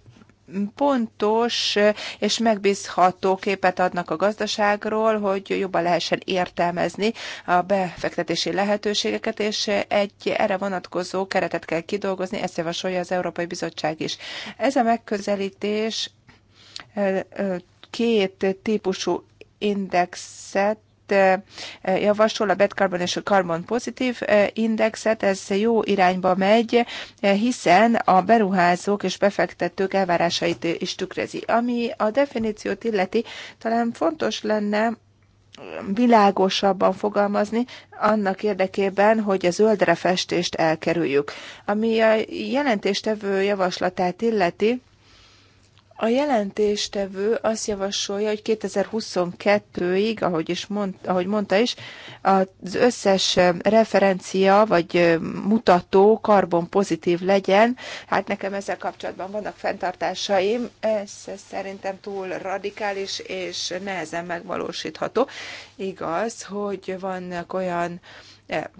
pontos és megbízható képet adnak a gazdaságról, hogy jobban lehessen értelmezni a befektetési lehetőségeket, és egy erre vonatkozó keretet kell kidolgozni, ezt javasolja az Európai Bizottság is. Ez a megközelítés két típusú indexet Eh, javasol a Bad Carbon és a Carbon Positive eh, Indexet, ez jó irányba megy, eh, hiszen a beruházók és befektetők elvárásait is tükrözi. Ami a definíciót illeti, talán fontos lenne világosabban fogalmazni, annak érdekében, hogy a zöldre festést elkerüljük. Ami a jelentéstevő javaslatát illeti, a jelentéstevő azt javasolja, hogy 2022-ig, ahogy, is mond, ahogy mondta is, az összes referencia vagy mutató karbon pozitív legyen. Hát nekem ezzel kapcsolatban vannak fenntartásaim, ez szerintem túl radikális és nehezen megvalósítható. Igaz, hogy vannak olyan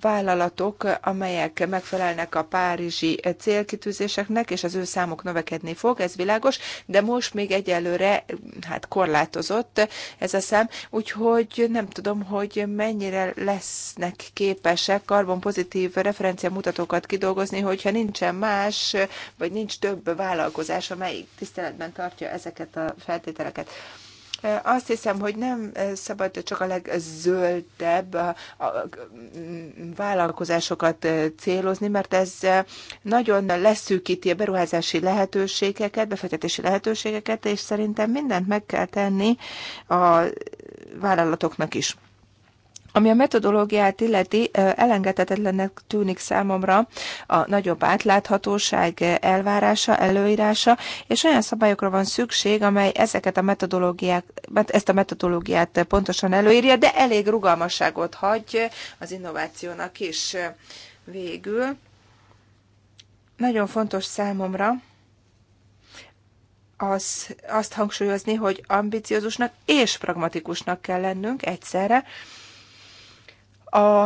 vállalatok, amelyek megfelelnek a párizsi célkitűzéseknek, és az ő számuk növekedni fog, ez világos, de most még egyelőre hát korlátozott ez a szám, úgyhogy nem tudom, hogy mennyire lesznek képesek karbon pozitív referencia mutatókat kidolgozni, hogyha nincsen más, vagy nincs több vállalkozás, amelyik tiszteletben tartja ezeket a feltételeket. Azt hiszem, hogy nem szabad csak a legzöldebb vállalkozásokat célozni, mert ez nagyon leszűkíti a beruházási lehetőségeket, befektetési lehetőségeket, és szerintem mindent meg kell tenni a vállalatoknak is. Ami a metodológiát illeti, elengedhetetlennek tűnik számomra a nagyobb átláthatóság elvárása, előírása, és olyan szabályokra van szükség, amely ezeket a metodológiák, ezt a metodológiát pontosan előírja, de elég rugalmasságot hagy az innovációnak is végül. Nagyon fontos számomra, az, azt hangsúlyozni, hogy ambiciózusnak és pragmatikusnak kell lennünk egyszerre, a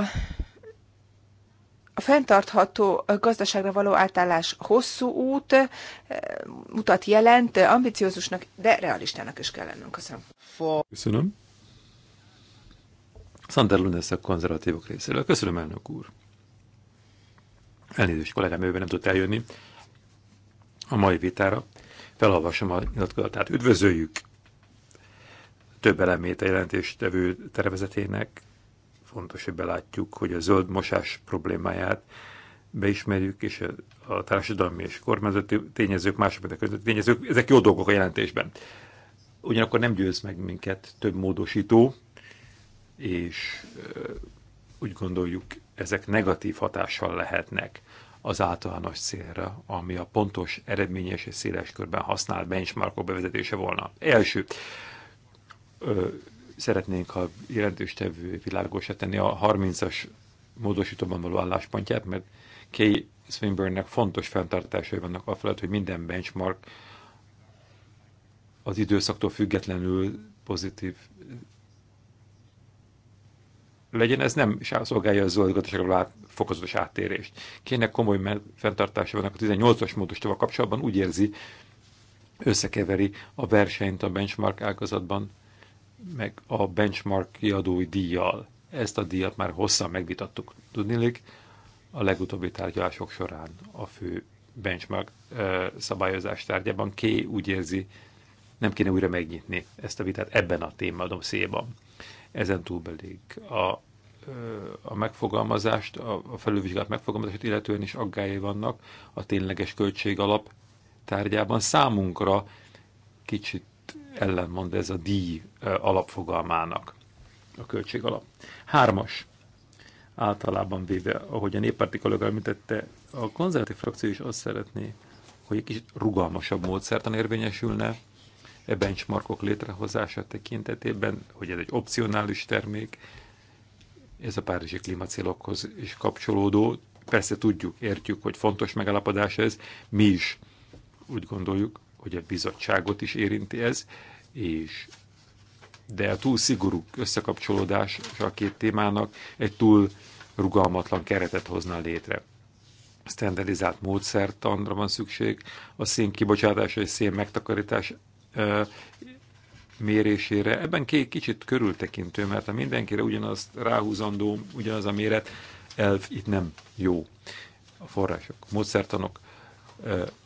a fenntartható gazdaságra való átállás hosszú út, mutat eh, jelent, ambiciózusnak, de realistának is kell lennünk. Köszönöm. Köszönöm. Sander Lundes a konzervatívok részéről. Köszönöm, elnök úr. Elnézést kollégám, ő nem tud eljönni a mai vitára. Felolvasom a nyilatkozatát. Üdvözöljük több elemét a jelentéstevő tervezetének fontos, hogy belátjuk, hogy a zöld mosás problémáját beismerjük, és a, a társadalmi és kormányzati tényezők, mások a tényezők, ezek jó dolgok a jelentésben. Ugyanakkor nem győz meg minket több módosító, és úgy gondoljuk, ezek negatív hatással lehetnek az általános célra, ami a pontos, eredményes és széles körben használt benchmarkok bevezetése volna. Első, szeretnénk, ha jelentős tevő világosra tenni a 30-as módosítóban való álláspontját, mert Kay Swinburne-nek fontos fenntartásai vannak felett, hogy minden benchmark az időszaktól függetlenül pozitív legyen, ez nem szolgálja a zöld gazdaságra át, fokozatos áttérést. Kének komoly fenntartása vannak a 18-as módosítóval kapcsolatban, úgy érzi, összekeveri a versenyt a benchmark ágazatban meg a benchmark kiadói díjjal. Ezt a díjat már hosszan megvitattuk. Tudnilik, a legutóbbi tárgyalások során a fő benchmark ö, szabályozás tárgyában K úgy érzi, nem kéne újra megnyitni ezt a vitát ebben a témadom széban. Ezen túl pedig a, a megfogalmazást, a, a felülvizsgálat megfogalmazását illetően is aggályai vannak a tényleges költség alap tárgyában. Számunkra kicsit ellenmond ez a díj alapfogalmának, a költség alap. Hármas. Általában véve, ahogy a néppárti kollega említette, a konzervatív frakció is azt szeretné, hogy egy kis rugalmasabb módszertan érvényesülne e benchmarkok létrehozása tekintetében, hogy ez egy opcionális termék, ez a párizsi klímacélokhoz is kapcsolódó. Persze tudjuk, értjük, hogy fontos megállapodás ez, mi is úgy gondoljuk, hogy a bizottságot is érinti ez, és de a túl szigorú összekapcsolódás a két témának egy túl rugalmatlan keretet hozna létre. Standardizált módszertanra van szükség, a szén kibocsátása és szén megtakarítás mérésére. Ebben két kicsit körültekintő, mert ha mindenkire ugyanazt ráhúzandó, ugyanaz a méret, elv itt nem jó. A források, módszertanok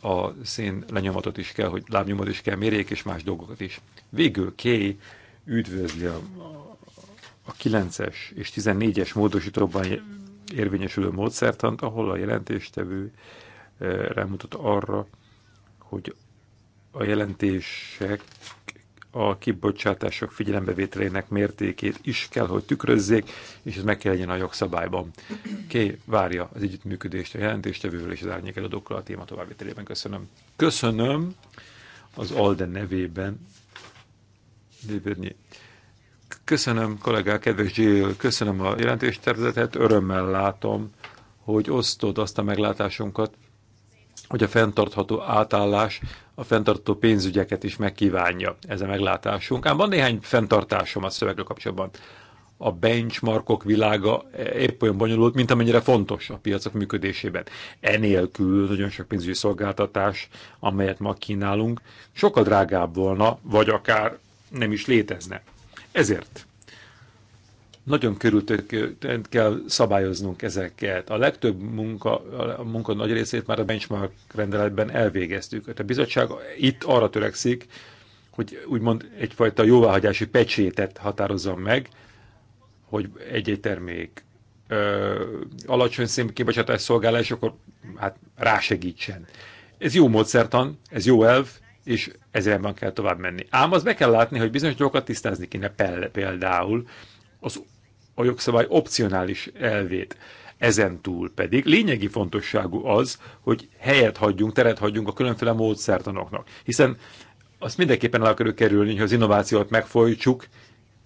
a szén lenyomatot is kell, hogy lábnyomot is kell mérjék, és más dolgokat is. Végül K üdvözli a, a 9-es és 14-es módosítóban érvényesülő módszertant, ahol a jelentéstevő rámutat arra, hogy a jelentések a kibocsátások figyelembevételének mértékét is kell, hogy tükrözzék, és ez meg kell legyen a jogszabályban. Ké várja az együttműködést a jelentéstevővel és az árnyékelődókkal a téma terében. Köszönöm. Köszönöm az Alde nevében. Köszönöm, kollégák, kedves Jill, köszönöm a jelentéstervezetet, örömmel látom, hogy osztod azt a meglátásunkat, hogy a fenntartható átállás a fenntartó pénzügyeket is megkívánja ez a meglátásunk. Ám van néhány fenntartásom a szövegről kapcsolatban. A benchmarkok világa épp olyan bonyolult, mint amennyire fontos a piacok működésében. Enélkül nagyon sok pénzügyi szolgáltatás, amelyet ma kínálunk, sokkal drágább volna, vagy akár nem is létezne. Ezért nagyon körültöként kell szabályoznunk ezeket. A legtöbb munka, a munka nagy részét már a benchmark rendeletben elvégeztük. A bizottság itt arra törekszik, hogy úgymond egyfajta jóváhagyási pecsétet határozzon meg, hogy egy-egy termék ö, alacsony szénkibocsátás szolgálás, akkor hát rásegítsen. Ez jó módszertan, ez jó elv, és ezért kell tovább menni. Ám az be kell látni, hogy bizonyos dolgokat tisztázni kéne például az, a jogszabály opcionális elvét. Ezen túl pedig lényegi fontosságú az, hogy helyet hagyjunk, teret hagyjunk a különféle módszertanoknak. Hiszen azt mindenképpen el akarjuk kerülni, hogy az innovációt megfolytsuk,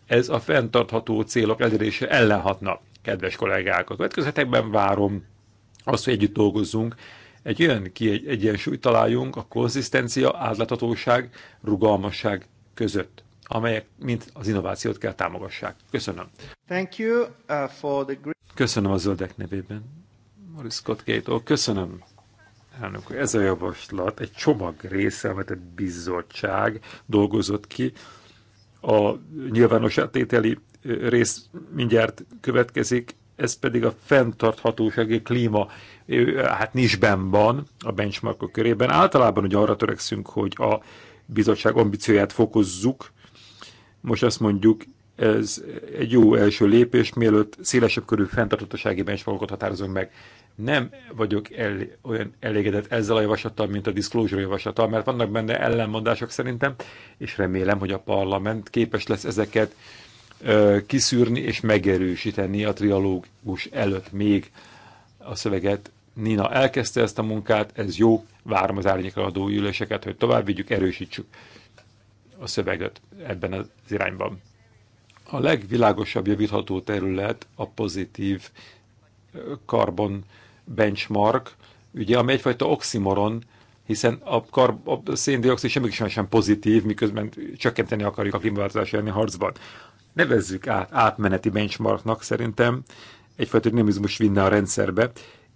ez a fenntartható célok elérése ellen hatna, kedves kollégák. A következő hetekben várom azt, hogy együtt dolgozzunk, egy olyan kiegyensúlyt találjunk a konzisztencia, átláthatóság, rugalmasság között amelyek mint az innovációt kell támogassák. Köszönöm. Thank you, uh, for the... Köszönöm a zöldek nevében. Morris Scott Gate. Köszönöm. Elnök, ez a javaslat egy csomag része, amit a bizottság dolgozott ki. A nyilvános átételi rész mindjárt következik, ez pedig a fenntarthatósági klíma, hát nisben van a benchmarkok körében. Általában ugye arra törekszünk, hogy a bizottság ambícióját fokozzuk, most azt mondjuk, ez egy jó első lépés, mielőtt szélesebb körű fenntartatossági benchmarkot határozunk meg. Nem vagyok el, olyan elégedett ezzel a javaslattal, mint a disclosure javaslattal, mert vannak benne ellenmondások szerintem, és remélem, hogy a parlament képes lesz ezeket ö, kiszűrni és megerősíteni a trialógus előtt még a szöveget. Nina elkezdte ezt a munkát, ez jó, várom az árnyékra adó üléseket, hogy tovább vigyük, erősítsük a szöveget ebben az irányban. A legvilágosabb javítható terület a pozitív karbon benchmark, ugye, ami egyfajta oximoron, hiszen a, kar, a széndiokszid semmiképpen sem pozitív, miközben csökkenteni akarjuk a klímaváltozás elleni harcban. Nevezzük át átmeneti benchmarknak szerintem, egyfajta dinamizmus vinne a rendszerbe,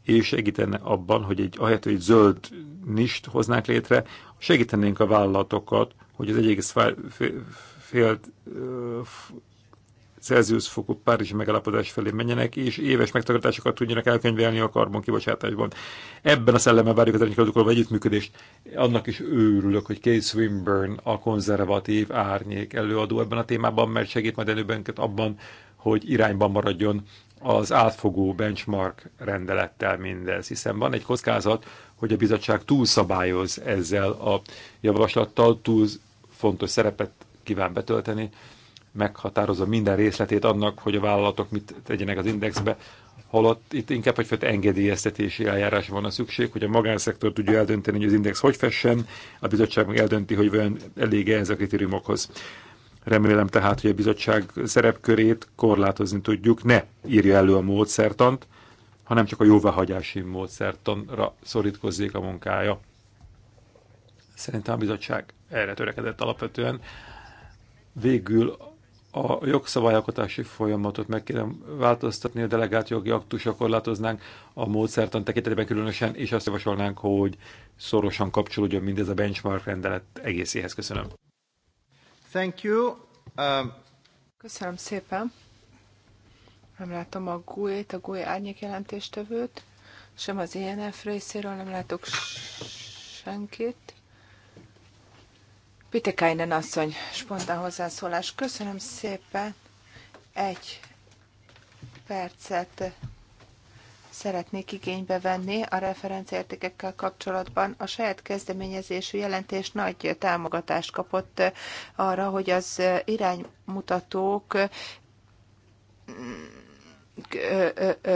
és segítene abban, hogy egy, ahelyett, hogy egy zöld nist hoznák létre, segítenénk a vállalatokat, hogy az 1,5 Celsius fokú Párizsi megállapodás felé menjenek, és éves megtakarításokat tudjanak elkönyvelni a karbonkibocsátásban. Ebben a szellemben várjuk az elnyékadókolva együttműködést. Annak is őrülök, hogy Kate Swinburne a konzervatív árnyék előadó ebben a témában, mert segít majd előbenket abban, hogy irányban maradjon az átfogó benchmark rendelettel mindez, hiszen van egy kockázat, hogy a bizottság túlszabályoz ezzel a javaslattal, túl fontos szerepet kíván betölteni, meghatározza minden részletét annak, hogy a vállalatok mit tegyenek az indexbe, holott itt inkább egyfajta engedélyeztetési eljárás van a szükség, hogy a magánszektor tudja eldönteni, hogy az index hogy fessen, a bizottság meg eldönti, hogy vajon elég -e ez a kritériumokhoz. Remélem tehát, hogy a bizottság szerepkörét korlátozni tudjuk, ne írja elő a módszertant, hanem csak a jóváhagyási módszertanra szorítkozzék a munkája. Szerintem a bizottság erre törekedett alapvetően. Végül a jogszabályalkotási folyamatot meg kéne változtatni, a delegált jogi aktusra korlátoznánk a módszertan tekintetében különösen, és azt javasolnánk, hogy szorosan kapcsolódjon mindez a benchmark rendelet egészéhez. Köszönöm. Thank you. Um... Köszönöm szépen. Nem látom a GUE-t, a GUE árnyék jelentéstevőt, sem az INF e részéről nem látok senkit. Pitekainen asszony, spontán hozzászólás. Köszönöm szépen. Egy percet szeretnék igénybe venni a referenciértékekkel kapcsolatban. A saját kezdeményezésű jelentés nagy támogatást kapott arra, hogy az iránymutatók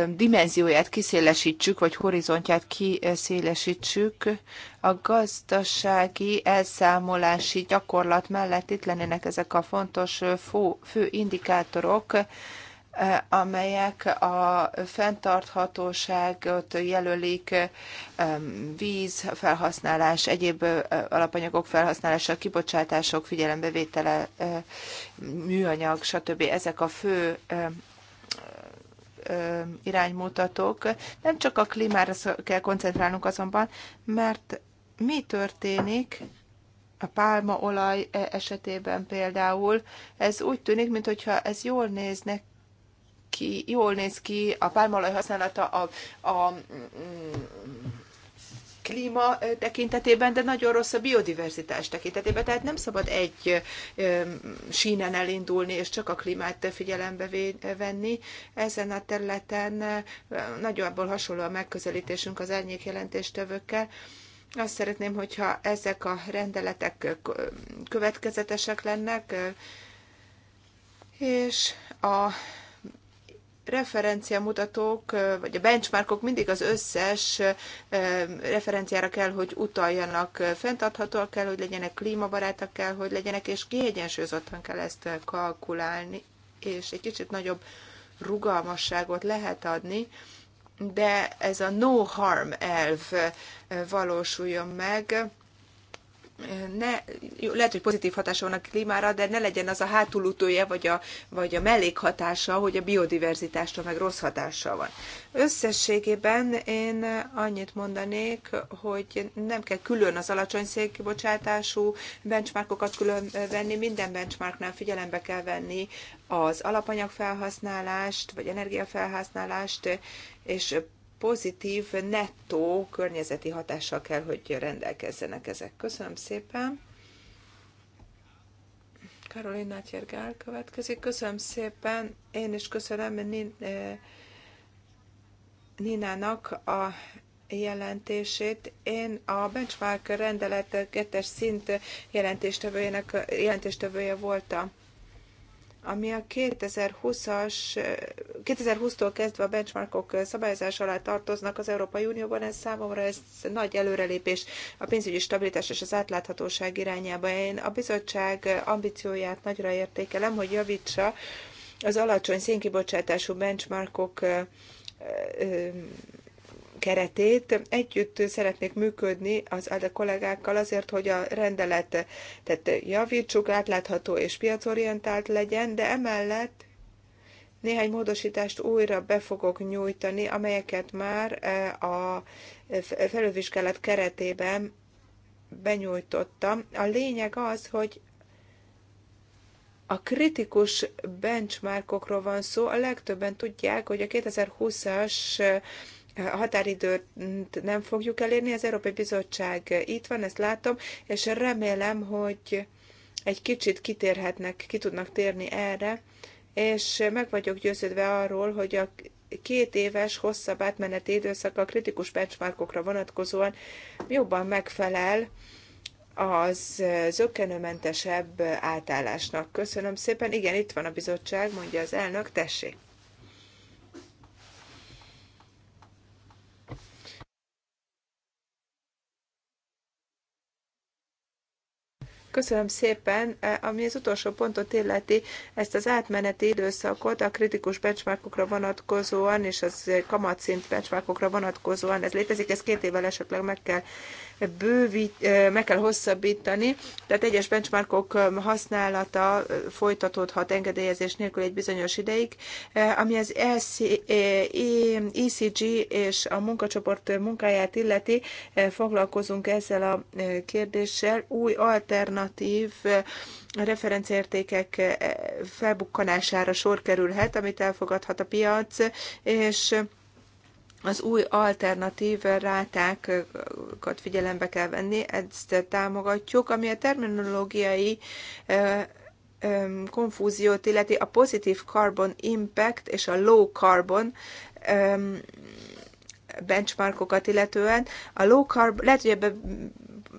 dimenzióját kiszélesítsük, vagy horizontját kiszélesítsük, a gazdasági elszámolási gyakorlat mellett itt lennének ezek a fontos fő indikátorok, Eh, amelyek a fenntarthatóságot jelölik, víz felhasználás, egyéb eh, alapanyagok felhasználása, kibocsátások figyelembevétele, eh, műanyag, stb. Ezek a fő iránymutatók. Nem csak a klímára kell koncentrálnunk azonban, mert mi történik a pálmaolaj esetében például, ez úgy tűnik, mintha ez jól néznek ki, jól néz ki a pálmaolaj használata a, a klíma tekintetében, de nagyon rossz a biodiverzitás tekintetében, tehát nem szabad egy sínen elindulni, és csak a klímát figyelembe venni. Ezen a területen nagyjából hasonló a megközelítésünk az árnyék Azt szeretném, hogyha ezek a rendeletek következetesek lennek, és a referenciamutatók, vagy a benchmarkok mindig az összes referenciára kell, hogy utaljanak, fenntarthatóak kell, hogy legyenek, klímabarátak kell, hogy legyenek, és kiegyensúlyozottan kell ezt kalkulálni, és egy kicsit nagyobb rugalmasságot lehet adni, de ez a no harm elv valósuljon meg, ne, jó, lehet, hogy pozitív hatása van a klímára, de ne legyen az a hátulutója, vagy a, vagy a mellékhatása, hogy a biodiverzitásra meg rossz hatása van. Összességében én annyit mondanék, hogy nem kell külön az alacsony székkibocsátású benchmarkokat külön venni, minden benchmarknál figyelembe kell venni az alapanyag felhasználást vagy energiafelhasználást, és pozitív nettó környezeti hatással kell, hogy rendelkezzenek ezek. Köszönöm szépen. Karolina Tjergál következik. Köszönöm szépen. Én is köszönöm eh, Ninának a jelentését. Én a benchmark rendelet kettes szint jelentéstevőjének, jelentéstevője voltam ami a 2020-as, 2020-tól kezdve a benchmarkok szabályozás alá tartoznak az Európai Unióban, ez számomra ez nagy előrelépés a pénzügyi stabilitás és az átláthatóság irányába. Én a bizottság ambícióját nagyra értékelem, hogy javítsa az alacsony szénkibocsátású benchmarkok keretét. Együtt szeretnék működni az ADA kollégákkal azért, hogy a rendeletet javítsuk, átlátható és piacorientált legyen, de emellett néhány módosítást újra be fogok nyújtani, amelyeket már eh, a felülvizsgálat keretében benyújtottam. A lényeg az, hogy a kritikus benchmarkokról van szó. A legtöbben tudják, hogy a 2020-as a határidőt nem fogjuk elérni, az Európai Bizottság itt van, ezt látom, és remélem, hogy egy kicsit kitérhetnek, ki tudnak térni erre, és meg vagyok győződve arról, hogy a két éves hosszabb átmeneti időszak a kritikus benchmarkokra vonatkozóan jobban megfelel az zökkenőmentesebb átállásnak. Köszönöm szépen. Igen, itt van a bizottság, mondja az elnök, tessék. Köszönöm szépen. E, ami az utolsó pontot illeti, ezt az átmeneti időszakot a kritikus benchmarkokra vonatkozóan és az kamatszint benchmarkokra vonatkozóan, ez létezik, ez két évvel esetleg meg kell bővít, meg kell hosszabbítani, tehát egyes benchmarkok használata folytatódhat engedélyezés nélkül egy bizonyos ideig, ami az ECG e, e és a munkacsoport munkáját illeti, foglalkozunk ezzel a kérdéssel. Új alternatív referenciértékek felbukkanására sor kerülhet, amit elfogadhat a piac, és az új alternatív rátákat figyelembe kell venni, ezt támogatjuk, ami a terminológiai konfúziót illeti a pozitív carbon impact és a low carbon benchmarkokat illetően. A low carbon, lehet, hogy ebbe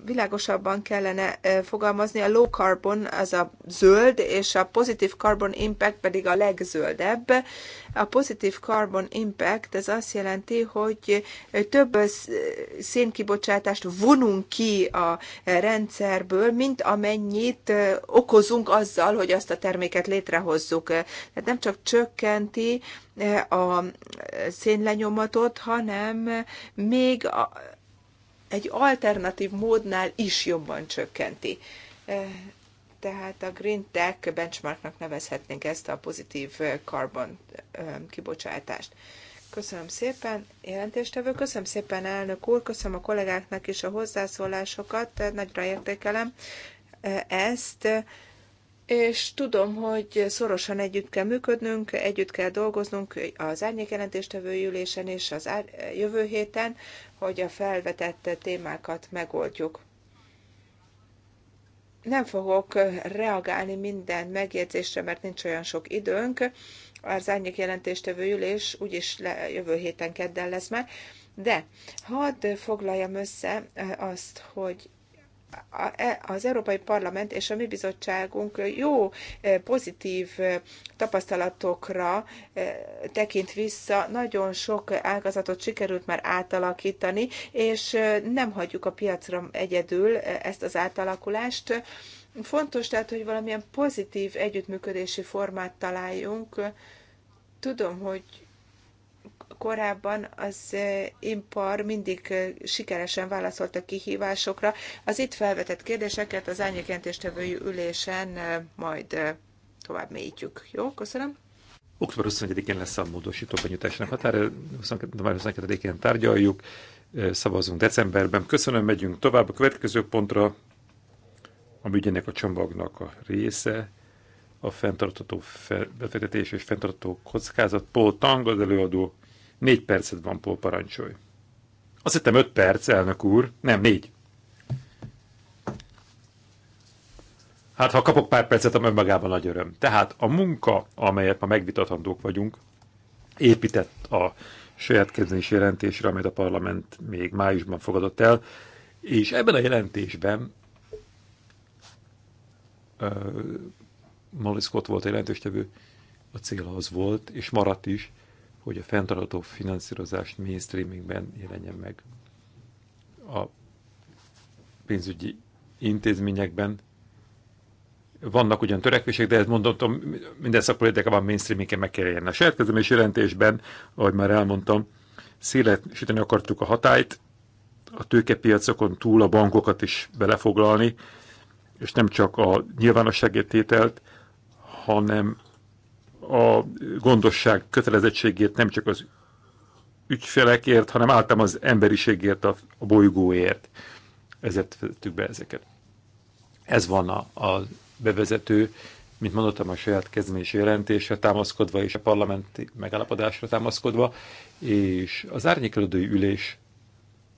világosabban kellene fogalmazni, a low carbon az a zöld, és a positive carbon impact pedig a legzöldebb. A positive carbon impact ez azt jelenti, hogy több szénkibocsátást vonunk ki a rendszerből, mint amennyit okozunk azzal, hogy azt a terméket létrehozzuk. Tehát nem csak csökkenti a szénlenyomatot, hanem még a egy alternatív módnál is jobban csökkenti. Eh, tehát a Green Tech benchmarknak nevezhetnénk ezt a pozitív carbon eh, eh, kibocsátást. Köszönöm szépen, jelentéstevő, köszönöm szépen, elnök úr, köszönöm a kollégáknak is a hozzászólásokat, nagyra értékelem ezt és tudom, hogy szorosan együtt kell működnünk, együtt kell dolgoznunk az árnyékjelentéstevő ülésen és az ár- jövő héten, hogy a felvetett témákat megoldjuk. Nem fogok reagálni minden megjegyzésre, mert nincs olyan sok időnk. Az árnyék jelentéstevő ülés úgyis le, jövő héten kedden lesz már, de hadd foglaljam össze azt, hogy az Európai Parlament és a mi bizottságunk jó, eh, pozitív eh, tapasztalatokra eh, tekint vissza, nagyon sok ágazatot sikerült már átalakítani, és nem hagyjuk a piacra egyedül ezt az átalakulást. Fontos tehát, hogy valamilyen pozitív együttműködési formát találjunk. Tudom, hogy korábban az impar mindig sikeresen válaszolt a kihívásokra. Az itt felvetett kérdéseket az árnyékjelentéstevői ülésen majd tovább mélyítjük. Jó, köszönöm. Október 21-én lesz a módosító benyújtásnak határa, 22-én tárgyaljuk, szavazunk decemberben. Köszönöm, megyünk tovább a következő pontra, ami ugyanek a csomagnak a része, a fenntartató befektetés és fenntartató kockázat. Paul Tang az előadó Négy percet van, Pól, parancsolj. Azt hittem öt perc, elnök úr. Nem, négy. Hát, ha kapok pár percet, a önmagában nagy öröm. Tehát a munka, amelyet ma megvitathandók vagyunk, épített a saját kezdeményes jelentésre, amelyet a parlament még májusban fogadott el, és ebben a jelentésben uh, Molly Scott volt a jelentőstevő, a cél az volt, és maradt is, hogy a fenntartható finanszírozás mainstreamingben jelenjen meg a pénzügyi intézményekben. Vannak ugyan törekvések, de ezt mondottam, minden szakpolitikában mainstreaming meg kell jelenni. A serkezem és jelentésben, ahogy már elmondtam, szélesíteni akartuk a hatályt, a tőkepiacokon túl a bankokat is belefoglalni, és nem csak a nyilvánosságértételt, hanem a gondosság kötelezettségét nem csak az ügyfelekért, hanem általában az emberiségért, a, a bolygóért. Ezért vettük be ezeket. Ez van a, a bevezető, mint mondottam, a saját kezdeményezési jelentésre támaszkodva és a parlamenti megállapodásra támaszkodva, és az árnyékelődői ülés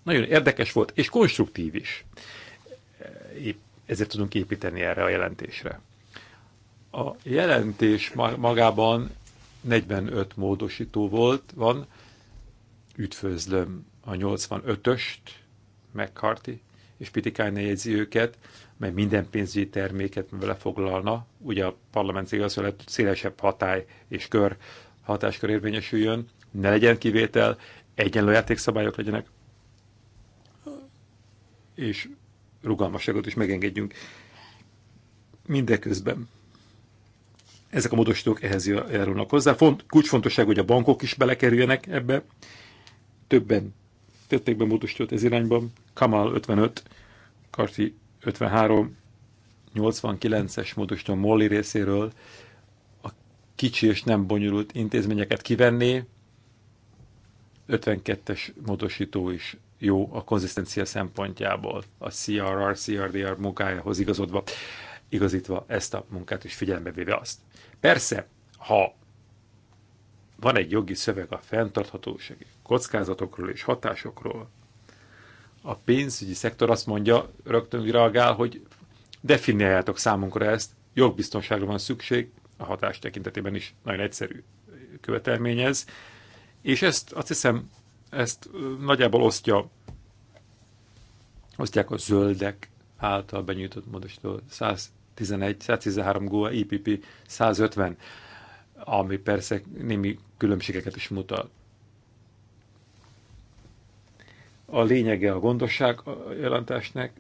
nagyon érdekes volt, és konstruktív is. Épp ezért tudunk építeni erre a jelentésre. A jelentés magában 45 módosító volt, van, üdvözlöm a 85-öst, McCarthy, és Pitikány jegyzi őket, mert minden pénzügyi terméket vele foglalna, ugye a parlament az, hogy szélesebb hatály és kör hatáskör érvényesüljön, ne legyen kivétel, egyenlő játékszabályok legyenek, és rugalmasságot is megengedjünk mindeközben ezek a módosítók ehhez járulnak hozzá. Font, kulcsfontosság, hogy a bankok is belekerüljenek ebbe. Többen tették be módosítót ez irányban. Kamal 55, Karti 53, 89-es módosító Molly részéről a kicsi és nem bonyolult intézményeket kivenni. 52-es módosító is jó a konzisztencia szempontjából, a CRR, CRDR munkájához igazodva, igazítva ezt a munkát is figyelembe véve azt. Persze, ha van egy jogi szöveg a fenntarthatósági kockázatokról és hatásokról, a pénzügyi szektor azt mondja, rögtön reagál, hogy definiáljátok számunkra ezt, jogbiztonságra van szükség, a hatás tekintetében is nagyon egyszerű követelményez, és ezt azt hiszem, ezt nagyjából osztja, osztják a zöldek által benyújtott módosító 100 111, 113 Goa IPP 150, ami persze némi különbségeket is mutat. A lényege a gondosság a jelentésnek,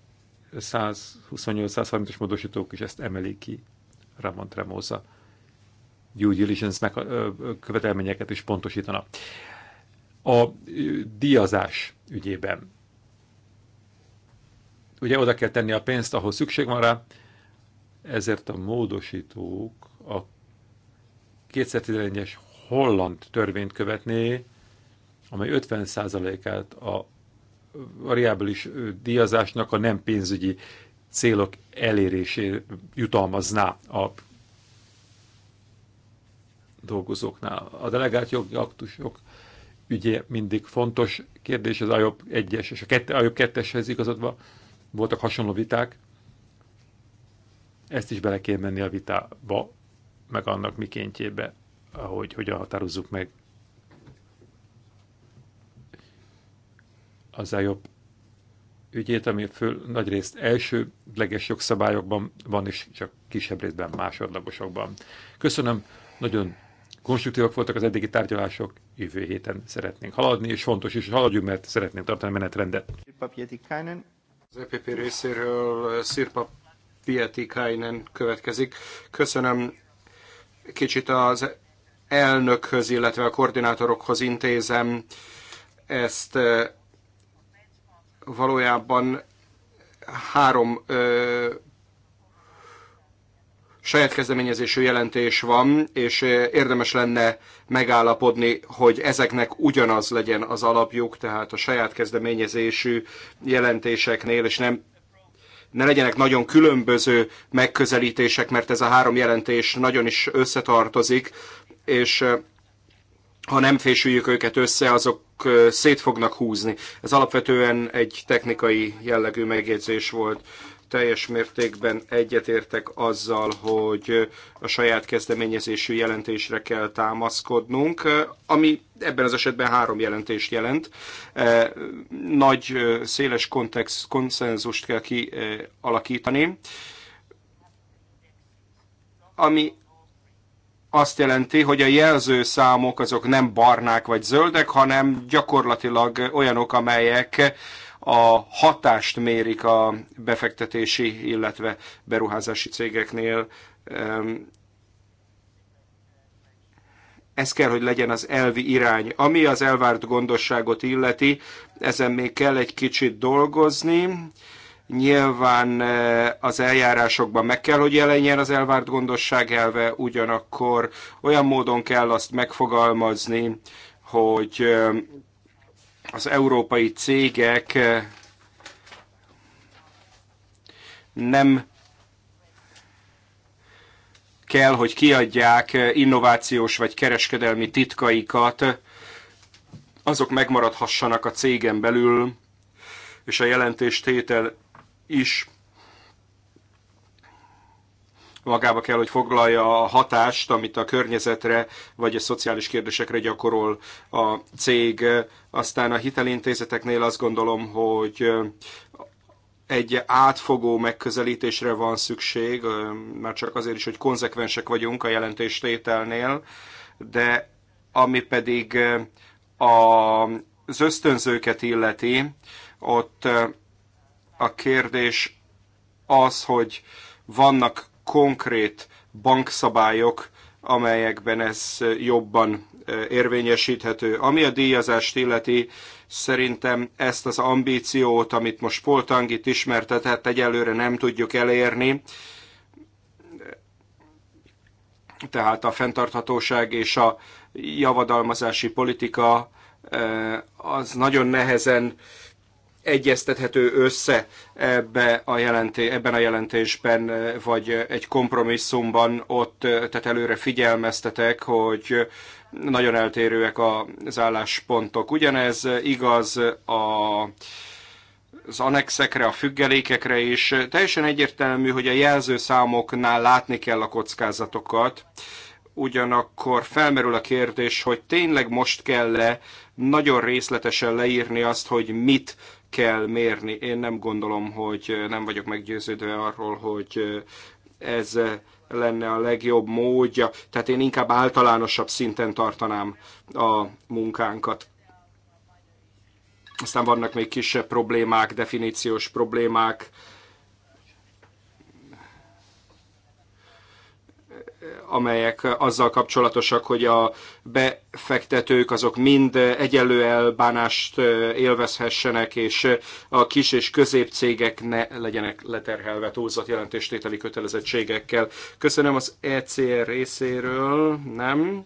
128-130-as módosítók is ezt emelik ki, Ramon Tremosa due diligence meg, ö, követelményeket is pontosítana. A díjazás ügyében ugye oda kell tenni a pénzt, ahol szükség van rá, ezért a módosítók a 2011-es holland törvényt követné, amely 50%-át a variábilis díjazásnak a nem pénzügyi célok elérésére jutalmazná a dolgozóknál. A delegált jogi aktusok ügye mindig fontos kérdés, az IOP 1-es és a 2, IOP 2-eshez igazodva voltak hasonló viták, ezt is bele kell menni a vitába, meg annak mikéntjébe, ahogy hogyan határozzuk meg az jobb ügyét, ami föl nagyrészt elsődleges jogszabályokban van, és csak kisebb részben másodlagosokban. Köszönöm, nagyon konstruktívak voltak az eddigi tárgyalások, jövő héten szeretnénk haladni, és fontos is, hogy haladjunk, mert szeretnénk tartani a menetrendet. Az EPP részéről Szirpap Pietikainen következik. Köszönöm. Kicsit az elnökhöz, illetve a koordinátorokhoz intézem ezt valójában három ö, saját kezdeményezésű jelentés van, és érdemes lenne megállapodni, hogy ezeknek ugyanaz legyen az alapjuk, tehát a saját kezdeményezésű jelentéseknél, és nem ne legyenek nagyon különböző megközelítések, mert ez a három jelentés nagyon is összetartozik, és ha nem fésüljük őket össze, azok szét fognak húzni. Ez alapvetően egy technikai jellegű megjegyzés volt teljes mértékben egyetértek azzal, hogy a saját kezdeményezésű jelentésre kell támaszkodnunk, ami ebben az esetben három jelentést jelent. E, nagy, széles kontext, konszenzust kell kialakítani, e, ami azt jelenti, hogy a jelzőszámok azok nem barnák vagy zöldek, hanem gyakorlatilag olyanok, amelyek a hatást mérik a befektetési, illetve beruházási cégeknél. Ez kell, hogy legyen az elvi irány. Ami az elvárt gondosságot illeti, ezen még kell egy kicsit dolgozni. Nyilván e, az eljárásokban meg kell, hogy jelenjen az elvárt gondosság elve, ugyanakkor olyan módon kell azt megfogalmazni, hogy az európai cégek eh, nem kell, hogy kiadják eh, innovációs vagy kereskedelmi titkaikat, azok megmaradhassanak a cégen belül, és a jelentéstétel is magába kell, hogy foglalja a hatást, amit a környezetre vagy a szociális kérdésekre gyakorol a cég. Aztán a hitelintézeteknél azt gondolom, hogy egy átfogó megközelítésre van szükség, már csak azért is, hogy konzekvensek vagyunk a jelentéstételnél, de ami pedig az ösztönzőket illeti, ott a kérdés az, hogy vannak konkrét bankszabályok, amelyekben ez jobban érvényesíthető. Ami a díjazást illeti, szerintem ezt az ambíciót, amit most Poltang itt ismertetett, egyelőre nem tudjuk elérni. Tehát a fenntarthatóság és a javadalmazási politika az nagyon nehezen egyeztethető össze ebbe a jelenté, ebben a jelentésben, vagy egy kompromisszumban ott, tehát előre figyelmeztetek, hogy nagyon eltérőek az álláspontok. Ugyanez igaz a az anexekre, a függelékekre is. Teljesen egyértelmű, hogy a jelzőszámoknál látni kell a kockázatokat, ugyanakkor felmerül a kérdés, hogy tényleg most kell-e nagyon részletesen leírni azt, hogy mit kell mérni. Én nem gondolom, hogy nem vagyok meggyőződve arról, hogy ez lenne a legjobb módja. Tehát én inkább általánosabb szinten tartanám a munkánkat. Aztán vannak még kisebb problémák, definíciós problémák, amelyek azzal kapcsolatosak, hogy a befektetők azok mind egyenlő elbánást élvezhessenek, és a kis és középcégek ne legyenek leterhelve túlzott jelentéstételi kötelezettségekkel. Köszönöm az ECR részéről, nem?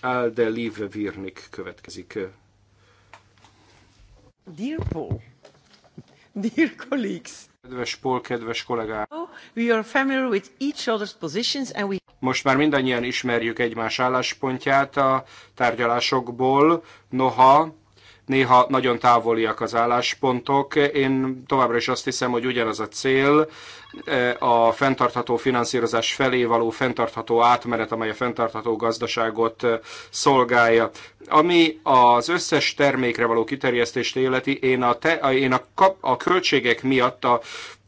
Alde Live Virnik következik. Dear Paul, dear colleagues, Kedves Paul, kedves kollégám! Most már mindannyian ismerjük egymás álláspontját a tárgyalásokból, noha néha nagyon távoliak az álláspontok. Én továbbra is azt hiszem, hogy ugyanaz a cél, eh, a fenntartható finanszírozás felé való fenntartható átmenet, amely a fenntartható gazdaságot eh, szolgálja. Ami az összes termékre való kiterjesztést életi, én a, te, én a, kap, a költségek miatt a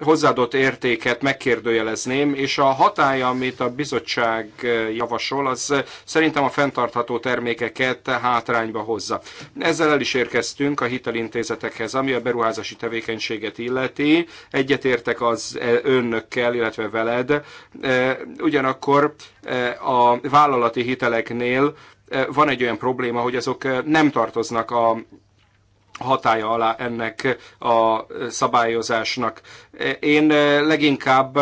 hozzáadott értéket megkérdőjelezném, és a hatája, amit a bizottság eh, javasol, az eh, szerintem a fenntartható termékeket hátrányba hozza. Ezzel el is érkeztünk a hitelintézetekhez, ami a beruházási tevékenységet illeti. Egyetértek az eh, önnökkel, illetve veled. Ugyanakkor a vállalati hiteleknél van egy olyan probléma, hogy azok nem tartoznak a hatája alá ennek a szabályozásnak. Én leginkább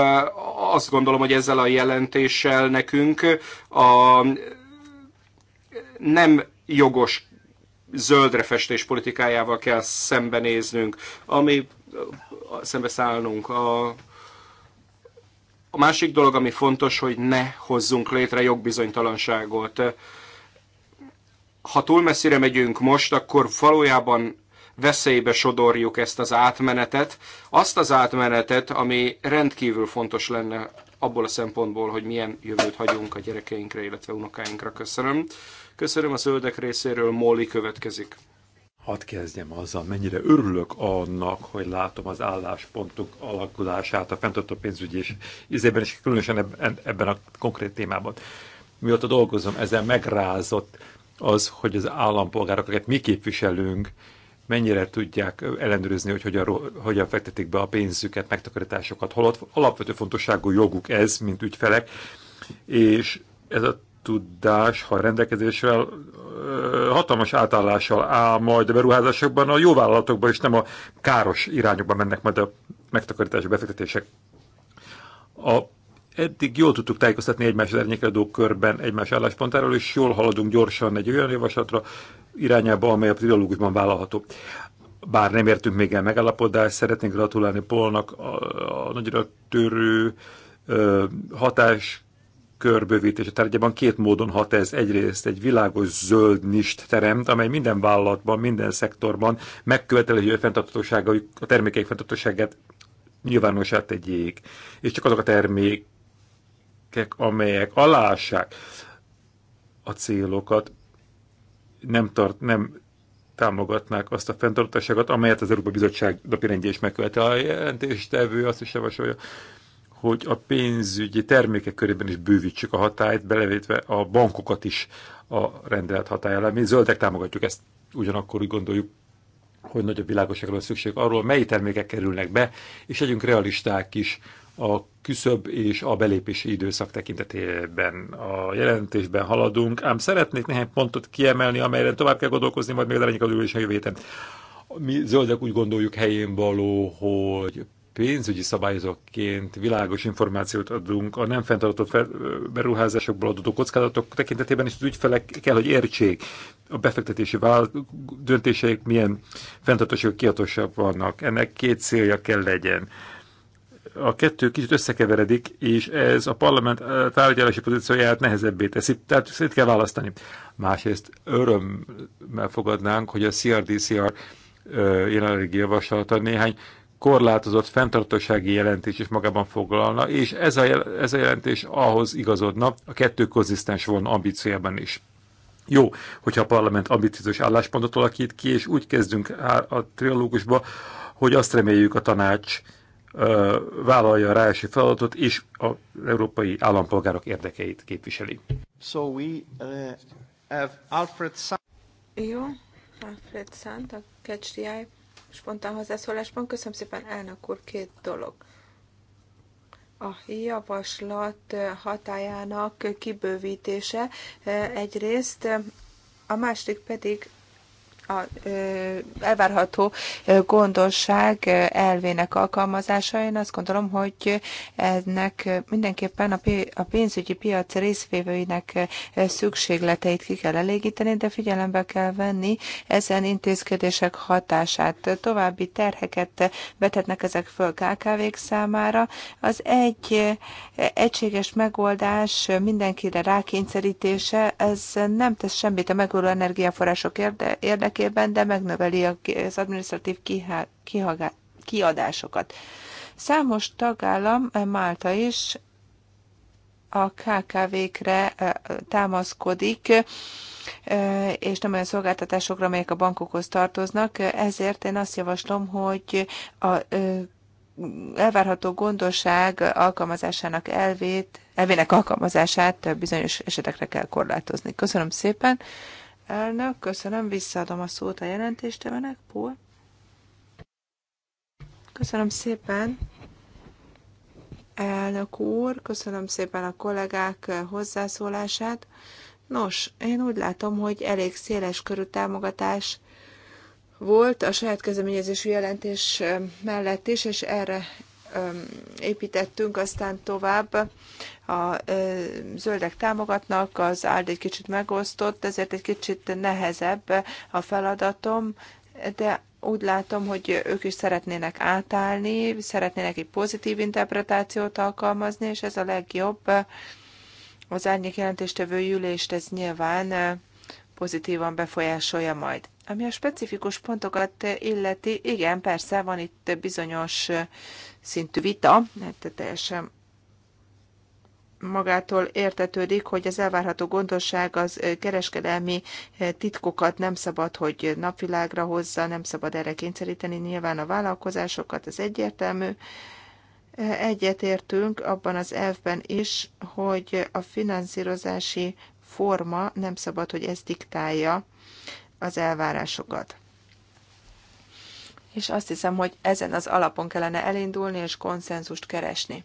azt gondolom, hogy ezzel a jelentéssel nekünk a nem jogos zöldre festés politikájával kell szembenéznünk, ami szembeszállnunk. A, a másik dolog, ami fontos, hogy ne hozzunk létre jogbizonytalanságot. Ha túl messzire megyünk most, akkor valójában veszélybe sodorjuk ezt az átmenetet, azt az átmenetet, ami rendkívül fontos lenne abból a szempontból, hogy milyen jövőt hagyunk a gyerekeinkre, illetve unokáinkra. Köszönöm. Köszönöm a zöldek részéről, Móli következik. Hadd kezdjem azzal, mennyire örülök annak, hogy látom az álláspontok alakulását a fenntartó pénzügyi és izében, és különösen ebben a konkrét témában. Mióta dolgozom, ezzel megrázott az, hogy az akiket mi képviselünk, mennyire tudják ellenőrizni, hogy hogyan, hogyan fektetik be a pénzüket, megtakarításokat, holott alapvető fontosságú joguk ez, mint ügyfelek, és ez a tudás, ha rendelkezésre hatalmas átállással áll majd a beruházásokban, a jó vállalatokban és nem a káros irányokban mennek majd a megtakarítási befektetések. A Eddig jól tudtuk tájékoztatni egymás az körben egymás álláspontáról, és jól haladunk gyorsan egy olyan javaslatra irányába, amely a trilógusban vállalható. Bár nem értünk még el megállapodást, szeretnénk gratulálni Polnak a, a nagyra törő ö, hatás körbővítése tárgyában két módon hat ez. Egyrészt egy világos zöld nist teremt, amely minden vállalatban, minden szektorban megköveteli, hogy a, a termékeik fenntartóságát nyilvánossá tegyék, és csak azok a termék amelyek alássák a célokat, nem, tart, nem támogatnák azt a fenntartóságot, amelyet az Európai Bizottság napirendje is megkövetel. A jelentéstevő azt is javasolja, hogy a pénzügyi termékek körében is bővítsük a hatályt, belevétve a bankokat is a rendelet hatájára. Mi zöldek támogatjuk ezt, ugyanakkor úgy gondoljuk, hogy nagyobb világosságra van szükség arról, mely termékek kerülnek be, és legyünk realisták is a küszöb és a belépési időszak tekintetében a jelentésben haladunk, ám szeretnék néhány pontot kiemelni, amelyre tovább kell gondolkozni, majd még lemenjük a ülés a jövő héten. Mi zöldek úgy gondoljuk helyén való, hogy pénzügyi szabályozóként világos információt adunk a nem fenntartott beruházásokból adódó kockázatok tekintetében, és az ügyfelek kell, hogy értsék a befektetési döntéseik milyen fenntartóságok kihatósabb vannak. Ennek két célja kell legyen a kettő kicsit összekeveredik, és ez a parlament eh, tárgyalási pozícióját nehezebbé teszi, tehát szét kell választani. Másrészt örömmel fogadnánk, hogy a CRDCR eh, jelenlegi javaslata néhány korlátozott fenntartósági jelentés is magában foglalna, és ez a, jel ez a jelentés ahhoz igazodna, a kettő konzisztens volna ambíciában is. Jó, hogyha a parlament ambiciózus álláspontot alakít ki, és úgy kezdünk a trilógusba, hogy azt reméljük a tanács vállalja a ráesi feladatot, és az európai állampolgárok érdekeit képviseli. So we uh, have Alfred Sand. Jó, Alfred Sant, a KCDI spontán hozzászólásban. Köszönöm szépen, elnök úr, két dolog. A javaslat hatájának kibővítése egyrészt, a másik pedig a elvárható gondosság elvének alkalmazása. Én azt gondolom, hogy ennek mindenképpen a pénzügyi piac részvévőinek szükségleteit ki kell elégíteni, de figyelembe kell venni ezen intézkedések hatását. További terheket vetetnek ezek föl KKV-k számára. Az egy egységes megoldás mindenkire rákényszerítése, ez nem tesz semmit a megújuló energiaforrások érdekében, érdekében, de megnöveli az administratív kiadásokat. Számos tagállam, eh, Málta is, a KKV-kre eh, támaszkodik, eh, és nem olyan szolgáltatásokra, amelyek a bankokhoz tartoznak. Ezért én azt javaslom, hogy a elvárható gondosság alkalmazásának elvét, elvének alkalmazását bizonyos esetekre kell korlátozni. Köszönöm szépen. Elnök, köszönöm, visszaadom a szót a jelentéstevenek, Pól. Köszönöm szépen, elnök úr, köszönöm szépen a kollégák hozzászólását. Nos, én úgy látom, hogy elég széles körű támogatás volt a saját kezdeményezésű jelentés mellett is, és erre építettünk, aztán tovább a zöldek támogatnak, az áld egy kicsit megosztott, ezért egy kicsit nehezebb a feladatom, de úgy látom, hogy ők is szeretnének átállni, szeretnének egy pozitív interpretációt alkalmazni, és ez a legjobb. Az árnyék jelentéstevő ülést ez nyilván pozitívan befolyásolja majd. Ami a specifikus pontokat illeti, igen, persze van itt bizonyos szintű vita, mert hát teljesen magától értetődik, hogy az elvárható gondosság az kereskedelmi titkokat nem szabad, hogy napvilágra hozza, nem szabad erre kényszeríteni nyilván a vállalkozásokat, ez egyértelmű. Egyetértünk abban az elvben is, hogy a finanszírozási forma nem szabad, hogy ez diktálja az elvárásokat és azt hiszem, hogy ezen az alapon kellene elindulni és konszenzust keresni.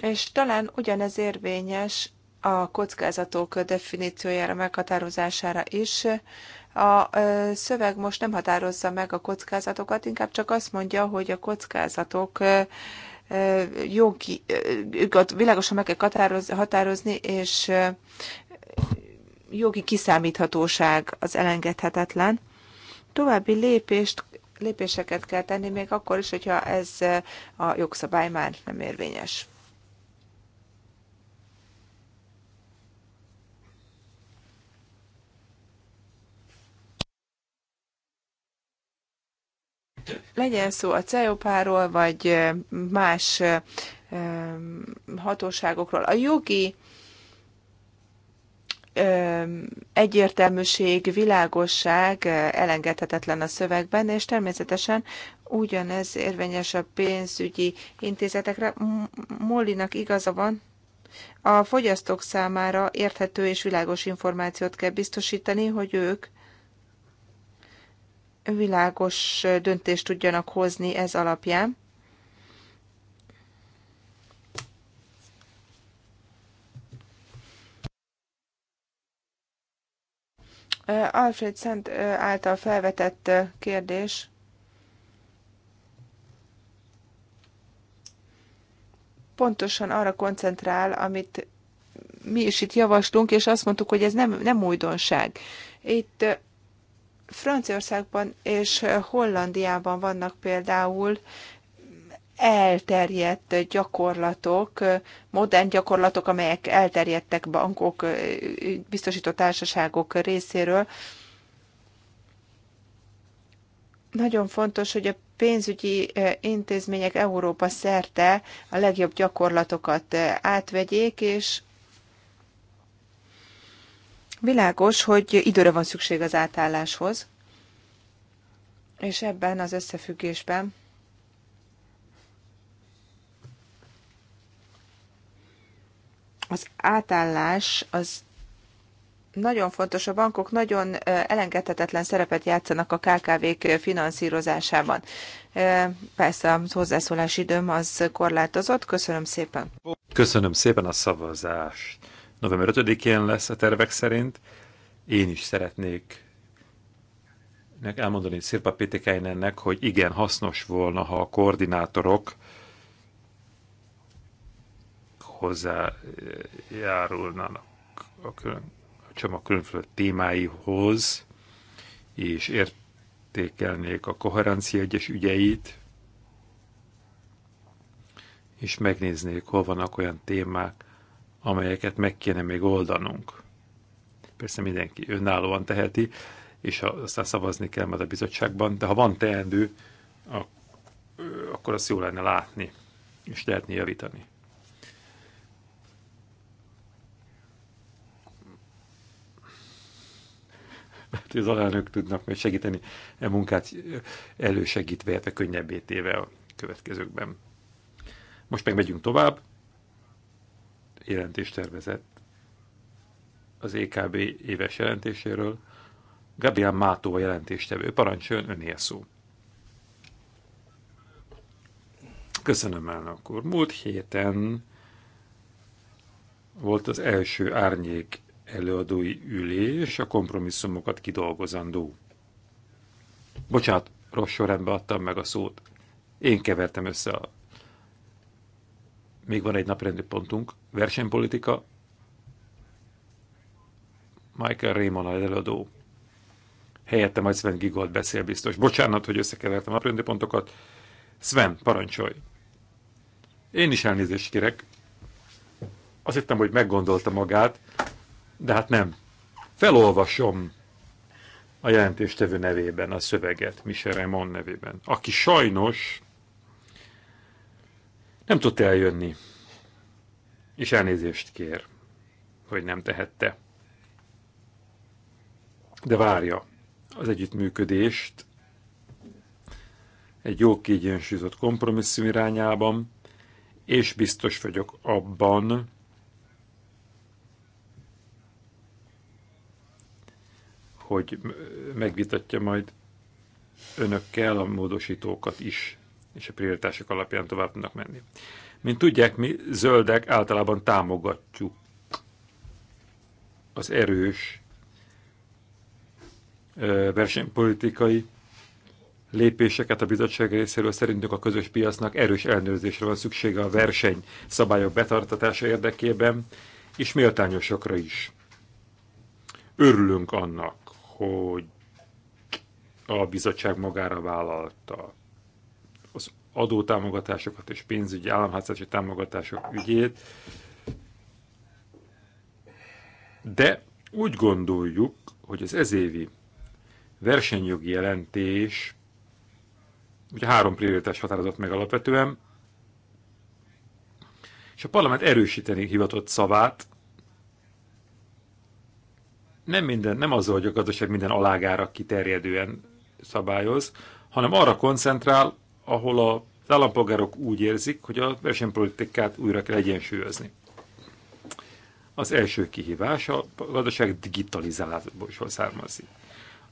És talán ugyanez érvényes a kockázatok definíciójára, meghatározására is. A szöveg most nem határozza meg a kockázatokat, inkább csak azt mondja, hogy a kockázatok jogi, világosan meg kell határozni, és jogi kiszámíthatóság az elengedhetetlen. További lépést, lépéseket kell tenni, még akkor is, hogyha ez eh, a jogszabály már nem érvényes. legyen szó a CEOPÁ-ról, vagy eh, más eh, hatóságokról. A jogi egyértelműség, világosság elengedhetetlen a szövegben, és természetesen ugyanez érvényes a pénzügyi intézetekre. Mollinak igaza van, a fogyasztók számára érthető és világos információt kell biztosítani, hogy ők világos döntést tudjanak hozni ez alapján. Alfred Szent által felvetett kérdés. Pontosan arra koncentrál, amit mi is itt javaslunk, és azt mondtuk, hogy ez nem, nem újdonság. Itt Franciaországban és Hollandiában vannak például elterjedt gyakorlatok, modern gyakorlatok, amelyek elterjedtek bankok, biztosító társaságok részéről. Nagyon fontos, hogy a pénzügyi intézmények Európa szerte a legjobb gyakorlatokat átvegyék, és világos, hogy időre van szükség az átálláshoz, és ebben az összefüggésben az átállás az nagyon fontos, a bankok nagyon elengedhetetlen szerepet játszanak a KKV-k finanszírozásában. Persze a hozzászólási időm az korlátozott. Köszönöm szépen. Köszönöm szépen a szavazást. November 5-én lesz a tervek szerint. Én is szeretnék elmondani Szirpa Pitikájnennek, hogy igen, hasznos volna, ha a koordinátorok hozzájárulnának a, külön, a csomag különböző témáihoz, és értékelnék a koherencia egyes ügyeit, és megnéznék, hol vannak olyan témák, amelyeket meg kéne még oldanunk. Persze mindenki önállóan teheti, és aztán szavazni kell majd a bizottságban, de ha van teendő, akkor azt jó lenne látni, és lehetni javítani. mert az alelnök tudnak majd segíteni e munkát elősegítve, illetve könnyebbé téve a következőkben. Most meg megyünk tovább. tervezett az EKB éves jelentéséről. Gabriel Mátó a jelentéstevő. Parancsoljon, a szó. Köszönöm, el, akkor Múlt héten volt az első árnyék előadói ülés a kompromisszumokat kidolgozandó. Bocsát, rossz sorrendbe adtam meg a szót. Én kevertem össze a... Még van egy naprendi pontunk. Versenypolitika. Michael Raymond az előadó. Helyette majd Sven Gigold beszél biztos. Bocsánat, hogy összekevertem a naprendi pontokat. Sven, parancsolj! Én is elnézést kérek. Azt hittem, hogy meggondolta magát, de hát nem. Felolvasom a jelentéstevő nevében a szöveget, Michel Raymond nevében, aki sajnos nem tudta eljönni, és elnézést kér, hogy nem tehette. De várja az együttműködést egy jó kiegyensúlyozott kompromisszum irányában, és biztos vagyok abban, hogy megvitatja majd önökkel a módosítókat is, és a prioritások alapján tovább tudnak menni. Mint tudják, mi zöldek általában támogatjuk az erős versenypolitikai lépéseket a bizottság részéről szerintünk a közös piacnak erős ellenőrzésre van szüksége a verseny szabályok betartatása érdekében, és méltányosokra is. Örülünk annak, hogy a bizottság magára vállalta az adótámogatásokat és pénzügyi államháztartási támogatások ügyét, de úgy gondoljuk, hogy az ezévi versenyjogi jelentés, ugye három prioritás határozott meg alapvetően, és a parlament erősíteni hivatott szavát nem minden, nem az, hogy a gazdaság minden alágára kiterjedően szabályoz, hanem arra koncentrál, ahol a az állampolgárok úgy érzik, hogy a versenypolitikát újra kell egyensúlyozni. Az első kihívás a gazdaság digitalizálásból származik.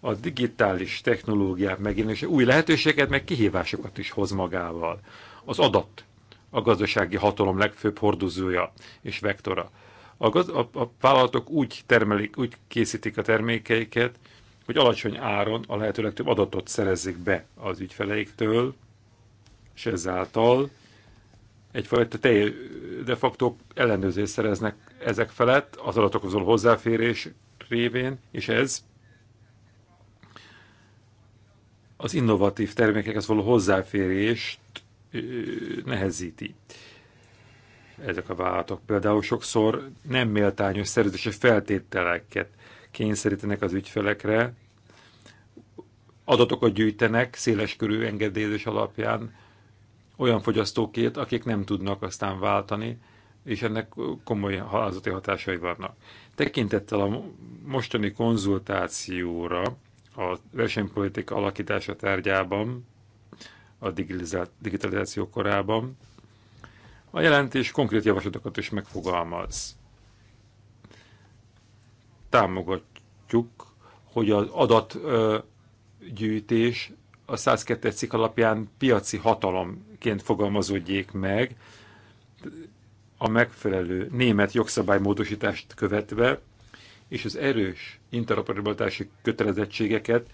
A digitális technológiák megjelenése új lehetőséget, meg kihívásokat is hoz magával. Az adat a gazdasági hatalom legfőbb hordozója és vektora. A, gaz, a, a vállalatok úgy termelik, úgy készítik a termékeiket, hogy alacsony áron a lehető legtöbb adatot szerezzék be az ügyfeleiktől, és ezáltal egyfajta teljes de facto ellenőrzést szereznek ezek felett az adatokhoz való hozzáférés révén, és ez az innovatív termékekhez való hozzáférést nehezíti ezek a vállalatok. Például sokszor nem méltányos szerződési feltételeket kényszerítenek az ügyfelekre, adatokat gyűjtenek széleskörű engedélyezés alapján olyan fogyasztókét, akik nem tudnak aztán váltani, és ennek komoly halázati hatásai vannak. Tekintettel a mostani konzultációra a versenypolitika alakítása tárgyában, a digitalizáció korában, a jelentés konkrét javaslatokat is megfogalmaz. Támogatjuk, hogy az adatgyűjtés a 102. cikk alapján piaci hatalomként fogalmazódjék meg, a megfelelő német jogszabálymódosítást követve, és az erős interoperabilitási kötelezettségeket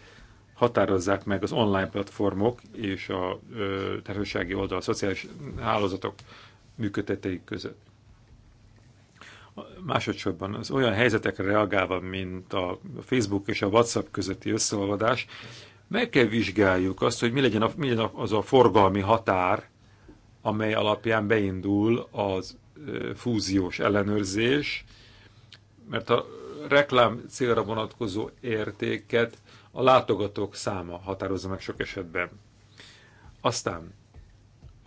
határozzák meg az online platformok és a társasági oldal, a szociális hálózatok működeteik között. Másodszorban az olyan helyzetekre reagálva, mint a Facebook és a WhatsApp közötti összeolvadás, meg kell vizsgáljuk azt, hogy mi legyen, a, mi legyen az a forgalmi határ, amely alapján beindul az fúziós ellenőrzés, mert a reklám célra vonatkozó értéket a látogatók száma határozza meg sok esetben. Aztán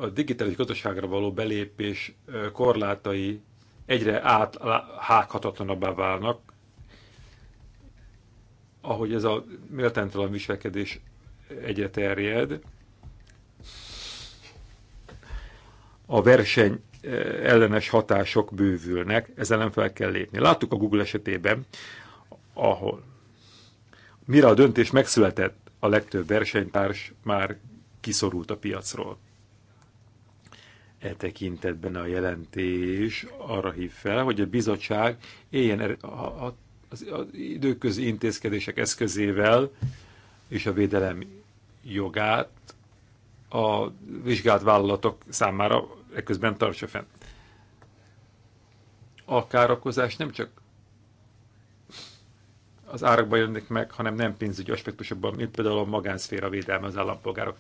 a digitális gazdaságra való belépés korlátai egyre áthághatatlanabbá válnak, ahogy ez a méltánytalan viselkedés egyre terjed. A verseny ellenes hatások bővülnek, ezzel nem fel kell lépni. Láttuk a Google esetében, ahol mire a döntés megszületett, a legtöbb versenytárs már kiszorult a piacról. E tekintetben a jelentés arra hív fel, hogy a bizottság éljen er- az időközi intézkedések eszközével és a védelem jogát a vizsgált vállalatok számára ekközben tartsa fenn. A károkozás nem csak az árakban jönnek meg, hanem nem pénzügyi aspektusokban, mint például a magánszféra védelme az állampolgárok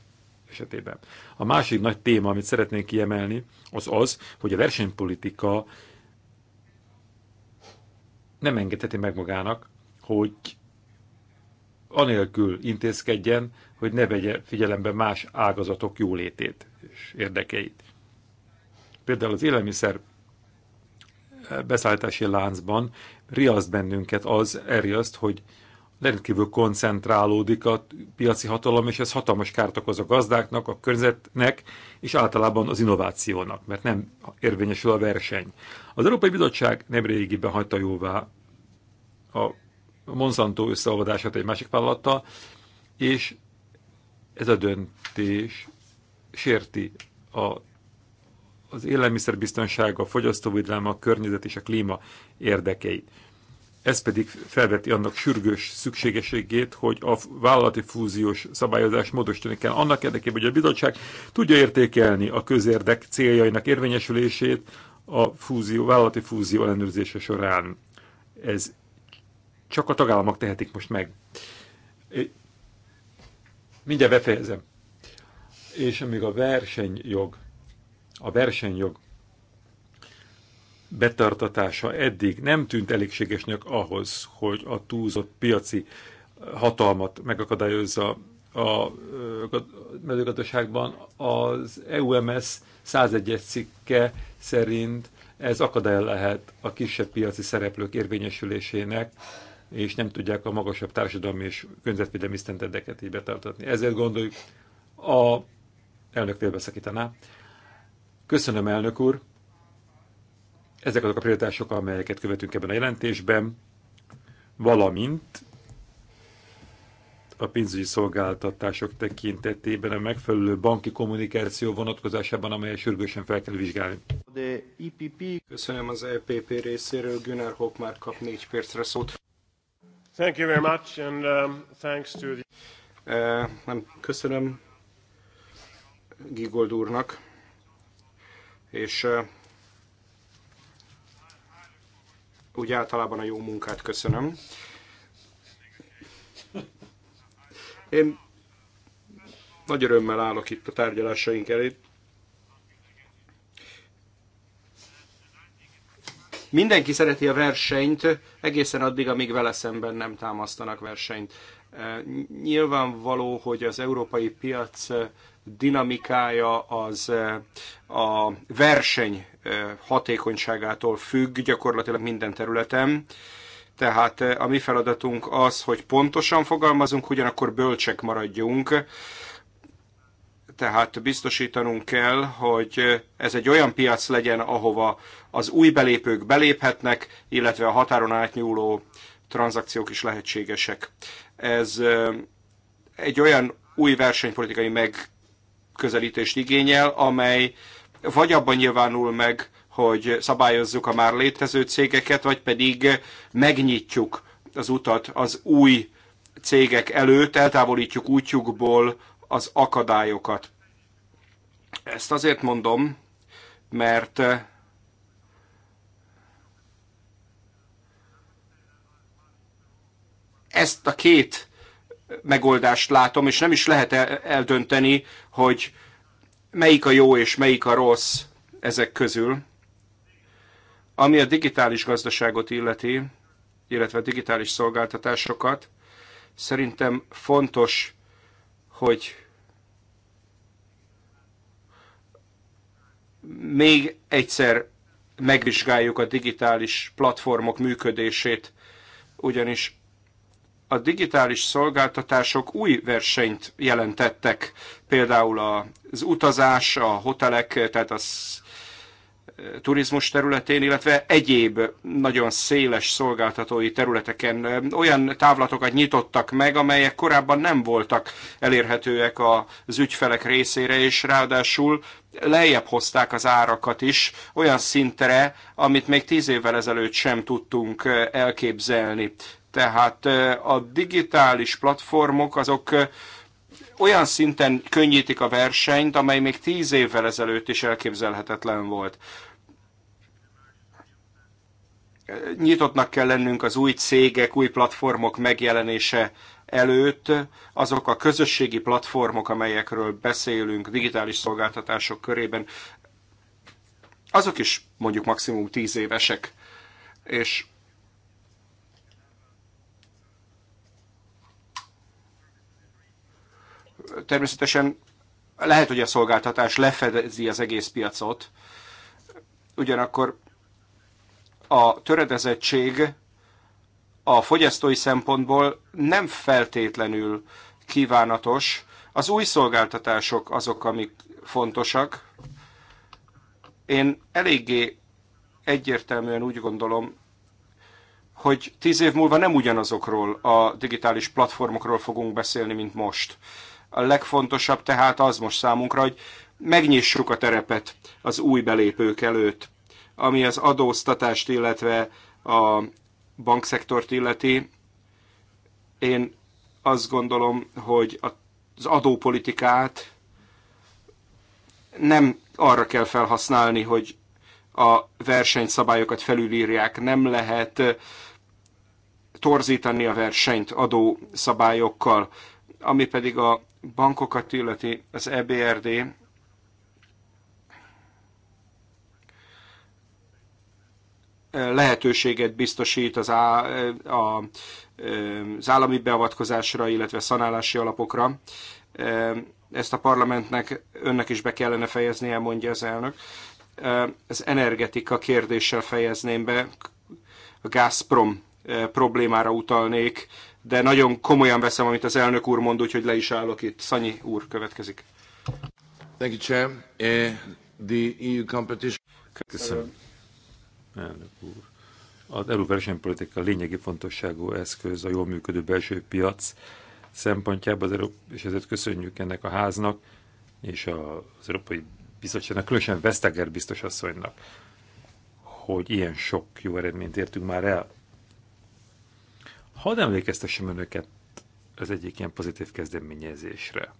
esetében. A másik nagy téma, amit szeretnék kiemelni, az az, hogy a versenypolitika nem engedheti meg magának, hogy anélkül intézkedjen, hogy ne vegye figyelembe más ágazatok jólétét és érdekeit. Például az élelmiszer beszállítási láncban riaszt bennünket az, elriaszt, hogy rendkívül koncentrálódik a piaci hatalom, és ez hatalmas kárt okoz a gazdáknak, a környezetnek, és általában az innovációnak, mert nem érvényesül a verseny. Az Európai Bizottság nemrégiben hagyta jóvá a Monsanto összeolvadását egy másik vállalattal, és ez a döntés sérti a, az élelmiszerbiztonság, a fogyasztóvédelem, a környezet és a klíma érdekeit. Ez pedig felveti annak sürgős szükségességét, hogy a vállalati fúziós szabályozás módosítani kell annak érdekében, hogy a bizottság tudja értékelni a közérdek céljainak érvényesülését a fúzió, vállalati fúzió ellenőrzése során. Ez csak a tagállamok tehetik most meg. Mindjárt befejezem. És amíg a versenyjog, a versenyjog betartatása eddig nem tűnt elégségesnek ahhoz, hogy a túlzott piaci hatalmat megakadályozza a mezőgazdaságban. Az EUMS 101 cikke szerint ez akadály lehet a kisebb piaci szereplők érvényesülésének, és nem tudják a magasabb társadalmi és környezetvédelmi sztenderdeket így betartatni. Ezért gondoljuk, a elnök félbeszakítaná. Köszönöm, elnök úr! Ezek azok a prioritások, amelyeket követünk ebben a jelentésben, valamint a pénzügyi szolgáltatások tekintetében a megfelelő banki kommunikáció vonatkozásában, amelyet sürgősen fel kell vizsgálni. De IPP. Köszönöm az EPP részéről, Günner Hopp már kap négy percre szót. Thank you very much, and um, thanks to the... Uh, nem, köszönöm Gigold úrnak, és uh, úgy általában a jó munkát köszönöm. Én nagy örömmel állok itt a tárgyalásaink elé. Mindenki szereti a versenyt, egészen addig, amíg vele szemben nem támasztanak versenyt. E, nyilvánvaló, hogy az európai piac dinamikája az e, a verseny hatékonyságától függ gyakorlatilag minden területen. Tehát a mi feladatunk az, hogy pontosan fogalmazunk, ugyanakkor bölcsek maradjunk. Tehát biztosítanunk kell, hogy ez egy olyan piac legyen, ahova az új belépők beléphetnek, illetve a határon átnyúló tranzakciók is lehetségesek. Ez egy olyan új versenypolitikai megközelítést igényel, amely vagy abban nyilvánul meg, hogy szabályozzuk a már létező cégeket, vagy pedig megnyitjuk az utat az új cégek előtt, eltávolítjuk útjukból az akadályokat. Ezt azért mondom, mert eh, ezt a két megoldást látom, és nem is lehet eldönteni, hogy melyik a jó és melyik a rossz ezek közül. Ami a digitális gazdaságot illeti, illetve a digitális szolgáltatásokat, szerintem fontos, hogy még egyszer megvizsgáljuk a digitális platformok működését, ugyanis a digitális szolgáltatások új versenyt jelentettek, például az utazás, a hotelek, tehát a eh, turizmus területén, illetve egyéb nagyon széles szolgáltatói területeken eh, olyan távlatokat nyitottak meg, amelyek korábban nem voltak elérhetőek az ügyfelek részére, és ráadásul lejjebb hozták az árakat is olyan szintre, amit még tíz évvel ezelőtt sem tudtunk eh, elképzelni. Tehát a digitális platformok azok olyan szinten könnyítik a versenyt, amely még tíz évvel ezelőtt is elképzelhetetlen volt. Nyitottnak kell lennünk az új cégek, új platformok megjelenése előtt azok a közösségi platformok, amelyekről beszélünk digitális szolgáltatások körében, azok is mondjuk maximum tíz évesek, és természetesen lehet, hogy a szolgáltatás lefedezi az egész piacot, ugyanakkor a töredezettség a fogyasztói szempontból nem feltétlenül kívánatos. Az új szolgáltatások azok, amik fontosak. Én eléggé egyértelműen úgy gondolom, hogy tíz év múlva nem ugyanazokról a digitális platformokról fogunk beszélni, mint most. A legfontosabb tehát az most számunkra, hogy megnyissuk a terepet az új belépők előtt, ami az adóztatást, illetve a bankszektort illeti. Én azt gondolom, hogy az adópolitikát nem arra kell felhasználni, hogy a versenyszabályokat felülírják. Nem lehet torzítani a versenyt adó szabályokkal, ami pedig a bankokat illeti az EBRD lehetőséget biztosít az, á, a, az állami beavatkozásra, illetve szanálási alapokra. Ezt a parlamentnek önnek is be kellene fejeznie, mondja az elnök. Az energetika kérdéssel fejezném be, a Gazprom problémára utalnék, de nagyon komolyan veszem, amit az elnök úr mond, úgyhogy le is állok itt. Szanyi úr következik. Thank you, Chair. Eh, the EU competition... Köszönöm. Elnök úr. Az EU versenypolitika lényegi fontosságú eszköz a jól működő belső piac szempontjából, az Európa, és ezért köszönjük ennek a háznak és az Európai Bizottságnak, különösen Vestager biztos asszonynak, hogy ilyen sok jó eredményt értünk már el Hadd emlékeztessem önöket az egyik ilyen pozitív kezdeményezésre.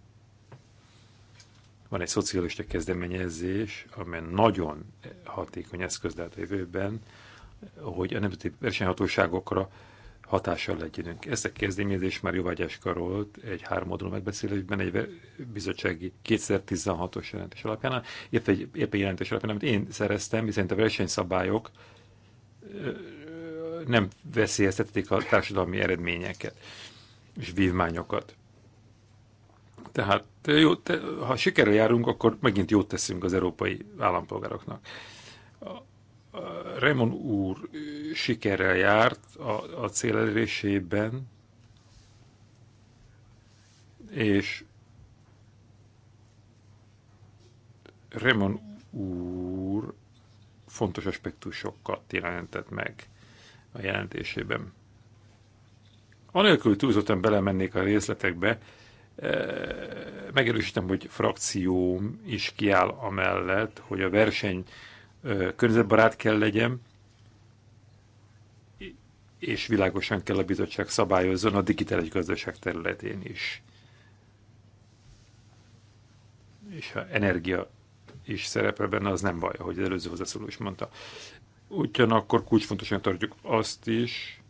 Van egy szocialista kezdeményezés, amely nagyon hatékony eszköz lehet a jövőben, hogy a nemzeti versenyhatóságokra hatással legyenünk. Ezt a kezdeményezés már jóvágyás karolt egy háromadó megbeszélésben, egy bizottsági 2016-os jelentés alapján, épp egy, épp egy jelentés alapján, amit én szereztem, hiszen a versenyszabályok nem veszélyeztetik a társadalmi eredményeket és vívmányokat. Tehát eh, jó, te, ha sikerrel járunk, akkor megint jót teszünk az európai állampolgároknak. Raymond úr sikerrel járt a, a cél elérésében, és Raymond úr fontos aspektusokat jelentett meg a jelentésében. Anélkül túlzottan belemennék a részletekbe, e, megerősítem, hogy frakció is kiáll amellett, hogy a verseny e, környezetbarát kell legyen, és világosan kell a bizottság szabályozzon a digitális gazdaság területén is. És ha energia is szerepel benne, az nem baj, ahogy az előző hozzászóló is mondta. Ugyanakkor kulcsfontosan tartjuk azt is,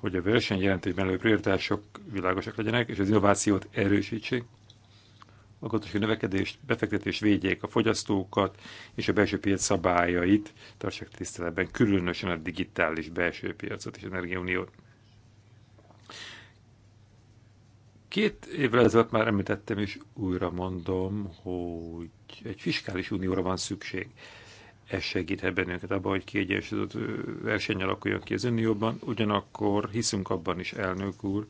hogy a verseny versenyjelentésben elő prioritások világosak legyenek, és az innovációt erősítsék, a gazdasági növekedést, befektetés védjék a fogyasztókat, és a belső piac szabályait tartsák tiszteletben, különösen a digitális belső piacot és energiauniót. Két évvel ezelőtt már említettem, és újra mondom, hogy egy fiskális unióra van szükség ez segíthet bennünket abban, hogy kiegyensúlyozott verseny alakuljon ki az Unióban, ugyanakkor hiszünk abban is, elnök úr,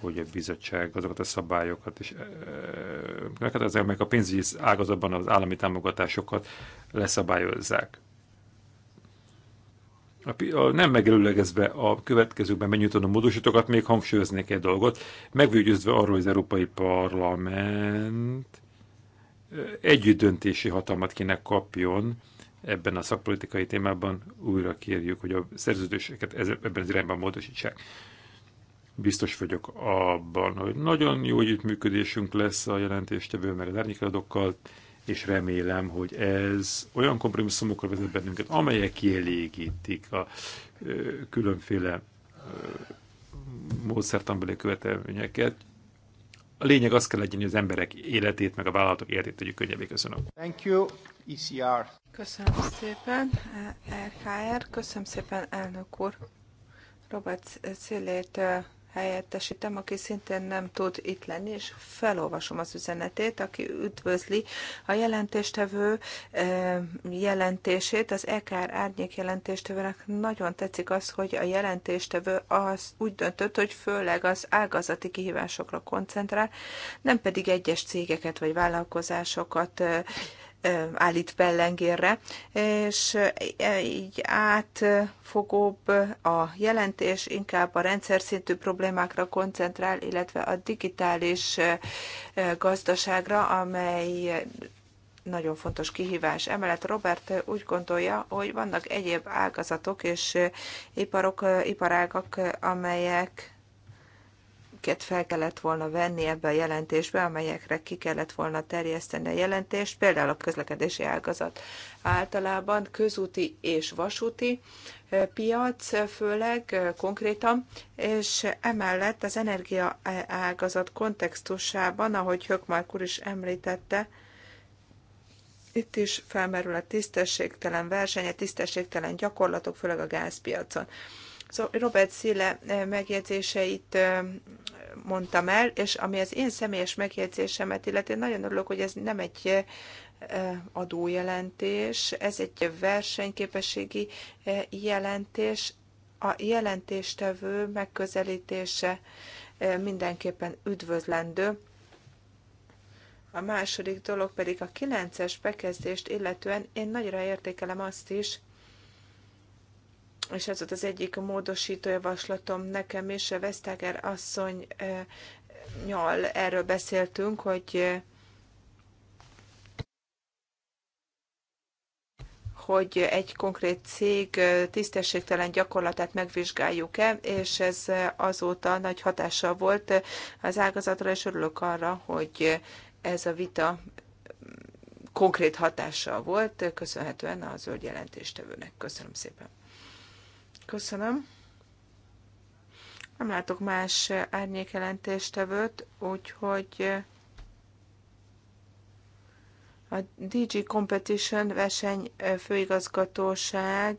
hogy a bizottság azokat a szabályokat is meghatározzák, meg a pénzügyi ágazatban az állami támogatásokat leszabályozzák. A, a, nem megelőlegezve a következőkben benyújtandó módosítókat még hangsúlyoznék egy dolgot, megvőgyőzve arról, hogy az Európai Parlament együttdöntési hatalmat kéne kapjon ebben a szakpolitikai témában, újra kérjük, hogy a szerződéseket ebben az irányban módosítsák. Biztos vagyok abban, hogy nagyon jó együttműködésünk lesz a jelentéstevő, mert az árnyékeladokkal, és remélem, hogy ez olyan kompromisszumokra vezet bennünket, amelyek kielégítik a különféle módszertambeli követelményeket, a lényeg az kell legyen, hogy az emberek életét, meg a vállalatok életét tegyük könnyebbé. Köszönöm. Thank you, ECR. Köszönöm szépen, RKR. E Köszönöm szépen, elnök úr. Robert Szélét helyettesítem, aki szintén nem tud itt lenni, és felolvasom az üzenetét, aki üdvözli a jelentéstevő eh, jelentését. Az EKR árnyék jelentéstevőnek nagyon tetszik az, hogy a jelentéstevő az úgy döntött, hogy főleg az ágazati kihívásokra koncentrál, nem pedig egyes cégeket vagy vállalkozásokat eh, állít pellengérre, és így átfogóbb a jelentés, inkább a rendszer szintű problémákra koncentrál, illetve a digitális gazdaságra, amely nagyon fontos kihívás. Emellett Robert úgy gondolja, hogy vannak egyéb ágazatok és iparok, iparágak, amelyek amiket fel kellett volna venni ebbe a jelentésbe, amelyekre ki kellett volna terjeszteni a jelentést, például a közlekedési ágazat általában, közúti és vasúti eh, piac eh, főleg eh, konkrétan, és emellett az energia ágazat kontextusában, ahogy Hökmark úr is említette, itt is felmerül a tisztességtelen verseny, a tisztességtelen gyakorlatok, főleg a gázpiacon. Szóval Robert Szile megjegyzéseit mondtam el, és ami az én személyes megjegyzésemet illeti, nagyon örülök, hogy ez nem egy adójelentés, ez egy versenyképességi jelentés, a jelentéstevő megközelítése mindenképpen üdvözlendő. A második dolog pedig a kilences bekezdést illetően én nagyra értékelem azt is, és ez volt az egyik módosító javaslatom nekem is, Vesztager asszony nyal erről beszéltünk, hogy hogy egy konkrét cég tisztességtelen gyakorlatát megvizsgáljuk-e, és ez azóta nagy hatással volt az ágazatra, és örülök arra, hogy ez a vita konkrét hatással volt, köszönhetően a zöld jelentéstevőnek. Köszönöm szépen. Köszönöm. Nem látok más árnyékelentéstevőt, úgyhogy a DG Competition verseny főigazgatóság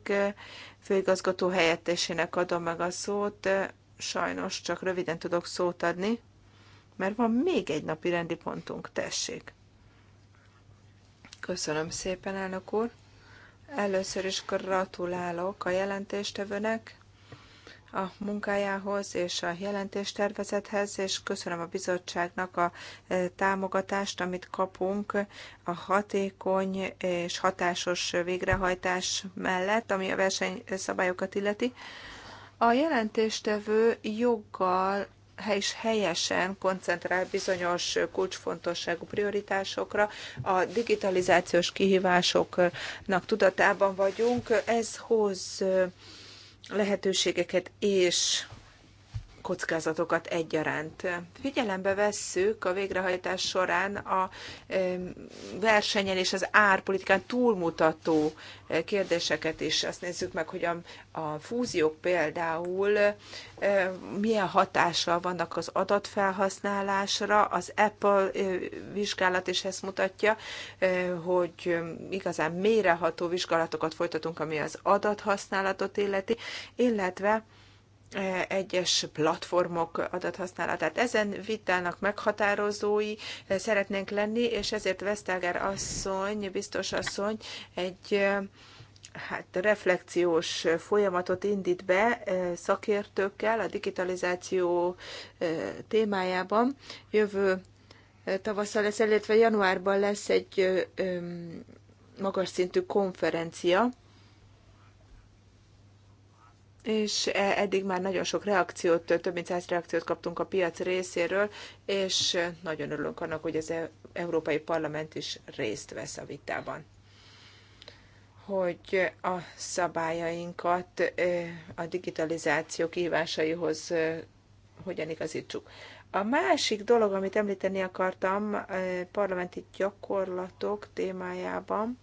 főigazgató helyettesének adom meg a szót. Sajnos csak röviden tudok szót adni, mert van még egy napi rendi pontunk, tessék. Köszönöm szépen, elnök úr. Először is gratulálok a jelentéstevőnek a munkájához és a jelentéstervezethez, és köszönöm a bizottságnak a e, támogatást, amit kapunk a hatékony és hatásos végrehajtás mellett, ami a versenyszabályokat illeti. A jelentéstevő joggal és helyesen koncentrál bizonyos kulcsfontosságú prioritásokra. A digitalizációs kihívásoknak tudatában vagyunk. Ez hoz lehetőségeket és kockázatokat egyaránt. Figyelembe vesszük a végrehajtás során a versenyen és az árpolitikán túlmutató eh, kérdéseket is. Azt nézzük meg, hogy a, a fúziók például eh, milyen hatással vannak az adatfelhasználásra. Az Apple eh, vizsgálat is ezt mutatja, hogy igazán mélyreható vizsgálatokat folytatunk, ami az adathasználatot illeti, illetve E, egyes platformok adathasználatát. Ezen vitának meghatározói e, szeretnénk lenni, és ezért Vesztelger asszony, biztos asszony egy e, hát reflekciós folyamatot indít be szakértőkkel a digitalizáció témájában. Jövő tavasszal lesz, illetve januárban lesz egy magas szintű konferencia, és e, eddig már nagyon sok reakciót, több mint száz reakciót kaptunk a piac részéről, és nagyon örülünk annak, hogy az e- Európai Parlament is részt vesz a vitában hogy a szabályainkat e, a digitalizáció kihívásaihoz hogyan igazítsuk. A másik dolog, amit említeni akartam parlamenti gyakorlatok témájában,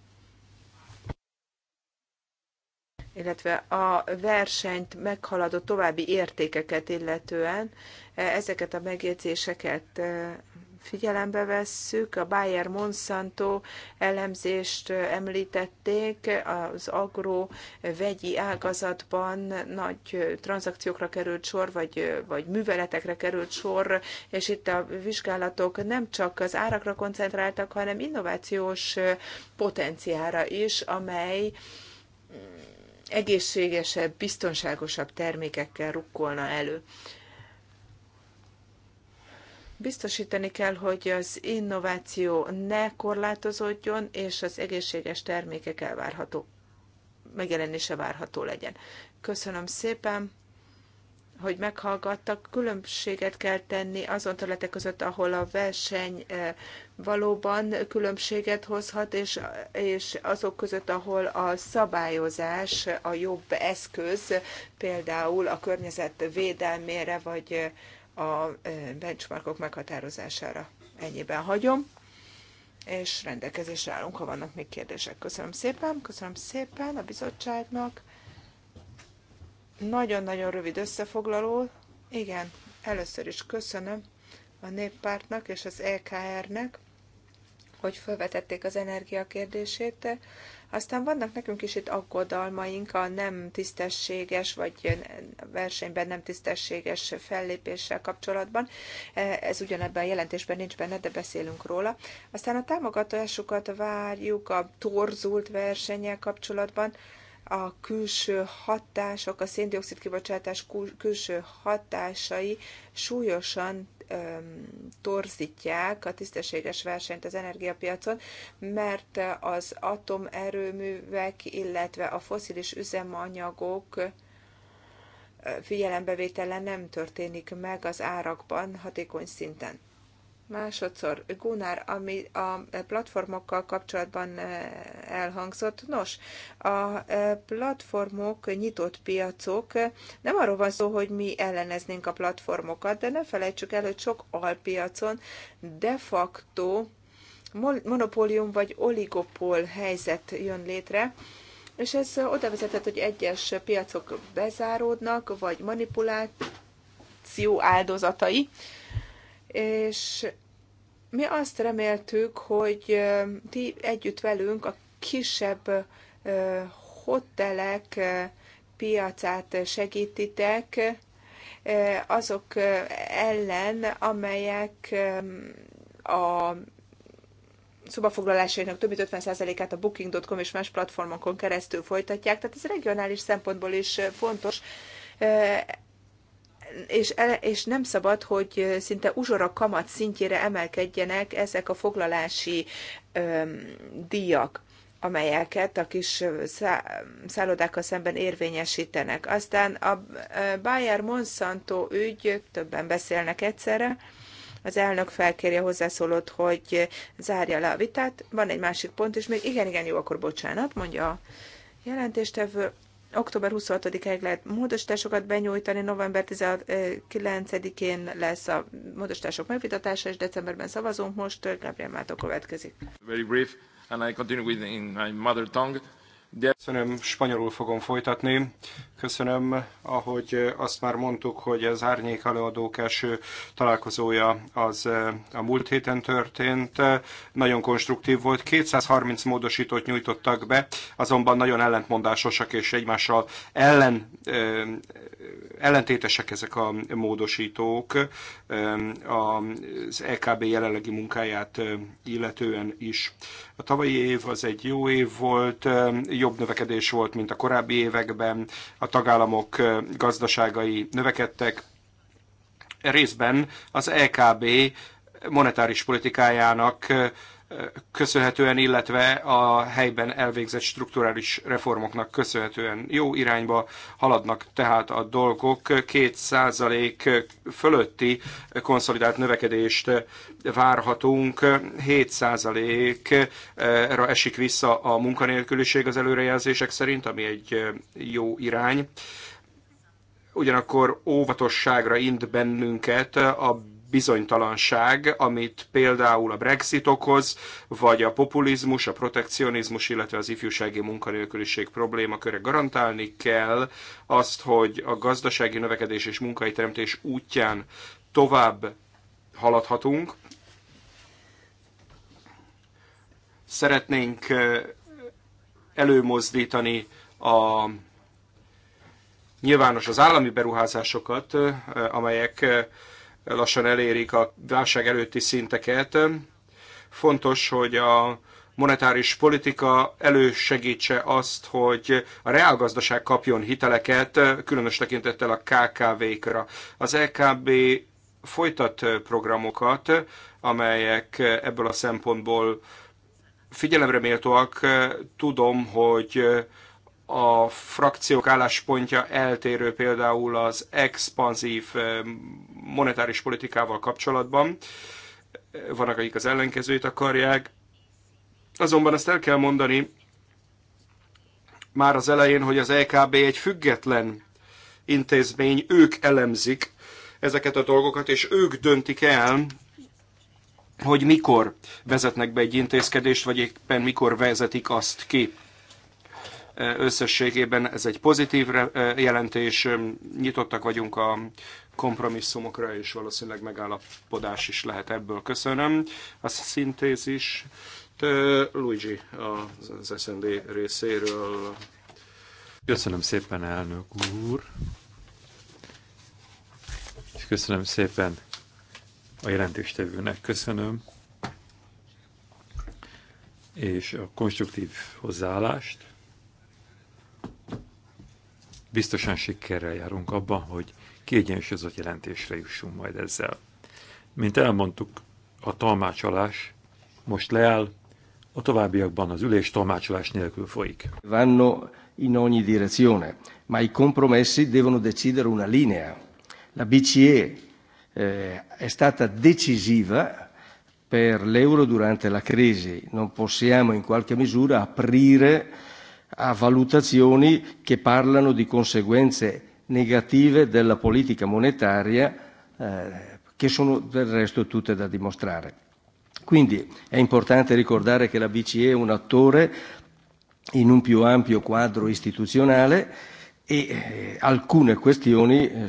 illetve a versenyt meghaladó további értékeket illetően e, ezeket a megjegyzéseket e, figyelembe vesszük. A Bayer Monsanto elemzést e, említették, az agro vegyi ágazatban nagy tranzakciókra került sor, vagy, vagy műveletekre került sor, és itt a vizsgálatok nem csak az árakra koncentráltak, hanem innovációs potenciára is, amely egészségesebb, biztonságosabb termékekkel rukkolna elő. Biztosítani kell, hogy az innováció ne korlátozódjon, és az egészséges termékek elvárható, megjelenése várható legyen. Köszönöm szépen! hogy meghallgattak, különbséget kell tenni azon területek között, ahol a verseny eh, valóban különbséget hozhat, és, és azok között, ahol a szabályozás a jobb eszköz, például a környezet védelmére, vagy a eh, benchmarkok meghatározására. Ennyiben hagyom, és rendelkezésre állunk, ha vannak még kérdések. Köszönöm szépen, köszönöm szépen a bizottságnak nagyon-nagyon rövid összefoglaló. Igen, először is köszönöm a néppártnak és az EKR-nek, hogy felvetették az energia kérdését. Aztán vannak nekünk is itt aggodalmaink a nem tisztességes, vagy versenyben nem tisztességes fellépéssel kapcsolatban. Ez ugyanebben a jelentésben nincs benne, de beszélünk róla. Aztán a támogatásukat várjuk a torzult versenyel kapcsolatban a külső hatások, a széndiokszid kibocsátás külső hatásai súlyosan torzítják a tisztességes versenyt az energiapiacon, mert az atomerőművek, illetve a foszilis üzemanyagok figyelembevétele nem történik meg az árakban hatékony szinten. Másodszor, Gunár, ami a platformokkal kapcsolatban eh, elhangzott. Nos, a eh, platformok nyitott piacok, eh, nem arról van szó, hogy mi elleneznénk a platformokat, de ne felejtsük el, hogy sok alpiacon de facto monopólium vagy oligopól helyzet jön létre, és ez oda vezetett, hogy egyes piacok bezáródnak, vagy manipuláció áldozatai, és mi azt reméltük, hogy ti együtt velünk a kisebb hotelek piacát segítitek azok ellen, amelyek a szobafoglalásainak több mint 50%-át a Booking.com és más platformokon keresztül folytatják, tehát ez regionális szempontból is fontos és, és nem szabad, hogy szinte uzsora kamat szintjére emelkedjenek ezek a foglalási díjak amelyeket a kis szállodákkal szemben érvényesítenek. Aztán a Bayer Monsanto ügy, többen beszélnek egyszerre, az elnök felkérje hozzászólót, hogy zárja le a vitát. Van egy másik pont, és még igen, igen, jó, akkor bocsánat, mondja a jelentéstevő október 26 ig lehet módosításokat benyújtani, november 19-én lesz a módosítások megvitatása, és decemberben szavazunk. Most Gabriel Mátó következik. Very brief, and I continue with in my mother tongue de köszönöm, spanyolul fogom folytatni. Köszönöm, ahogy azt már mondtuk, hogy az árnyék előadók első találkozója az eh, a múlt héten történt. Nagyon konstruktív volt. 230 módosítót nyújtottak be, azonban nagyon ellentmondásosak és egymással ellen eh, ellentétesek ezek a módosítók az EKB jelenlegi munkáját illetően is. A tavalyi év az egy jó év volt, jobb növekedés volt, mint a korábbi években, a tagállamok gazdaságai növekedtek, részben az EKB monetáris politikájának köszönhetően, illetve a helyben elvégzett strukturális reformoknak köszönhetően jó irányba haladnak tehát a dolgok. 2% fölötti konszolidált növekedést várhatunk, 7%-ra esik vissza a munkanélküliség az előrejelzések szerint, ami egy jó irány ugyanakkor óvatosságra int bennünket a bizonytalanság, amit például a Brexit okoz, vagy a populizmus, a protekcionizmus, illetve az ifjúsági munkanélküliség problémaköre. Garantálni kell azt, hogy a gazdasági növekedés és munkai teremtés útján tovább haladhatunk. Szeretnénk előmozdítani a nyilvános az állami beruházásokat, amelyek lassan elérik a válság előtti szinteket. Fontos, hogy a monetáris politika elősegítse azt, hogy a reálgazdaság kapjon hiteleket, különös tekintettel a KKV-kra. Az EKB folytat programokat, amelyek ebből a szempontból figyelemre méltóak. Tudom, hogy a frakciók álláspontja eltérő például az expanzív monetáris politikával kapcsolatban. Vannak, akik az ellenkezőjét akarják. Azonban azt el kell mondani már az elején, hogy az EKB egy független intézmény, ők elemzik ezeket a dolgokat, és ők döntik el, hogy mikor vezetnek be egy intézkedést, vagy éppen mikor vezetik azt ki összességében ez egy pozitív jelentés, nyitottak vagyunk a kompromisszumokra, és valószínűleg megállapodás is lehet ebből. Köszönöm. A szintézis Luigi az SND részéről. Köszönöm szépen, elnök úr. És köszönöm szépen a jelentéstevőnek. Köszönöm. És a konstruktív hozzáállást biztosan sikerrel járunk abban, hogy kiegyensúlyozott jelentésre jussunk majd ezzel. Mint elmondtuk, a talmácsolás most leáll, a továbbiakban az ülés talmácsolás nélkül folyik. Vanno in ogni direzione, ma i compromessi devono decidere una linea. La BCE eh, è stata decisiva per l'euro durante la crisi, non possiamo in qualche misura aprire a valutazioni che parlano di conseguenze negative della politica monetaria, eh, che sono del resto tutte da dimostrare. Quindi è importante ricordare che la BCE è un attore in un più ampio quadro istituzionale e eh, alcune questioni eh,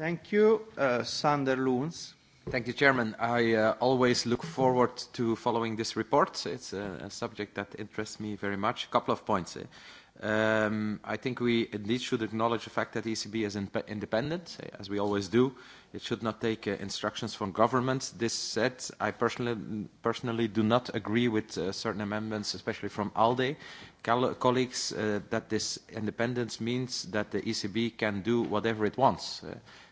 Thank you. Uh, Sander Loons. Thank you, Chairman. I uh, always look forward to following this report. It's a, a subject that interests me very much. A couple of points. Eh? Um, I think we indeed should acknowledge the fact that ECB e is in independent, as we always do. It should not take uh, instructions from governments. This said, I personally, personally do not agree with uh, certain amendments, especially from ALDE Col colleagues, uh, that this independence means that the ECB can do whatever it wants. Uh,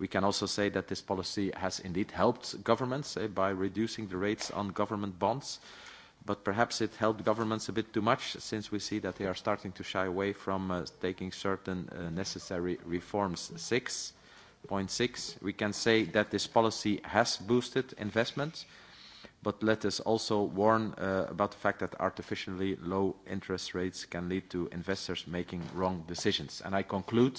We can also say that this policy has indeed helped governments eh, by reducing the rates on government bonds, but perhaps it helped governments a bit too much since we see that they are starting to shy away from uh, taking certain uh, necessary reforms. 6.6, we can say that this policy has boosted investment, but let us also warn uh, about the fact that artificially low interest rates can lead to investors making wrong decisions. And I conclude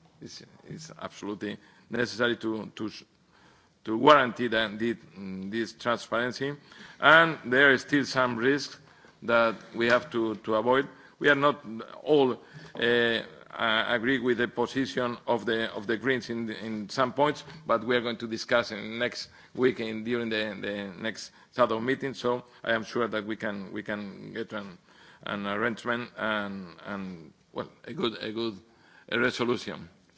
It's, it's absolutely necessary to, to, to guarantee that the, this transparency. And there is still some risks that we have to, to avoid. We are not all uh, uh, agree with the position of the, of the Greens in, in some points, but we are going to discuss in next week and during the, the next shadow meeting. So I am sure that we can, we can get an, an arrangement and, and well, a good, a good a resolution.